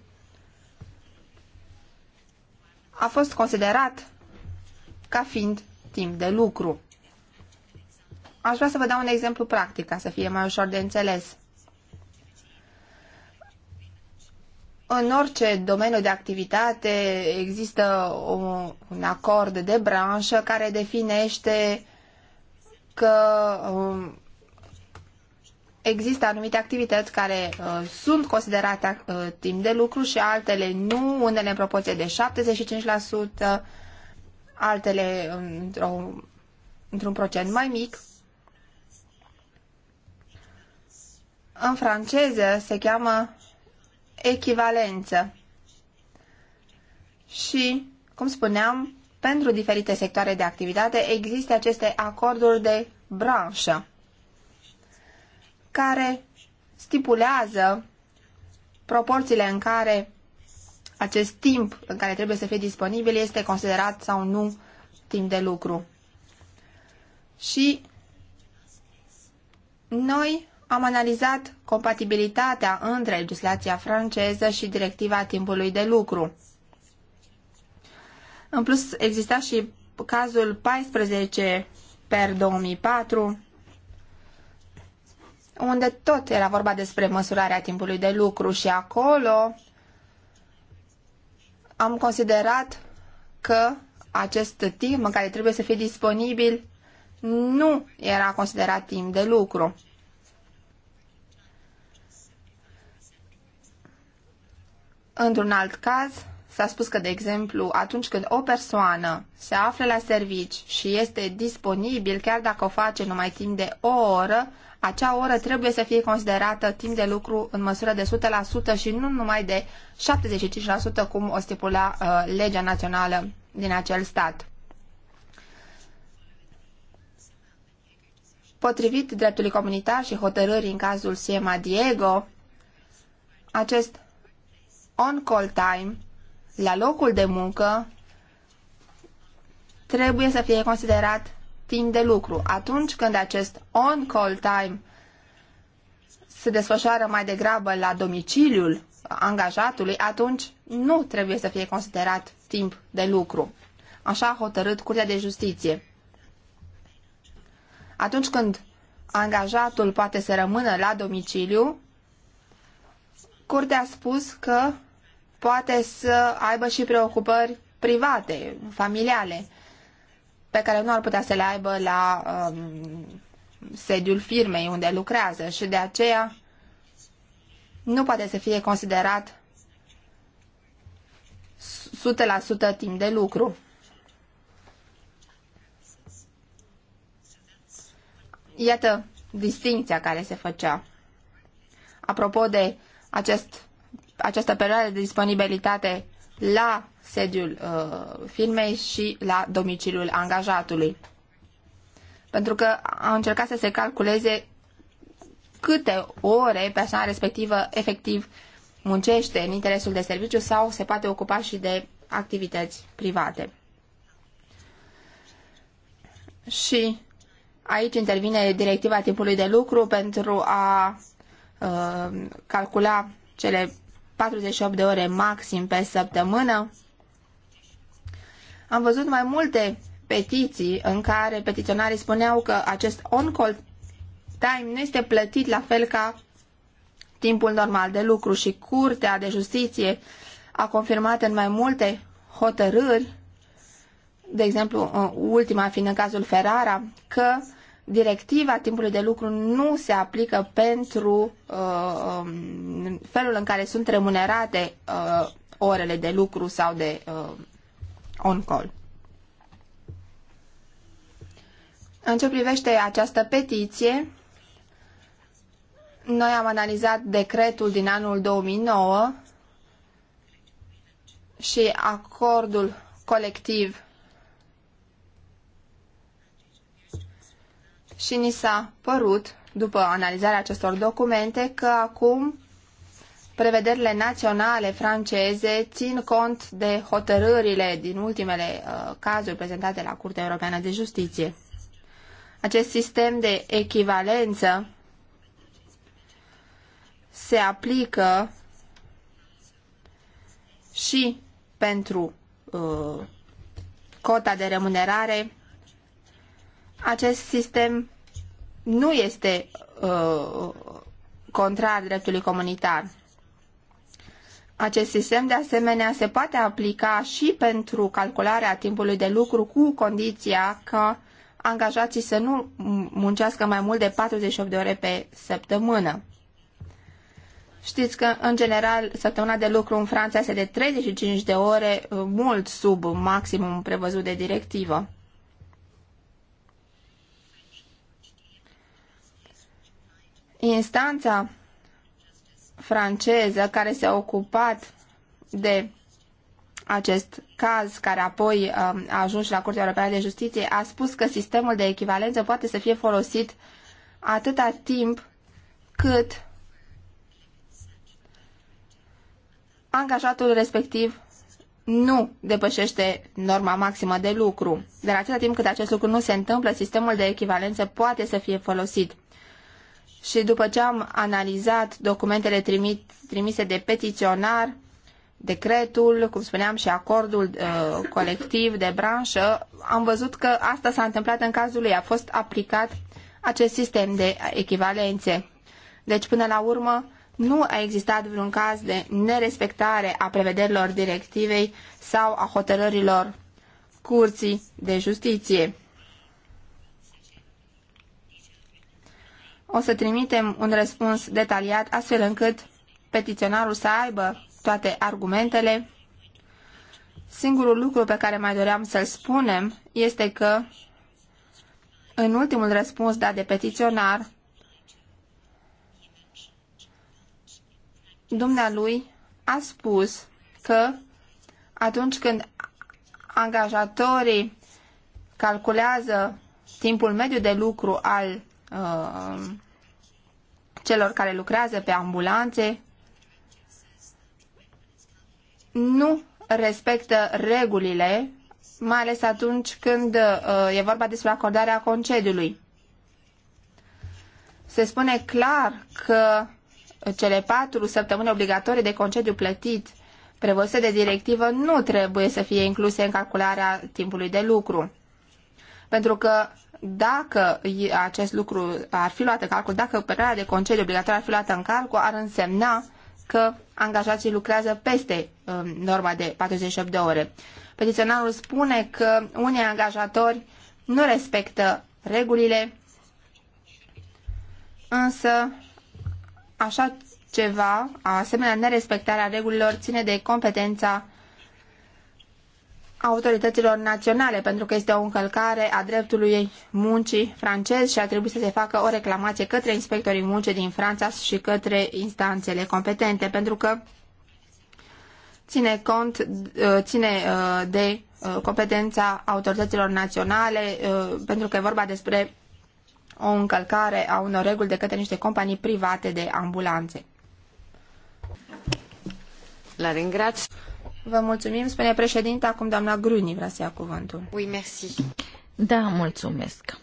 a fost considerat ca fiind timp de lucru. Aș vrea să vă dau un exemplu practic ca să fie mai ușor de înțeles. În orice domeniu de activitate există un, un acord de branșă care definește că um, există anumite activități care uh, sunt considerate uh, timp de lucru și altele nu, unele în proporție de 75%, altele într-un într procent mai mic. În franceză se cheamă echivalență. Și, cum spuneam, pentru diferite sectoare de activitate există aceste acorduri de branșă care stipulează proporțiile în care acest timp în care trebuie să fie disponibil este considerat sau nu timp de lucru. Și noi am analizat compatibilitatea între legislația franceză și directiva timpului de lucru. În plus, exista și cazul 14 per 2004, unde tot era vorba despre măsurarea timpului de lucru și acolo am considerat că acest timp în care trebuie să fie disponibil nu era considerat timp de lucru. Într-un alt caz, s-a spus că, de exemplu, atunci când o persoană se află la servici și este disponibil, chiar dacă o face numai timp de o oră, acea oră trebuie să fie considerată timp de lucru în măsură de 100% și nu numai de 75% cum o stipula uh, legea națională din acel stat. Potrivit dreptului comunitar și hotărârii în cazul Siema Diego, acest on-call time, la locul de muncă, trebuie să fie considerat timp de lucru. Atunci când acest on-call time se desfășoară mai degrabă la domiciliul angajatului, atunci nu trebuie să fie considerat timp de lucru. Așa a hotărât Curtea de Justiție. Atunci când angajatul poate să rămână la domiciliu, Curtea a spus că poate să aibă și preocupări private, familiale, pe care nu ar putea să le aibă la um, sediul firmei unde lucrează și de aceea nu poate să fie considerat 100% timp de lucru. Iată distinția care se făcea. Apropo de acest această perioadă de disponibilitate la sediul uh, firmei și la domiciliul angajatului. Pentru că au încercat să se calculeze câte ore persoana respectivă efectiv muncește în interesul de serviciu sau se poate ocupa și de activități private. Și aici intervine directiva timpului de lucru pentru a uh, calcula cele 48 de ore maxim pe săptămână. Am văzut mai multe petiții în care petiționarii spuneau că acest on-call time nu este plătit la fel ca timpul normal de lucru și Curtea de Justiție a confirmat în mai multe hotărâri, de exemplu ultima fiind în cazul Ferrara, că directiva timpului de lucru nu se aplică pentru uh, um, felul în care sunt remunerate uh, orele de lucru sau de uh, on-call. În ce privește această petiție, noi am analizat decretul din anul 2009 și acordul colectiv și ni s-a părut, după analizarea acestor documente, că acum prevederile naționale franceze țin cont de hotărârile din ultimele uh, cazuri prezentate la Curtea Europeană de Justiție. Acest sistem de echivalență se aplică și pentru uh, cota de remunerare acest sistem nu este uh, contrar dreptului comunitar. Acest sistem, de asemenea, se poate aplica și pentru calcularea timpului de lucru cu condiția ca angajații să nu muncească mai mult de 48 de ore pe săptămână. Știți că, în general, săptămâna de lucru în Franța este de 35 de ore, uh, mult sub maximum prevăzut de directivă. Instanța franceză care s-a ocupat de acest caz, care apoi um, a ajuns la Curtea Europeană de Justiție, a spus că sistemul de echivalență poate să fie folosit atâta timp cât angajatul respectiv nu depășește norma maximă de lucru. Dar atâta timp cât acest lucru nu se întâmplă, sistemul de echivalență poate să fie folosit și după ce am analizat documentele trimit, trimise de petiționar, decretul, cum spuneam, și acordul uh, colectiv de branșă, am văzut că asta s-a întâmplat în cazul lui. A fost aplicat acest sistem de echivalențe. Deci, până la urmă, nu a existat vreun caz de nerespectare a prevederilor directivei sau a hotărârilor curții de justiție. o să trimitem un răspuns detaliat astfel încât petiționarul să aibă toate argumentele. Singurul lucru pe care mai doream să-l spunem este că în ultimul răspuns dat de petiționar, dumnealui a spus că atunci când angajatorii calculează timpul mediu de lucru al Uh, celor care lucrează pe ambulanțe nu respectă regulile, mai ales atunci când uh, e vorba despre acordarea concediului. Se spune clar că cele patru săptămâni obligatorii de concediu plătit prevăzute de directivă nu trebuie să fie incluse în calcularea timpului de lucru. Pentru că dacă acest lucru ar fi luat în calcul, dacă perioada de concediu obligatoriu ar fi luată în calcul, ar însemna că angajații lucrează peste um, norma de 48 de ore. Petiționarul spune că unii angajatori nu respectă regulile, însă așa ceva, asemenea nerespectarea regulilor, ține de competența autorităților naționale, pentru că este o încălcare a dreptului muncii francez și ar trebui să se facă o reclamație către inspectorii muncii din Franța și către instanțele competente, pentru că ține cont uh, ține uh, de uh, competența autorităților naționale, pentru că e vorba despre o încălcare a unor reguli de către niște companii private de ambulanțe. La ringrați. Vă mulțumim, spune președinte, acum doamna Gruni vrea să ia cuvântul. Oui, merci. Da, mulțumesc.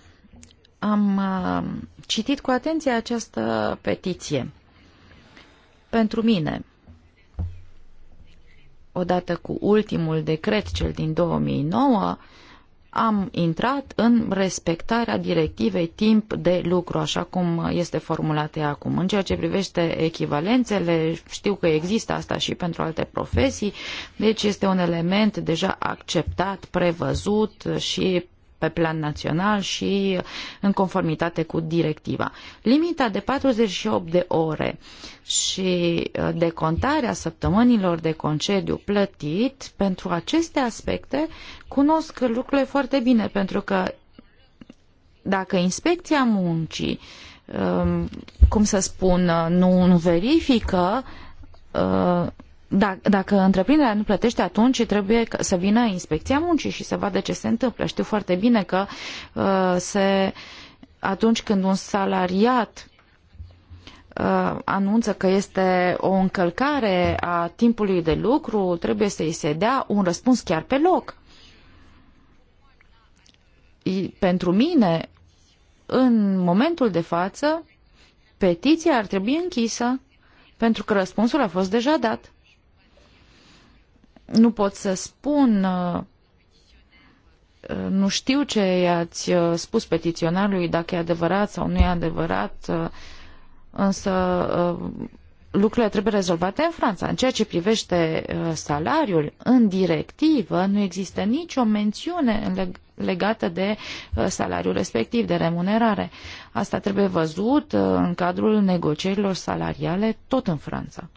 Am uh, citit cu atenție această petiție. Pentru mine, odată cu ultimul decret, cel din 2009, am intrat în respectarea directivei timp de lucru, așa cum este formulată acum. În ceea ce privește echivalențele, știu că există asta și pentru alte profesii, deci este un element deja acceptat, prevăzut și pe plan național și în conformitate cu directiva. Limita de 48 de ore și uh, decontarea săptămânilor de concediu plătit pentru aceste aspecte cunosc lucrurile foarte bine pentru că dacă inspecția muncii um, cum să spun, nu, uh, nu verifică uh, dacă, dacă întreprinderea nu plătește, atunci trebuie să vină inspecția muncii și să vadă ce se întâmplă. Știu foarte bine că uh, se, atunci când un salariat uh, anunță că este o încălcare a timpului de lucru, trebuie să-i se dea un răspuns chiar pe loc. Pentru mine, în momentul de față, petiția ar trebui închisă, pentru că răspunsul a fost deja dat nu pot să spun, uh, nu știu ce i-ați uh, spus petiționarului, dacă e adevărat sau nu e adevărat, uh, însă lucrurile trebuie rezolvate în Franța. În ceea ce privește salariul, în directivă nu există nicio mențiune legată de salariul respectiv, de remunerare. Asta trebuie văzut în cadrul negocierilor salariale tot în Franța.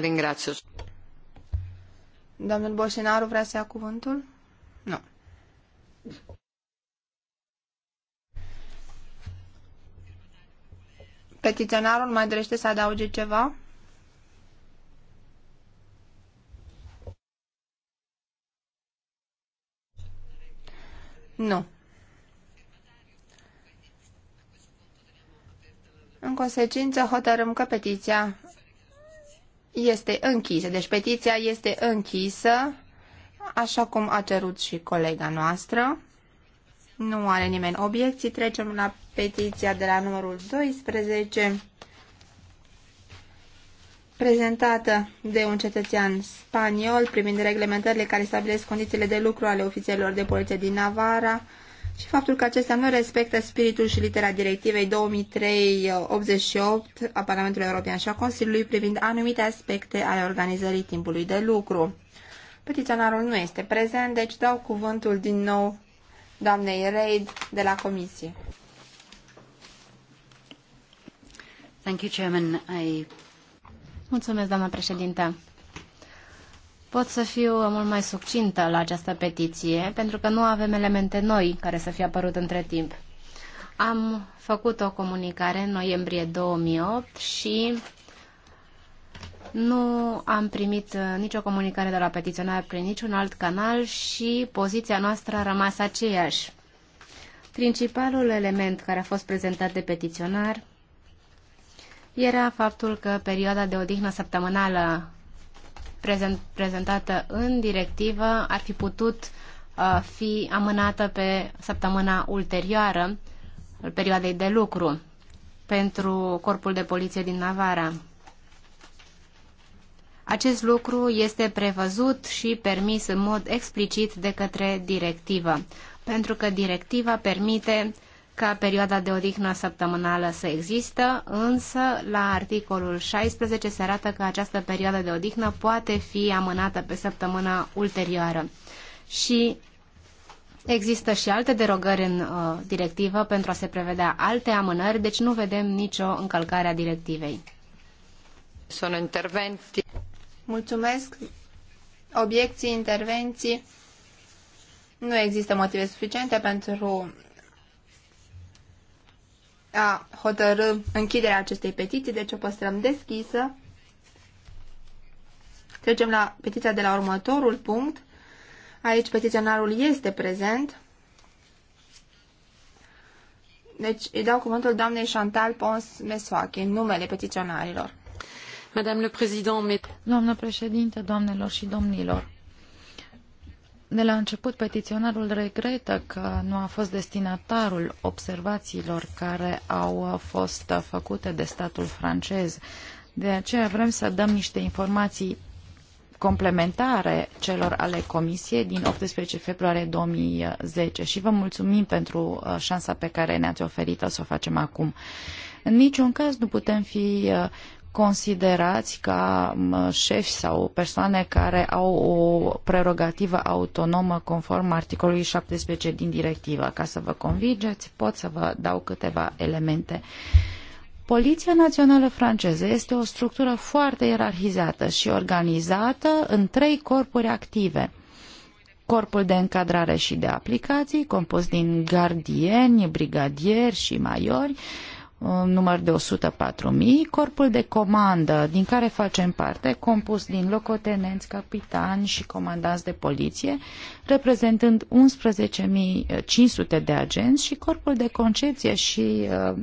Ringrazio. Domnul Boșinaru vrea să ia cuvântul? Nu. Petiționarul mai dorește să adauge ceva? Nu. În consecință, hotărâm că petiția este închisă. Deci petiția este închisă, așa cum a cerut și colega noastră. Nu are nimeni obiecții. Trecem la petiția de la numărul 12, prezentată de un cetățean spaniol privind reglementările care stabilesc condițiile de lucru ale ofițerilor de poliție din Navara, și faptul că acestea nu respectă spiritul și litera directivei 2003-88 a Parlamentului European și a Consiliului privind anumite aspecte ale organizării timpului de lucru. Petiționarul nu este prezent, deci dau cuvântul din nou doamnei Reid de la Comisie. Thank you, Chairman. I... Mulțumesc, doamna președintă pot să fiu mult mai succintă la această petiție, pentru că nu avem elemente noi care să fie apărut între timp. Am făcut o comunicare în noiembrie 2008 și nu am primit uh, nicio comunicare de la petiționar prin niciun alt canal și poziția noastră a rămas aceeași. Principalul element care a fost prezentat de petiționar era faptul că perioada de odihnă săptămânală prezent, prezentată în directivă ar fi putut uh, fi amânată pe săptămâna ulterioară perioadei de lucru pentru Corpul de Poliție din Navara. Acest lucru este prevăzut și permis în mod explicit de către directivă, pentru că directiva permite ca perioada de odihnă săptămânală să există, însă la articolul 16 se arată că această perioadă de odihnă poate fi amânată pe săptămâna ulterioară. Și există și alte derogări în uh, directivă pentru a se prevedea alte amânări, deci nu vedem nicio încălcare a directivei. Sunt intervenții. Mulțumesc. Obiecții, intervenții. Nu există motive suficiente pentru a hotărâ închiderea acestei petiții, deci o păstrăm deschisă. Trecem la petiția de la următorul punct. Aici petiționarul este prezent. Deci îi dau cuvântul doamnei Chantal Pons Mesoache, în numele petiționarilor. Madame le Président, Doamnă președinte, doamnelor și domnilor, de la început, petiționarul regretă că nu a fost destinatarul observațiilor care au fost făcute de statul francez. De aceea vrem să dăm niște informații complementare celor ale Comisiei din 18 februarie 2010 și vă mulțumim pentru uh, șansa pe care ne-ați oferit-o să o facem acum. În niciun caz nu putem fi uh, considerați ca șefi sau persoane care au o prerogativă autonomă conform articolului 17 din directivă. Ca să vă convingeți, pot să vă dau câteva elemente. Poliția Națională franceză este o structură foarte ierarhizată și organizată în trei corpuri active. Corpul de încadrare și de aplicații, compus din gardieni, brigadieri și maiori, uh, Um, număr de 104.000, corpul de comandă din care facem parte, compus din locotenenți, capitani și comandanți de poliție, reprezentând 11.500 de agenți și corpul de concepție și uh,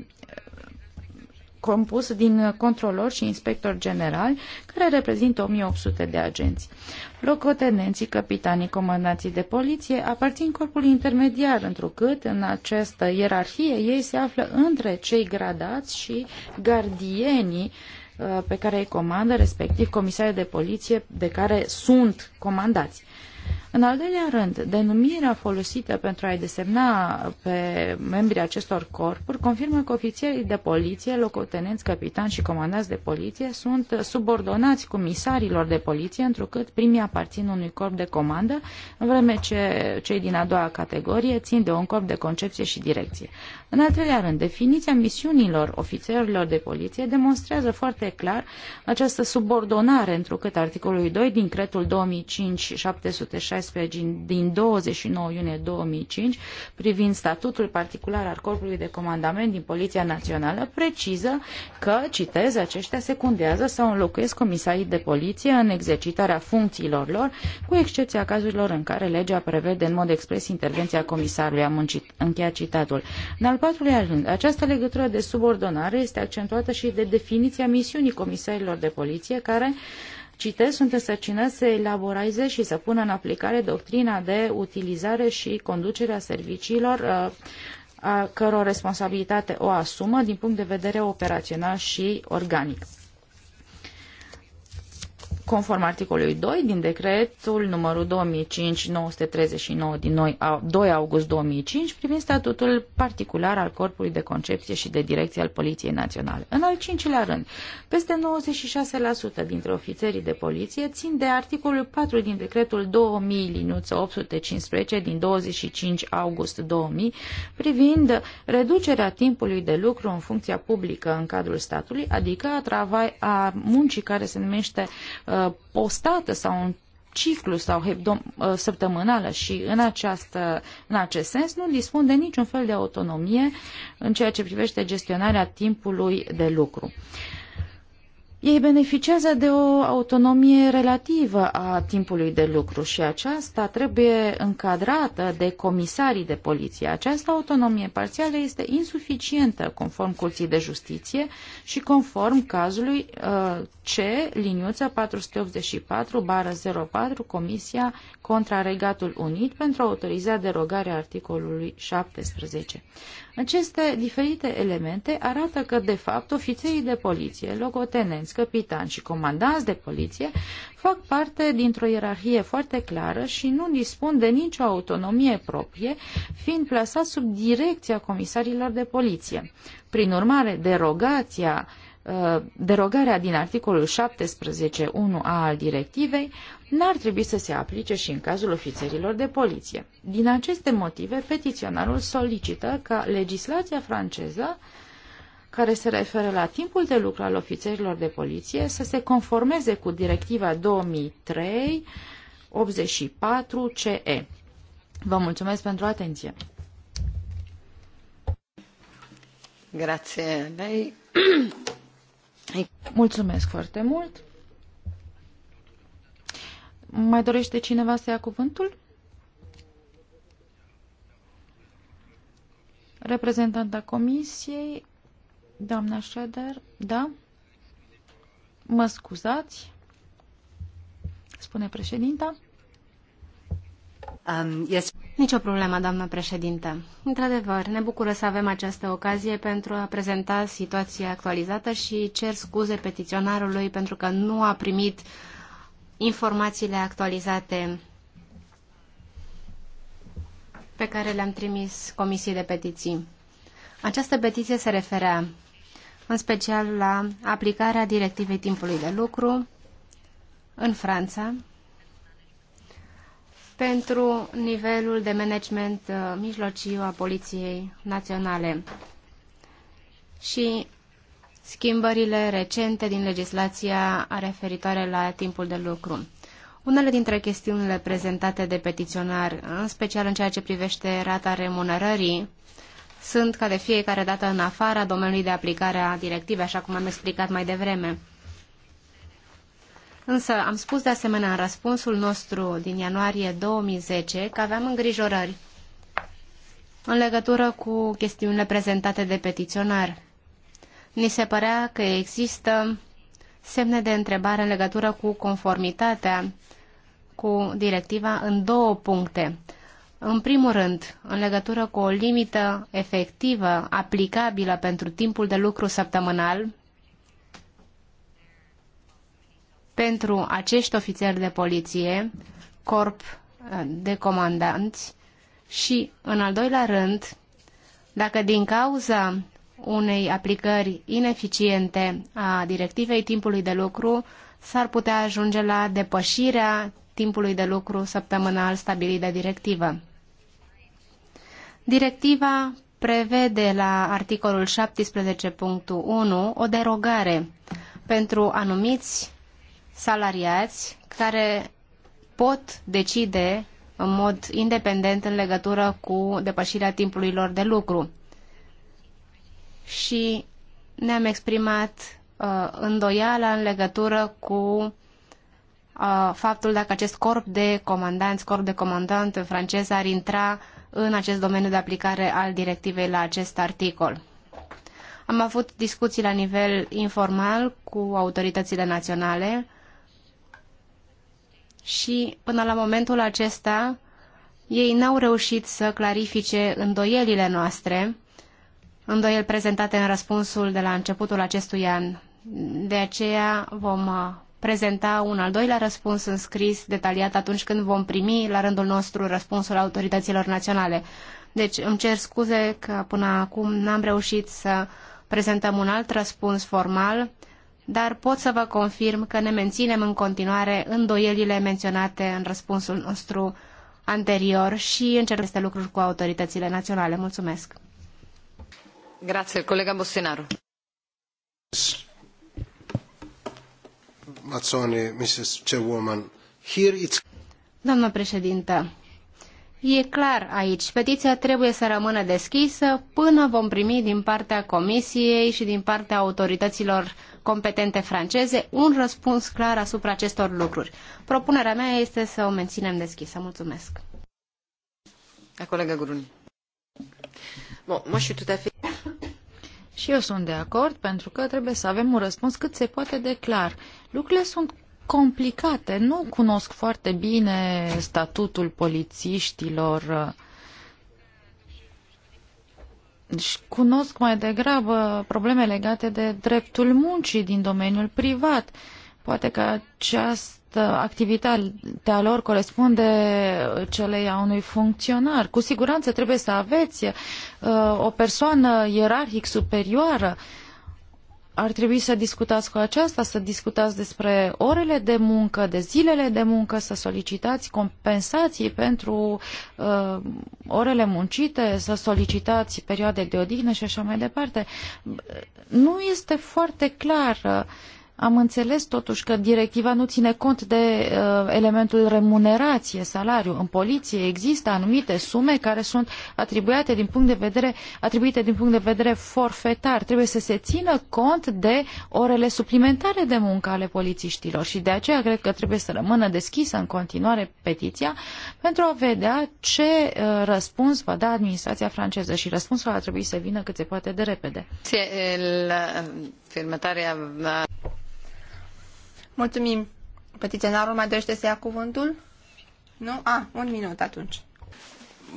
compus din controlori și inspectori generali, care reprezintă 1800 de agenți. Locotenenții, capitanii, comandanții de poliție aparțin corpului intermediar, întrucât în această ierarhie ei se află între cei gradați și gardienii uh, pe care îi comandă, respectiv comisarii de poliție de care sunt comandați. În al doilea rând, denumirea folosită pentru a-i desemna pe membrii acestor corpuri confirmă că ofițerii de poliție, locotenenți, capitani și comandați de poliție sunt subordonați comisarilor de poliție, întrucât primii aparțin unui corp de comandă, în vreme ce cei din a doua categorie țin de un corp de concepție și direcție. În al treilea rând, definiția misiunilor ofițerilor de poliție demonstrează foarte clar această subordonare, întrucât articolului 2 din Cretul 2005 14 din 29 iunie 2005 privind statutul particular al Corpului de Comandament din Poliția Națională preciză că, citez, aceștia secundează sau înlocuiesc comisarii de poliție în exercitarea funcțiilor lor, cu excepția cazurilor în care legea prevede în mod expres intervenția comisarului. Am încheiat citatul. În al patrulea rând, această legătură de subordonare este accentuată și de definiția misiunii comisarilor de poliție care Citez, sunt însărcinați să elaboreze și să pună în aplicare doctrina de utilizare și conducerea serviciilor uh, a căror responsabilitate o asumă din punct de vedere operațional și organic conform articolului 2 din decretul numărul 2005-939 din 2 august 2005 privind statutul particular al Corpului de Concepție și de Direcție al Poliției Naționale. În al cincilea rând, peste 96% dintre ofițerii de poliție țin de articolul 4 din decretul 2000 din 25 august 2000 privind reducerea timpului de lucru în funcția publică în cadrul statului, adică a, travai, a muncii care se numește Uh, postată sau un ciclu sau uh, săptămânală și în, această, în acest sens nu dispun de niciun fel de autonomie în ceea ce privește gestionarea timpului de lucru. Ei beneficiază de o autonomie relativă a timpului de lucru și aceasta trebuie încadrată de comisarii de poliție. Această autonomie parțială este insuficientă conform Curții de Justiție și conform cazului uh, C, liniuță 484-04, Comisia contra Regatul Unit pentru a autoriza derogarea articolului 17. Aceste diferite elemente arată că, de fapt, ofițerii de poliție, logotenenți, capitani și comandanți de poliție fac parte dintr-o ierarhie foarte clară și nu dispun de nicio autonomie proprie, fiind plasați sub direcția comisarilor de poliție. Prin urmare, derogația Uh, derogarea din articolul 17.1a al directivei n-ar trebui să se aplice și în cazul ofițerilor de poliție. Din aceste motive, petiționarul solicită ca legislația franceză care se referă la timpul de lucru al ofițerilor de poliție să se conformeze cu directiva 2003 84 CE. Vă mulțumesc pentru atenție. Grazie lei. Mulțumesc foarte mult. Mai dorește cineva să ia cuvântul? Reprezentanta comisiei, doamna Schroeder, da? Mă scuzați, spune președinta. Um, yes. Nicio problemă, doamnă președinte. Într-adevăr, ne bucură să avem această ocazie pentru a prezenta situația actualizată și cer scuze petiționarului pentru că nu a primit informațiile actualizate pe care le-am trimis Comisiei de Petiții. Această petiție se referea în special la aplicarea directivei timpului de lucru în Franța, pentru nivelul de management uh, mijlociu a Poliției Naționale și schimbările recente din legislația referitoare la timpul de lucru. Unele dintre chestiunile prezentate de petiționar, în special în ceea ce privește rata remunerării, sunt ca de fiecare dată în afara domeniului de aplicare a directivei, așa cum am explicat mai devreme. Însă am spus de asemenea în răspunsul nostru din ianuarie 2010 că aveam îngrijorări în legătură cu chestiunile prezentate de petiționar. Ni se părea că există semne de întrebare în legătură cu conformitatea cu directiva în două puncte. În primul rând, în legătură cu o limită efectivă aplicabilă pentru timpul de lucru săptămânal, pentru acești ofițeri de poliție, corp eh, de comandanți și, în al doilea rând, dacă din cauza unei aplicări ineficiente a directivei timpului de lucru s-ar putea ajunge la depășirea timpului de lucru săptămânal stabilit de directivă. Directiva prevede la articolul 17.1 o derogare pentru anumiți salariați care pot decide în mod independent în legătură cu depășirea timpului lor de lucru. Și ne-am exprimat uh, îndoiala în legătură cu uh, faptul dacă acest corp de comandanți, corp de comandant francez ar intra în acest domeniu de aplicare al directivei la acest articol. Am avut discuții la nivel informal cu autoritățile naționale, și până la momentul acesta ei n-au reușit să clarifice îndoielile noastre, îndoieli prezentate în răspunsul de la începutul acestui an. De aceea vom uh, prezenta un al doilea răspuns în scris detaliat atunci când vom primi la rândul nostru răspunsul autorităților naționale. Deci îmi cer scuze că până acum n-am reușit să prezentăm un alt răspuns formal dar pot să vă confirm că ne menținem în continuare îndoielile menționate în răspunsul nostru anterior și încercăm aceste lucruri cu autoritățile naționale. Mulțumesc! Grazie, colega Bostinaru. Mazzoni, Mrs. Chairwoman, here it's... Doamnă președintă, E clar aici, petiția trebuie să rămână deschisă până vom primi din partea Comisiei și din partea autorităților competente franceze un răspuns clar asupra acestor lucruri. Propunerea mea este să o menținem deschisă. Mulțumesc. A colega Gruni. Bon, moi, je suis [coughs] Și eu sunt de acord pentru că trebuie să avem un răspuns cât se poate de clar. Lucrurile sunt complicate. Nu cunosc foarte bine statutul polițiștilor. și cunosc mai degrabă probleme legate de dreptul muncii din domeniul privat. Poate că această activitate a lor corespunde celei a unui funcționar. Cu siguranță trebuie să aveți uh, o persoană ierarhic superioară uh, ar trebui să discutați cu aceasta, să discutați despre orele de muncă, de zilele de muncă, să solicitați compensații pentru uh, orele muncite, să solicitați perioade de odihnă și așa mai departe. Nu este foarte clar uh, am înțeles totuși că directiva nu ține cont de uh, elementul remunerație, salariu. În poliție există anumite sume care sunt atribuite din punct de vedere, atribuite din punct de vedere forfetar. Trebuie să se țină cont de orele suplimentare de muncă ale polițiștilor și de aceea cred că trebuie să rămână deschisă în continuare petiția pentru a vedea ce uh, răspuns va da administrația franceză și răspunsul ar trebui să vină cât se poate de repede. Uh, Firmătarea Mulțumim. Petiționarul mai dorește să ia cuvântul? Nu? A, un minut atunci.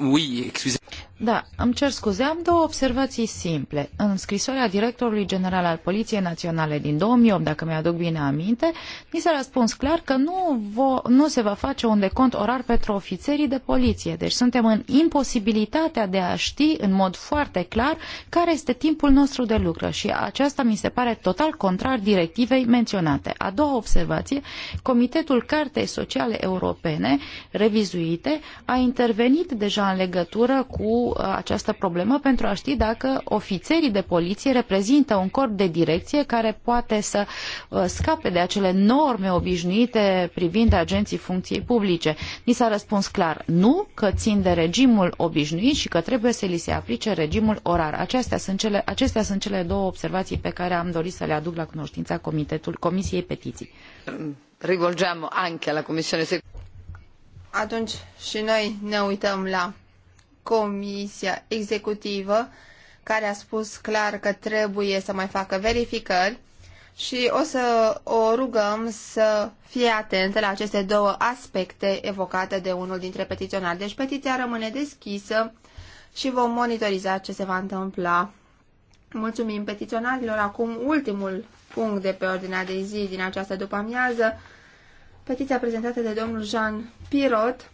Oui, excusez. Da, îmi cer scuze, am două observații simple. În scrisoarea directorului general al Poliției Naționale din 2008, dacă mi-aduc bine aminte, mi s-a răspuns clar că nu, vo, nu se va face un decont orar pentru ofițerii de poliție. Deci suntem în imposibilitatea de a ști în mod foarte clar care este timpul nostru de lucru și aceasta mi se pare total contrar directivei menționate. A doua observație, Comitetul Cartei Sociale Europene, revizuite, a intervenit deja în legătură cu această problemă pentru a ști dacă ofițerii de poliție reprezintă un corp de direcție care poate să uh, scape de acele norme obișnuite privind agenții funcției publice. Ni s-a răspuns clar nu, că țin de regimul obișnuit și că trebuie să li se aplice regimul orar. Acestea sunt cele, acestea sunt cele două observații pe care am dorit să le aduc la cunoștința Comitetul, Comisiei Petiții. Rivolgeam anche la Atunci și noi ne uităm la comisia executivă care a spus clar că trebuie să mai facă verificări și o să o rugăm să fie atentă la aceste două aspecte evocate de unul dintre petiționari. Deci petiția rămâne deschisă și vom monitoriza ce se va întâmpla. Mulțumim petiționarilor. Acum ultimul punct de pe ordinea de zi din această după-amiază, petiția prezentată de domnul Jean Pirot,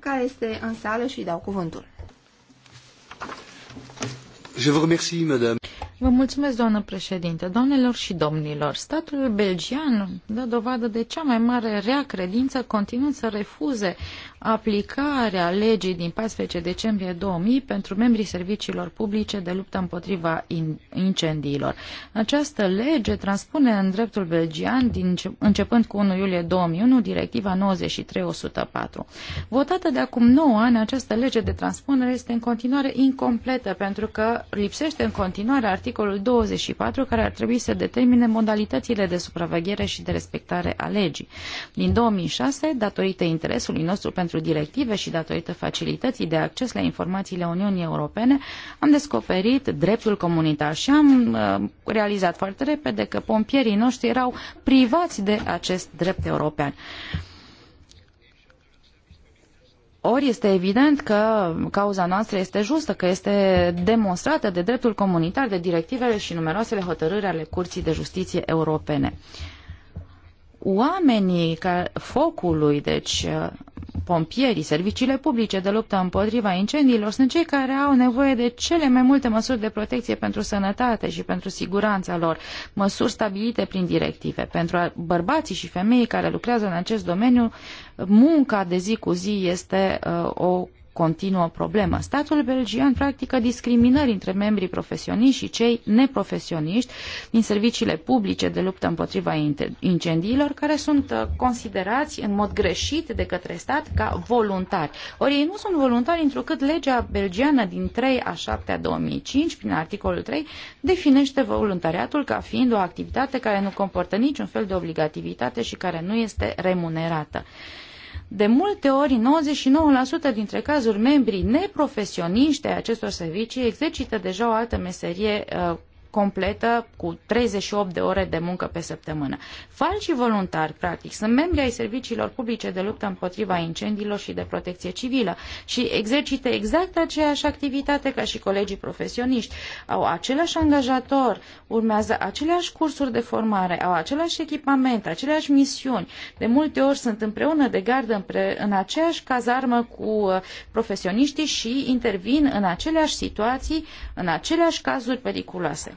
care este în sală și îi dau cuvântul. Vă mulțumesc, doamnă președinte. Doamnelor și domnilor, statul belgian dă dovadă de cea mai mare rea credință, continuând să refuze aplicarea legii din 14 decembrie 2000 pentru membrii serviciilor publice de luptă împotriva incendiilor. Această lege transpune în dreptul belgian, din, începând cu 1 iulie 2001, directiva 93104. Votată de acum 9 ani, această lege de transpunere este în continuare incompletă, pentru că lipsește în continuare articolul 24, care ar trebui să determine modalitățile de supraveghere și de respectare a legii. Din 2006, datorită interesului nostru pentru pentru directive și datorită facilității de acces la informațiile Uniunii Europene, am descoperit dreptul comunitar și am uh, realizat foarte repede că pompierii noștri erau privați de acest drept european. Ori este evident că cauza noastră este justă, că este demonstrată de dreptul comunitar, de directivele și numeroasele hotărâri ale Curții de Justiție Europene. Oamenii ca focului, deci uh, pompierii, serviciile publice de luptă împotriva incendiilor sunt cei care au nevoie de cele mai multe măsuri de protecție pentru sănătate și pentru siguranța lor, măsuri stabilite prin directive. Pentru bărbații și femeii care lucrează în acest domeniu, munca de zi cu zi este uh, o continuă problemă. Statul belgian practică discriminări între membrii profesioniști și cei neprofesioniști din serviciile publice de luptă împotriva incendiilor, care sunt uh, considerați în mod greșit de către stat ca voluntari. Ori ei nu sunt voluntari, întrucât legea belgiană din 3 a 7 a 2005, prin articolul 3, definește voluntariatul ca fiind o activitate care nu comportă niciun fel de obligativitate și care nu este remunerată. De multe ori, 99% dintre cazuri, membrii neprofesioniști ai acestor servicii exercită deja o altă meserie uh, completă cu 38 de ore de muncă pe săptămână. Falcii voluntari, practic, sunt membri ai serviciilor publice de luptă împotriva incendiilor și de protecție civilă și exercită exact aceeași activitate ca și colegii profesioniști. Au același angajator, urmează aceleași cursuri de formare, au același echipament, aceleași misiuni. De multe ori sunt împreună de gardă împre- în aceeași cazarmă cu uh, profesioniștii și intervin în aceleași situații, în aceleași cazuri periculoase.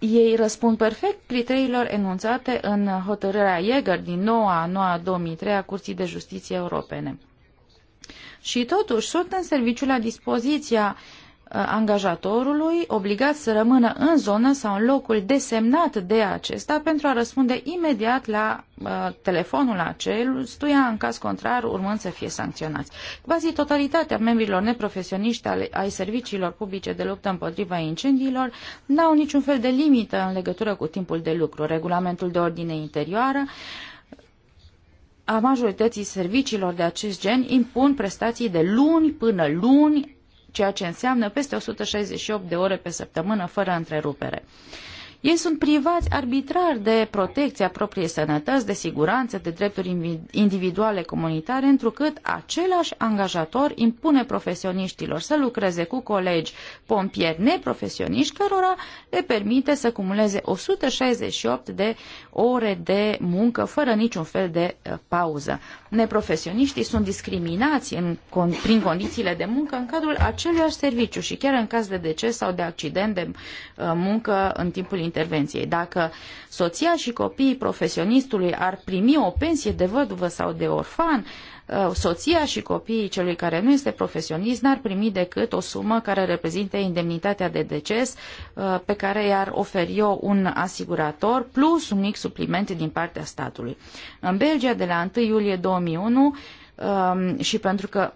ei răspund perfect criteriilor enunțate în hotărârea Jäger din 9 a 9 2003 a Curții de Justiție Europene. Și totuși sunt în serviciu la dispoziția angajatorului obligat să rămână în zonă sau în locul desemnat de acesta pentru a răspunde imediat la uh, telefonul aceluia, în caz contrar, urmând să fie sancționați. Quasi totalitatea membrilor neprofesioniști ale, ai serviciilor publice de luptă împotriva incendiilor n-au niciun fel de limită în legătură cu timpul de lucru. Regulamentul de ordine interioară a majorității serviciilor de acest gen impun prestații de luni până luni ceea ce înseamnă peste 168 de ore pe săptămână fără întrerupere. Ei sunt privați arbitrar de protecția propriei sănătăți, de siguranță, de drepturi individuale comunitare, întrucât același angajator impune profesioniștilor să lucreze cu colegi pompieri neprofesioniști, cărora le permite să cumuleze 168 de ore de muncă fără niciun fel de uh, pauză. Neprofesioniștii sunt discriminați în, prin condițiile de muncă în cadrul aceluiași serviciu și chiar în caz de deces sau de accident de uh, muncă în timpul intervenției. Dacă soția și copiii profesionistului ar primi o pensie de văduvă sau de orfan, uh, soția și copiii celui care nu este profesionist n-ar primi decât o sumă care reprezintă indemnitatea de deces uh, pe care i-ar oferi o un asigurator plus un mic supliment din partea statului. În Belgia, de la 1 iulie 2001, um, și pentru că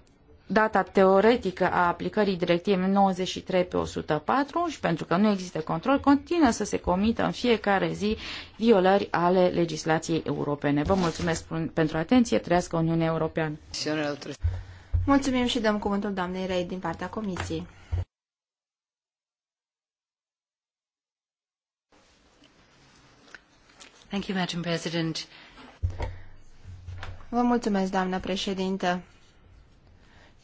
data teoretică a aplicării directivei 93 pe 104 și pentru că nu există control, continuă să se comită în fiecare zi violări ale legislației europene. Vă mulțumesc pentru atenție, trăiască Uniunea Europeană. Mulțumim și dăm cuvântul doamnei Rei din partea Comisiei. Thank you, Madam President. Vă mulțumesc, doamnă președintă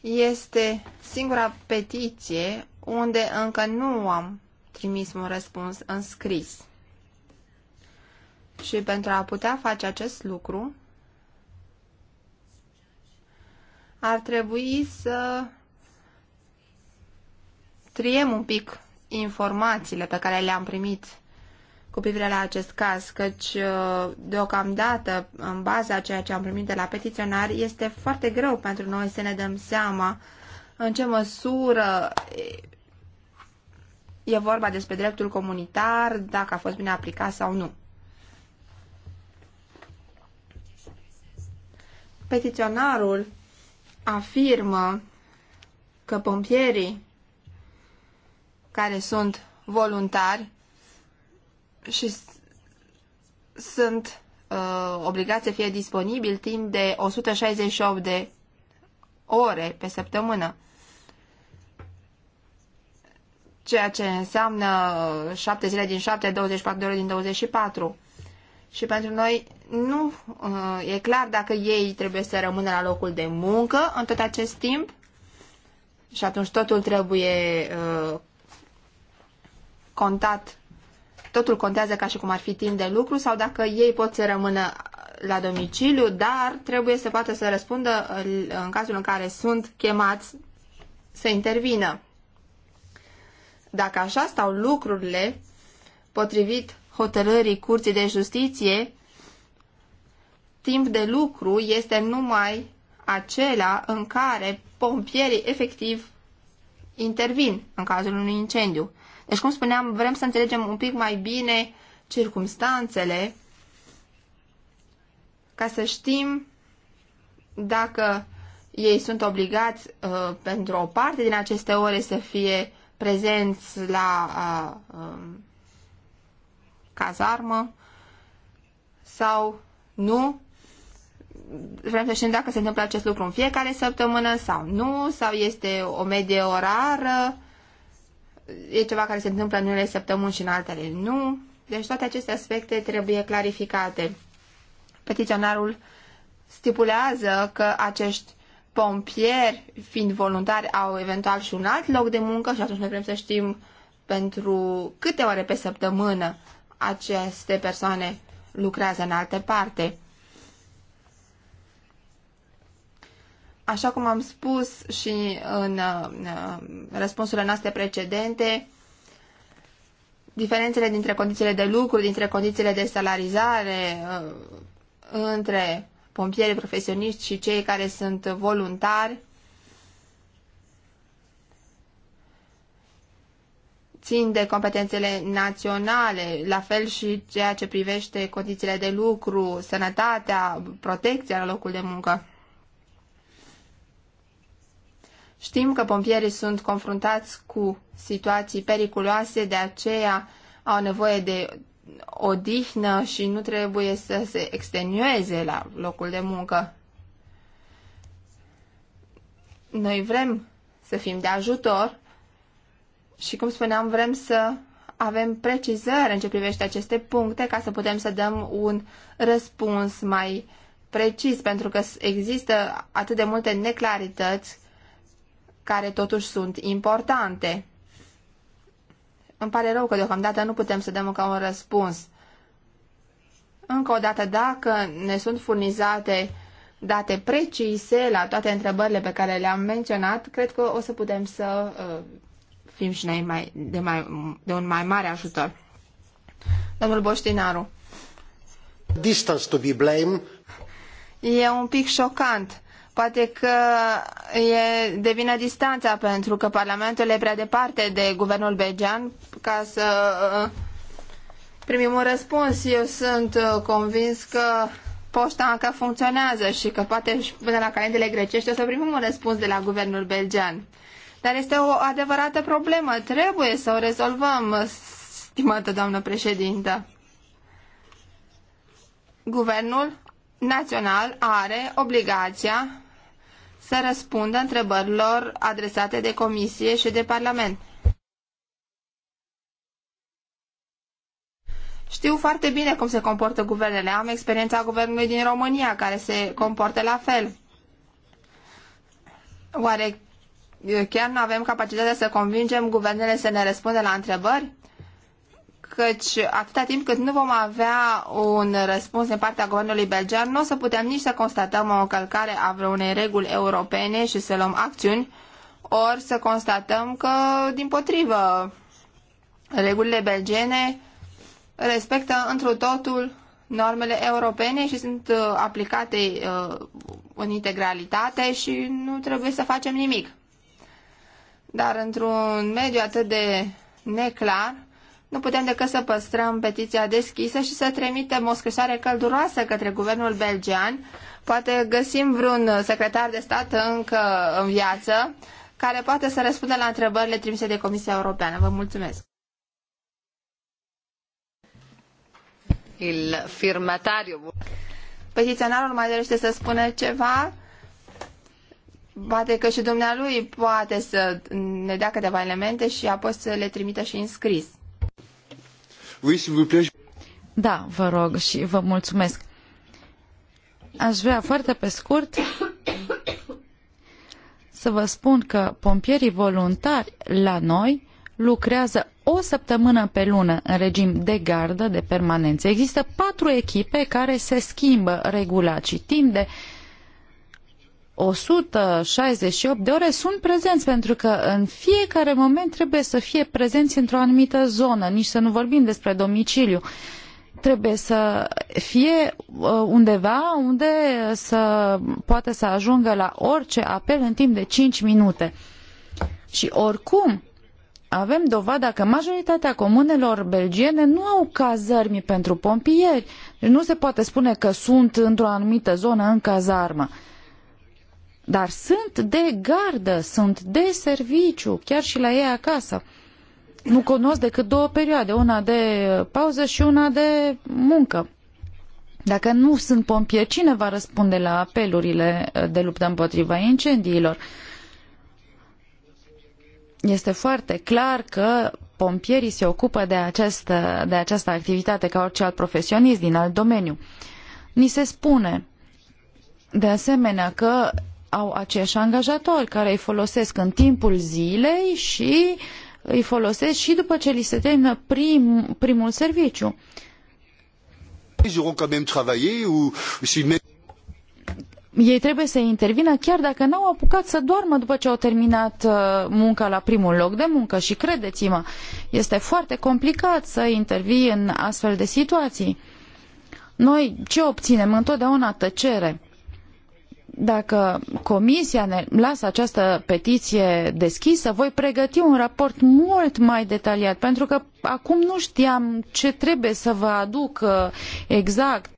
este singura petiție unde încă nu am trimis un răspuns în scris. Și pentru a putea face acest lucru, ar trebui să triem un pic informațiile pe care le-am primit cu privire la acest caz, căci uh, deocamdată, în baza a ceea ce am primit de la petiționari, este foarte greu pentru noi să ne dăm seama în ce măsură e vorba despre dreptul comunitar, dacă a fost bine aplicat sau nu. Petiționarul afirmă că pompierii care sunt voluntari și sunt uh, obligați să fie disponibil timp de 168 de ore pe săptămână, ceea ce înseamnă 7 zile din 7, 24 de ore din 24. Și pentru noi nu uh, e clar dacă ei trebuie să rămână la locul de muncă în tot acest timp și atunci totul trebuie uh, contat totul contează ca și cum ar fi timp de lucru sau dacă ei pot să rămână la domiciliu, dar trebuie să poată să răspundă uh, în cazul în care sunt chemați să intervină. Dacă așa stau lucrurile, potrivit hotărârii Curții de Justiție, timp de lucru este numai acela în care pompierii efectiv intervin în cazul unui incendiu. Deci, cum spuneam, vrem să înțelegem un pic mai bine circumstanțele ca să știm dacă ei sunt obligați uh, pentru o parte din aceste ore să fie prezenți la uh, um, cazarmă sau nu. Vrem să știm dacă se întâmplă acest lucru în fiecare săptămână sau nu, sau este o medie orară e ceva care se întâmplă în unele săptămâni și în altele nu. Deci toate aceste aspecte trebuie clarificate. Petiționarul stipulează că acești pompieri, fiind voluntari, au eventual și un alt loc de muncă și atunci noi vrem să știm pentru câte ore pe săptămână aceste persoane lucrează în alte parte. Așa cum am spus și în răspunsurile noastre precedente, diferențele dintre condițiile de lucru, dintre condițiile de salarizare uh, între pompieri profesioniști și cei care sunt voluntari țin de competențele naționale, la fel și ceea ce privește condițiile de lucru, sănătatea, protecția la locul de muncă. Știm că pompierii sunt confruntați cu situații periculoase, de aceea au nevoie de odihnă și nu trebuie să se extenueze la locul de muncă. Noi vrem să fim de ajutor și, cum spuneam, vrem să avem precizări în ce privește aceste puncte ca să putem să dăm un răspuns mai precis, pentru că există atât de multe neclarități care totuși sunt importante. Îmi pare rău că deocamdată nu putem să dăm încă un răspuns. Încă o dată, dacă ne sunt furnizate date precise la toate întrebările pe care le-am menționat, cred că o să putem să uh, fim și noi mai, de, mai, de un mai mare ajutor. Domnul Boștinaru. Distance to be blamed. E un pic șocant Poate că e, devine distanța pentru că Parlamentul e prea departe de guvernul belgean ca să uh, primim un răspuns. Eu sunt uh, convins că poșta încă funcționează și că poate și până la calendele grecești o să primim un răspuns de la guvernul belgean. Dar este o adevărată problemă. Trebuie să o rezolvăm, stimată doamnă președintă. Guvernul național are obligația să răspundă întrebărilor adresate de Comisie și de Parlament. Știu foarte bine cum se comportă guvernele. Am experiența guvernului din România care se comportă la fel. Oare eh, chiar nu avem capacitatea să convingem guvernele să ne răspundă la întrebări? căci atâta timp cât nu vom avea un răspuns din partea guvernului belgean, nu o să putem nici să constatăm o încălcare a vreunei reguli europene și să luăm acțiuni, ori să constatăm că, din potrivă, regulile belgene respectă întru totul normele europene și sunt uh, aplicate uh, în integralitate și nu trebuie să facem nimic. Dar într-un mediu atât de neclar, nu putem decât să păstrăm petiția deschisă și să trimitem o scrisoare călduroasă către guvernul belgian. Poate găsim vreun secretar de stat încă în viață care poate să răspundă la întrebările trimise de Comisia Europeană. Vă mulțumesc! Il firmatario. Petiționarul mai dorește să spună ceva? Poate că și dumnealui poate să ne dea câteva elemente și apoi să le trimită și în scris. Oui, s'il vous plaît. Da, vă rog și vă mulțumesc. Aș vrea foarte pe scurt să vă spun că pompierii voluntari la noi lucrează o săptămână pe lună în regim de gardă, de permanență. Există patru echipe care se schimbă regulat și timp de 168 de ore sunt prezenți pentru că în fiecare moment trebuie să fie prezenți într-o anumită zonă, nici să nu vorbim despre domiciliu. Trebuie să fie uh, undeva unde să poate să ajungă la orice apel în timp de 5 minute. Și oricum, avem dovada că majoritatea comunelor belgiene nu au cazărmi pentru pompieri. Deci nu se poate spune că sunt într-o anumită zonă în cazarmă dar sunt de gardă, sunt de serviciu, chiar și la ei acasă. Nu cunosc decât două perioade, una de pauză și una de muncă. Dacă nu sunt pompieri, cine va răspunde la apelurile uh, de luptă împotriva incendiilor? Este foarte clar că pompierii se ocupă de această, de această activitate ca orice alt profesionist din alt domeniu. Ni se spune de asemenea că au aceiași angajatori care îi folosesc în timpul zilei și îi folosesc și după ce li se termină prim, primul serviciu. Ei trebuie să intervină chiar dacă n-au apucat să doarmă după ce au terminat uh, munca la primul loc de muncă și credeți-mă, este foarte complicat să intervii în astfel de situații. Noi ce obținem? Întotdeauna tăcere dacă comisia ne lasă această petiție deschisă, voi pregăti un raport mult mai detaliat, pentru că acum nu știam ce trebuie să vă aduc uh, exact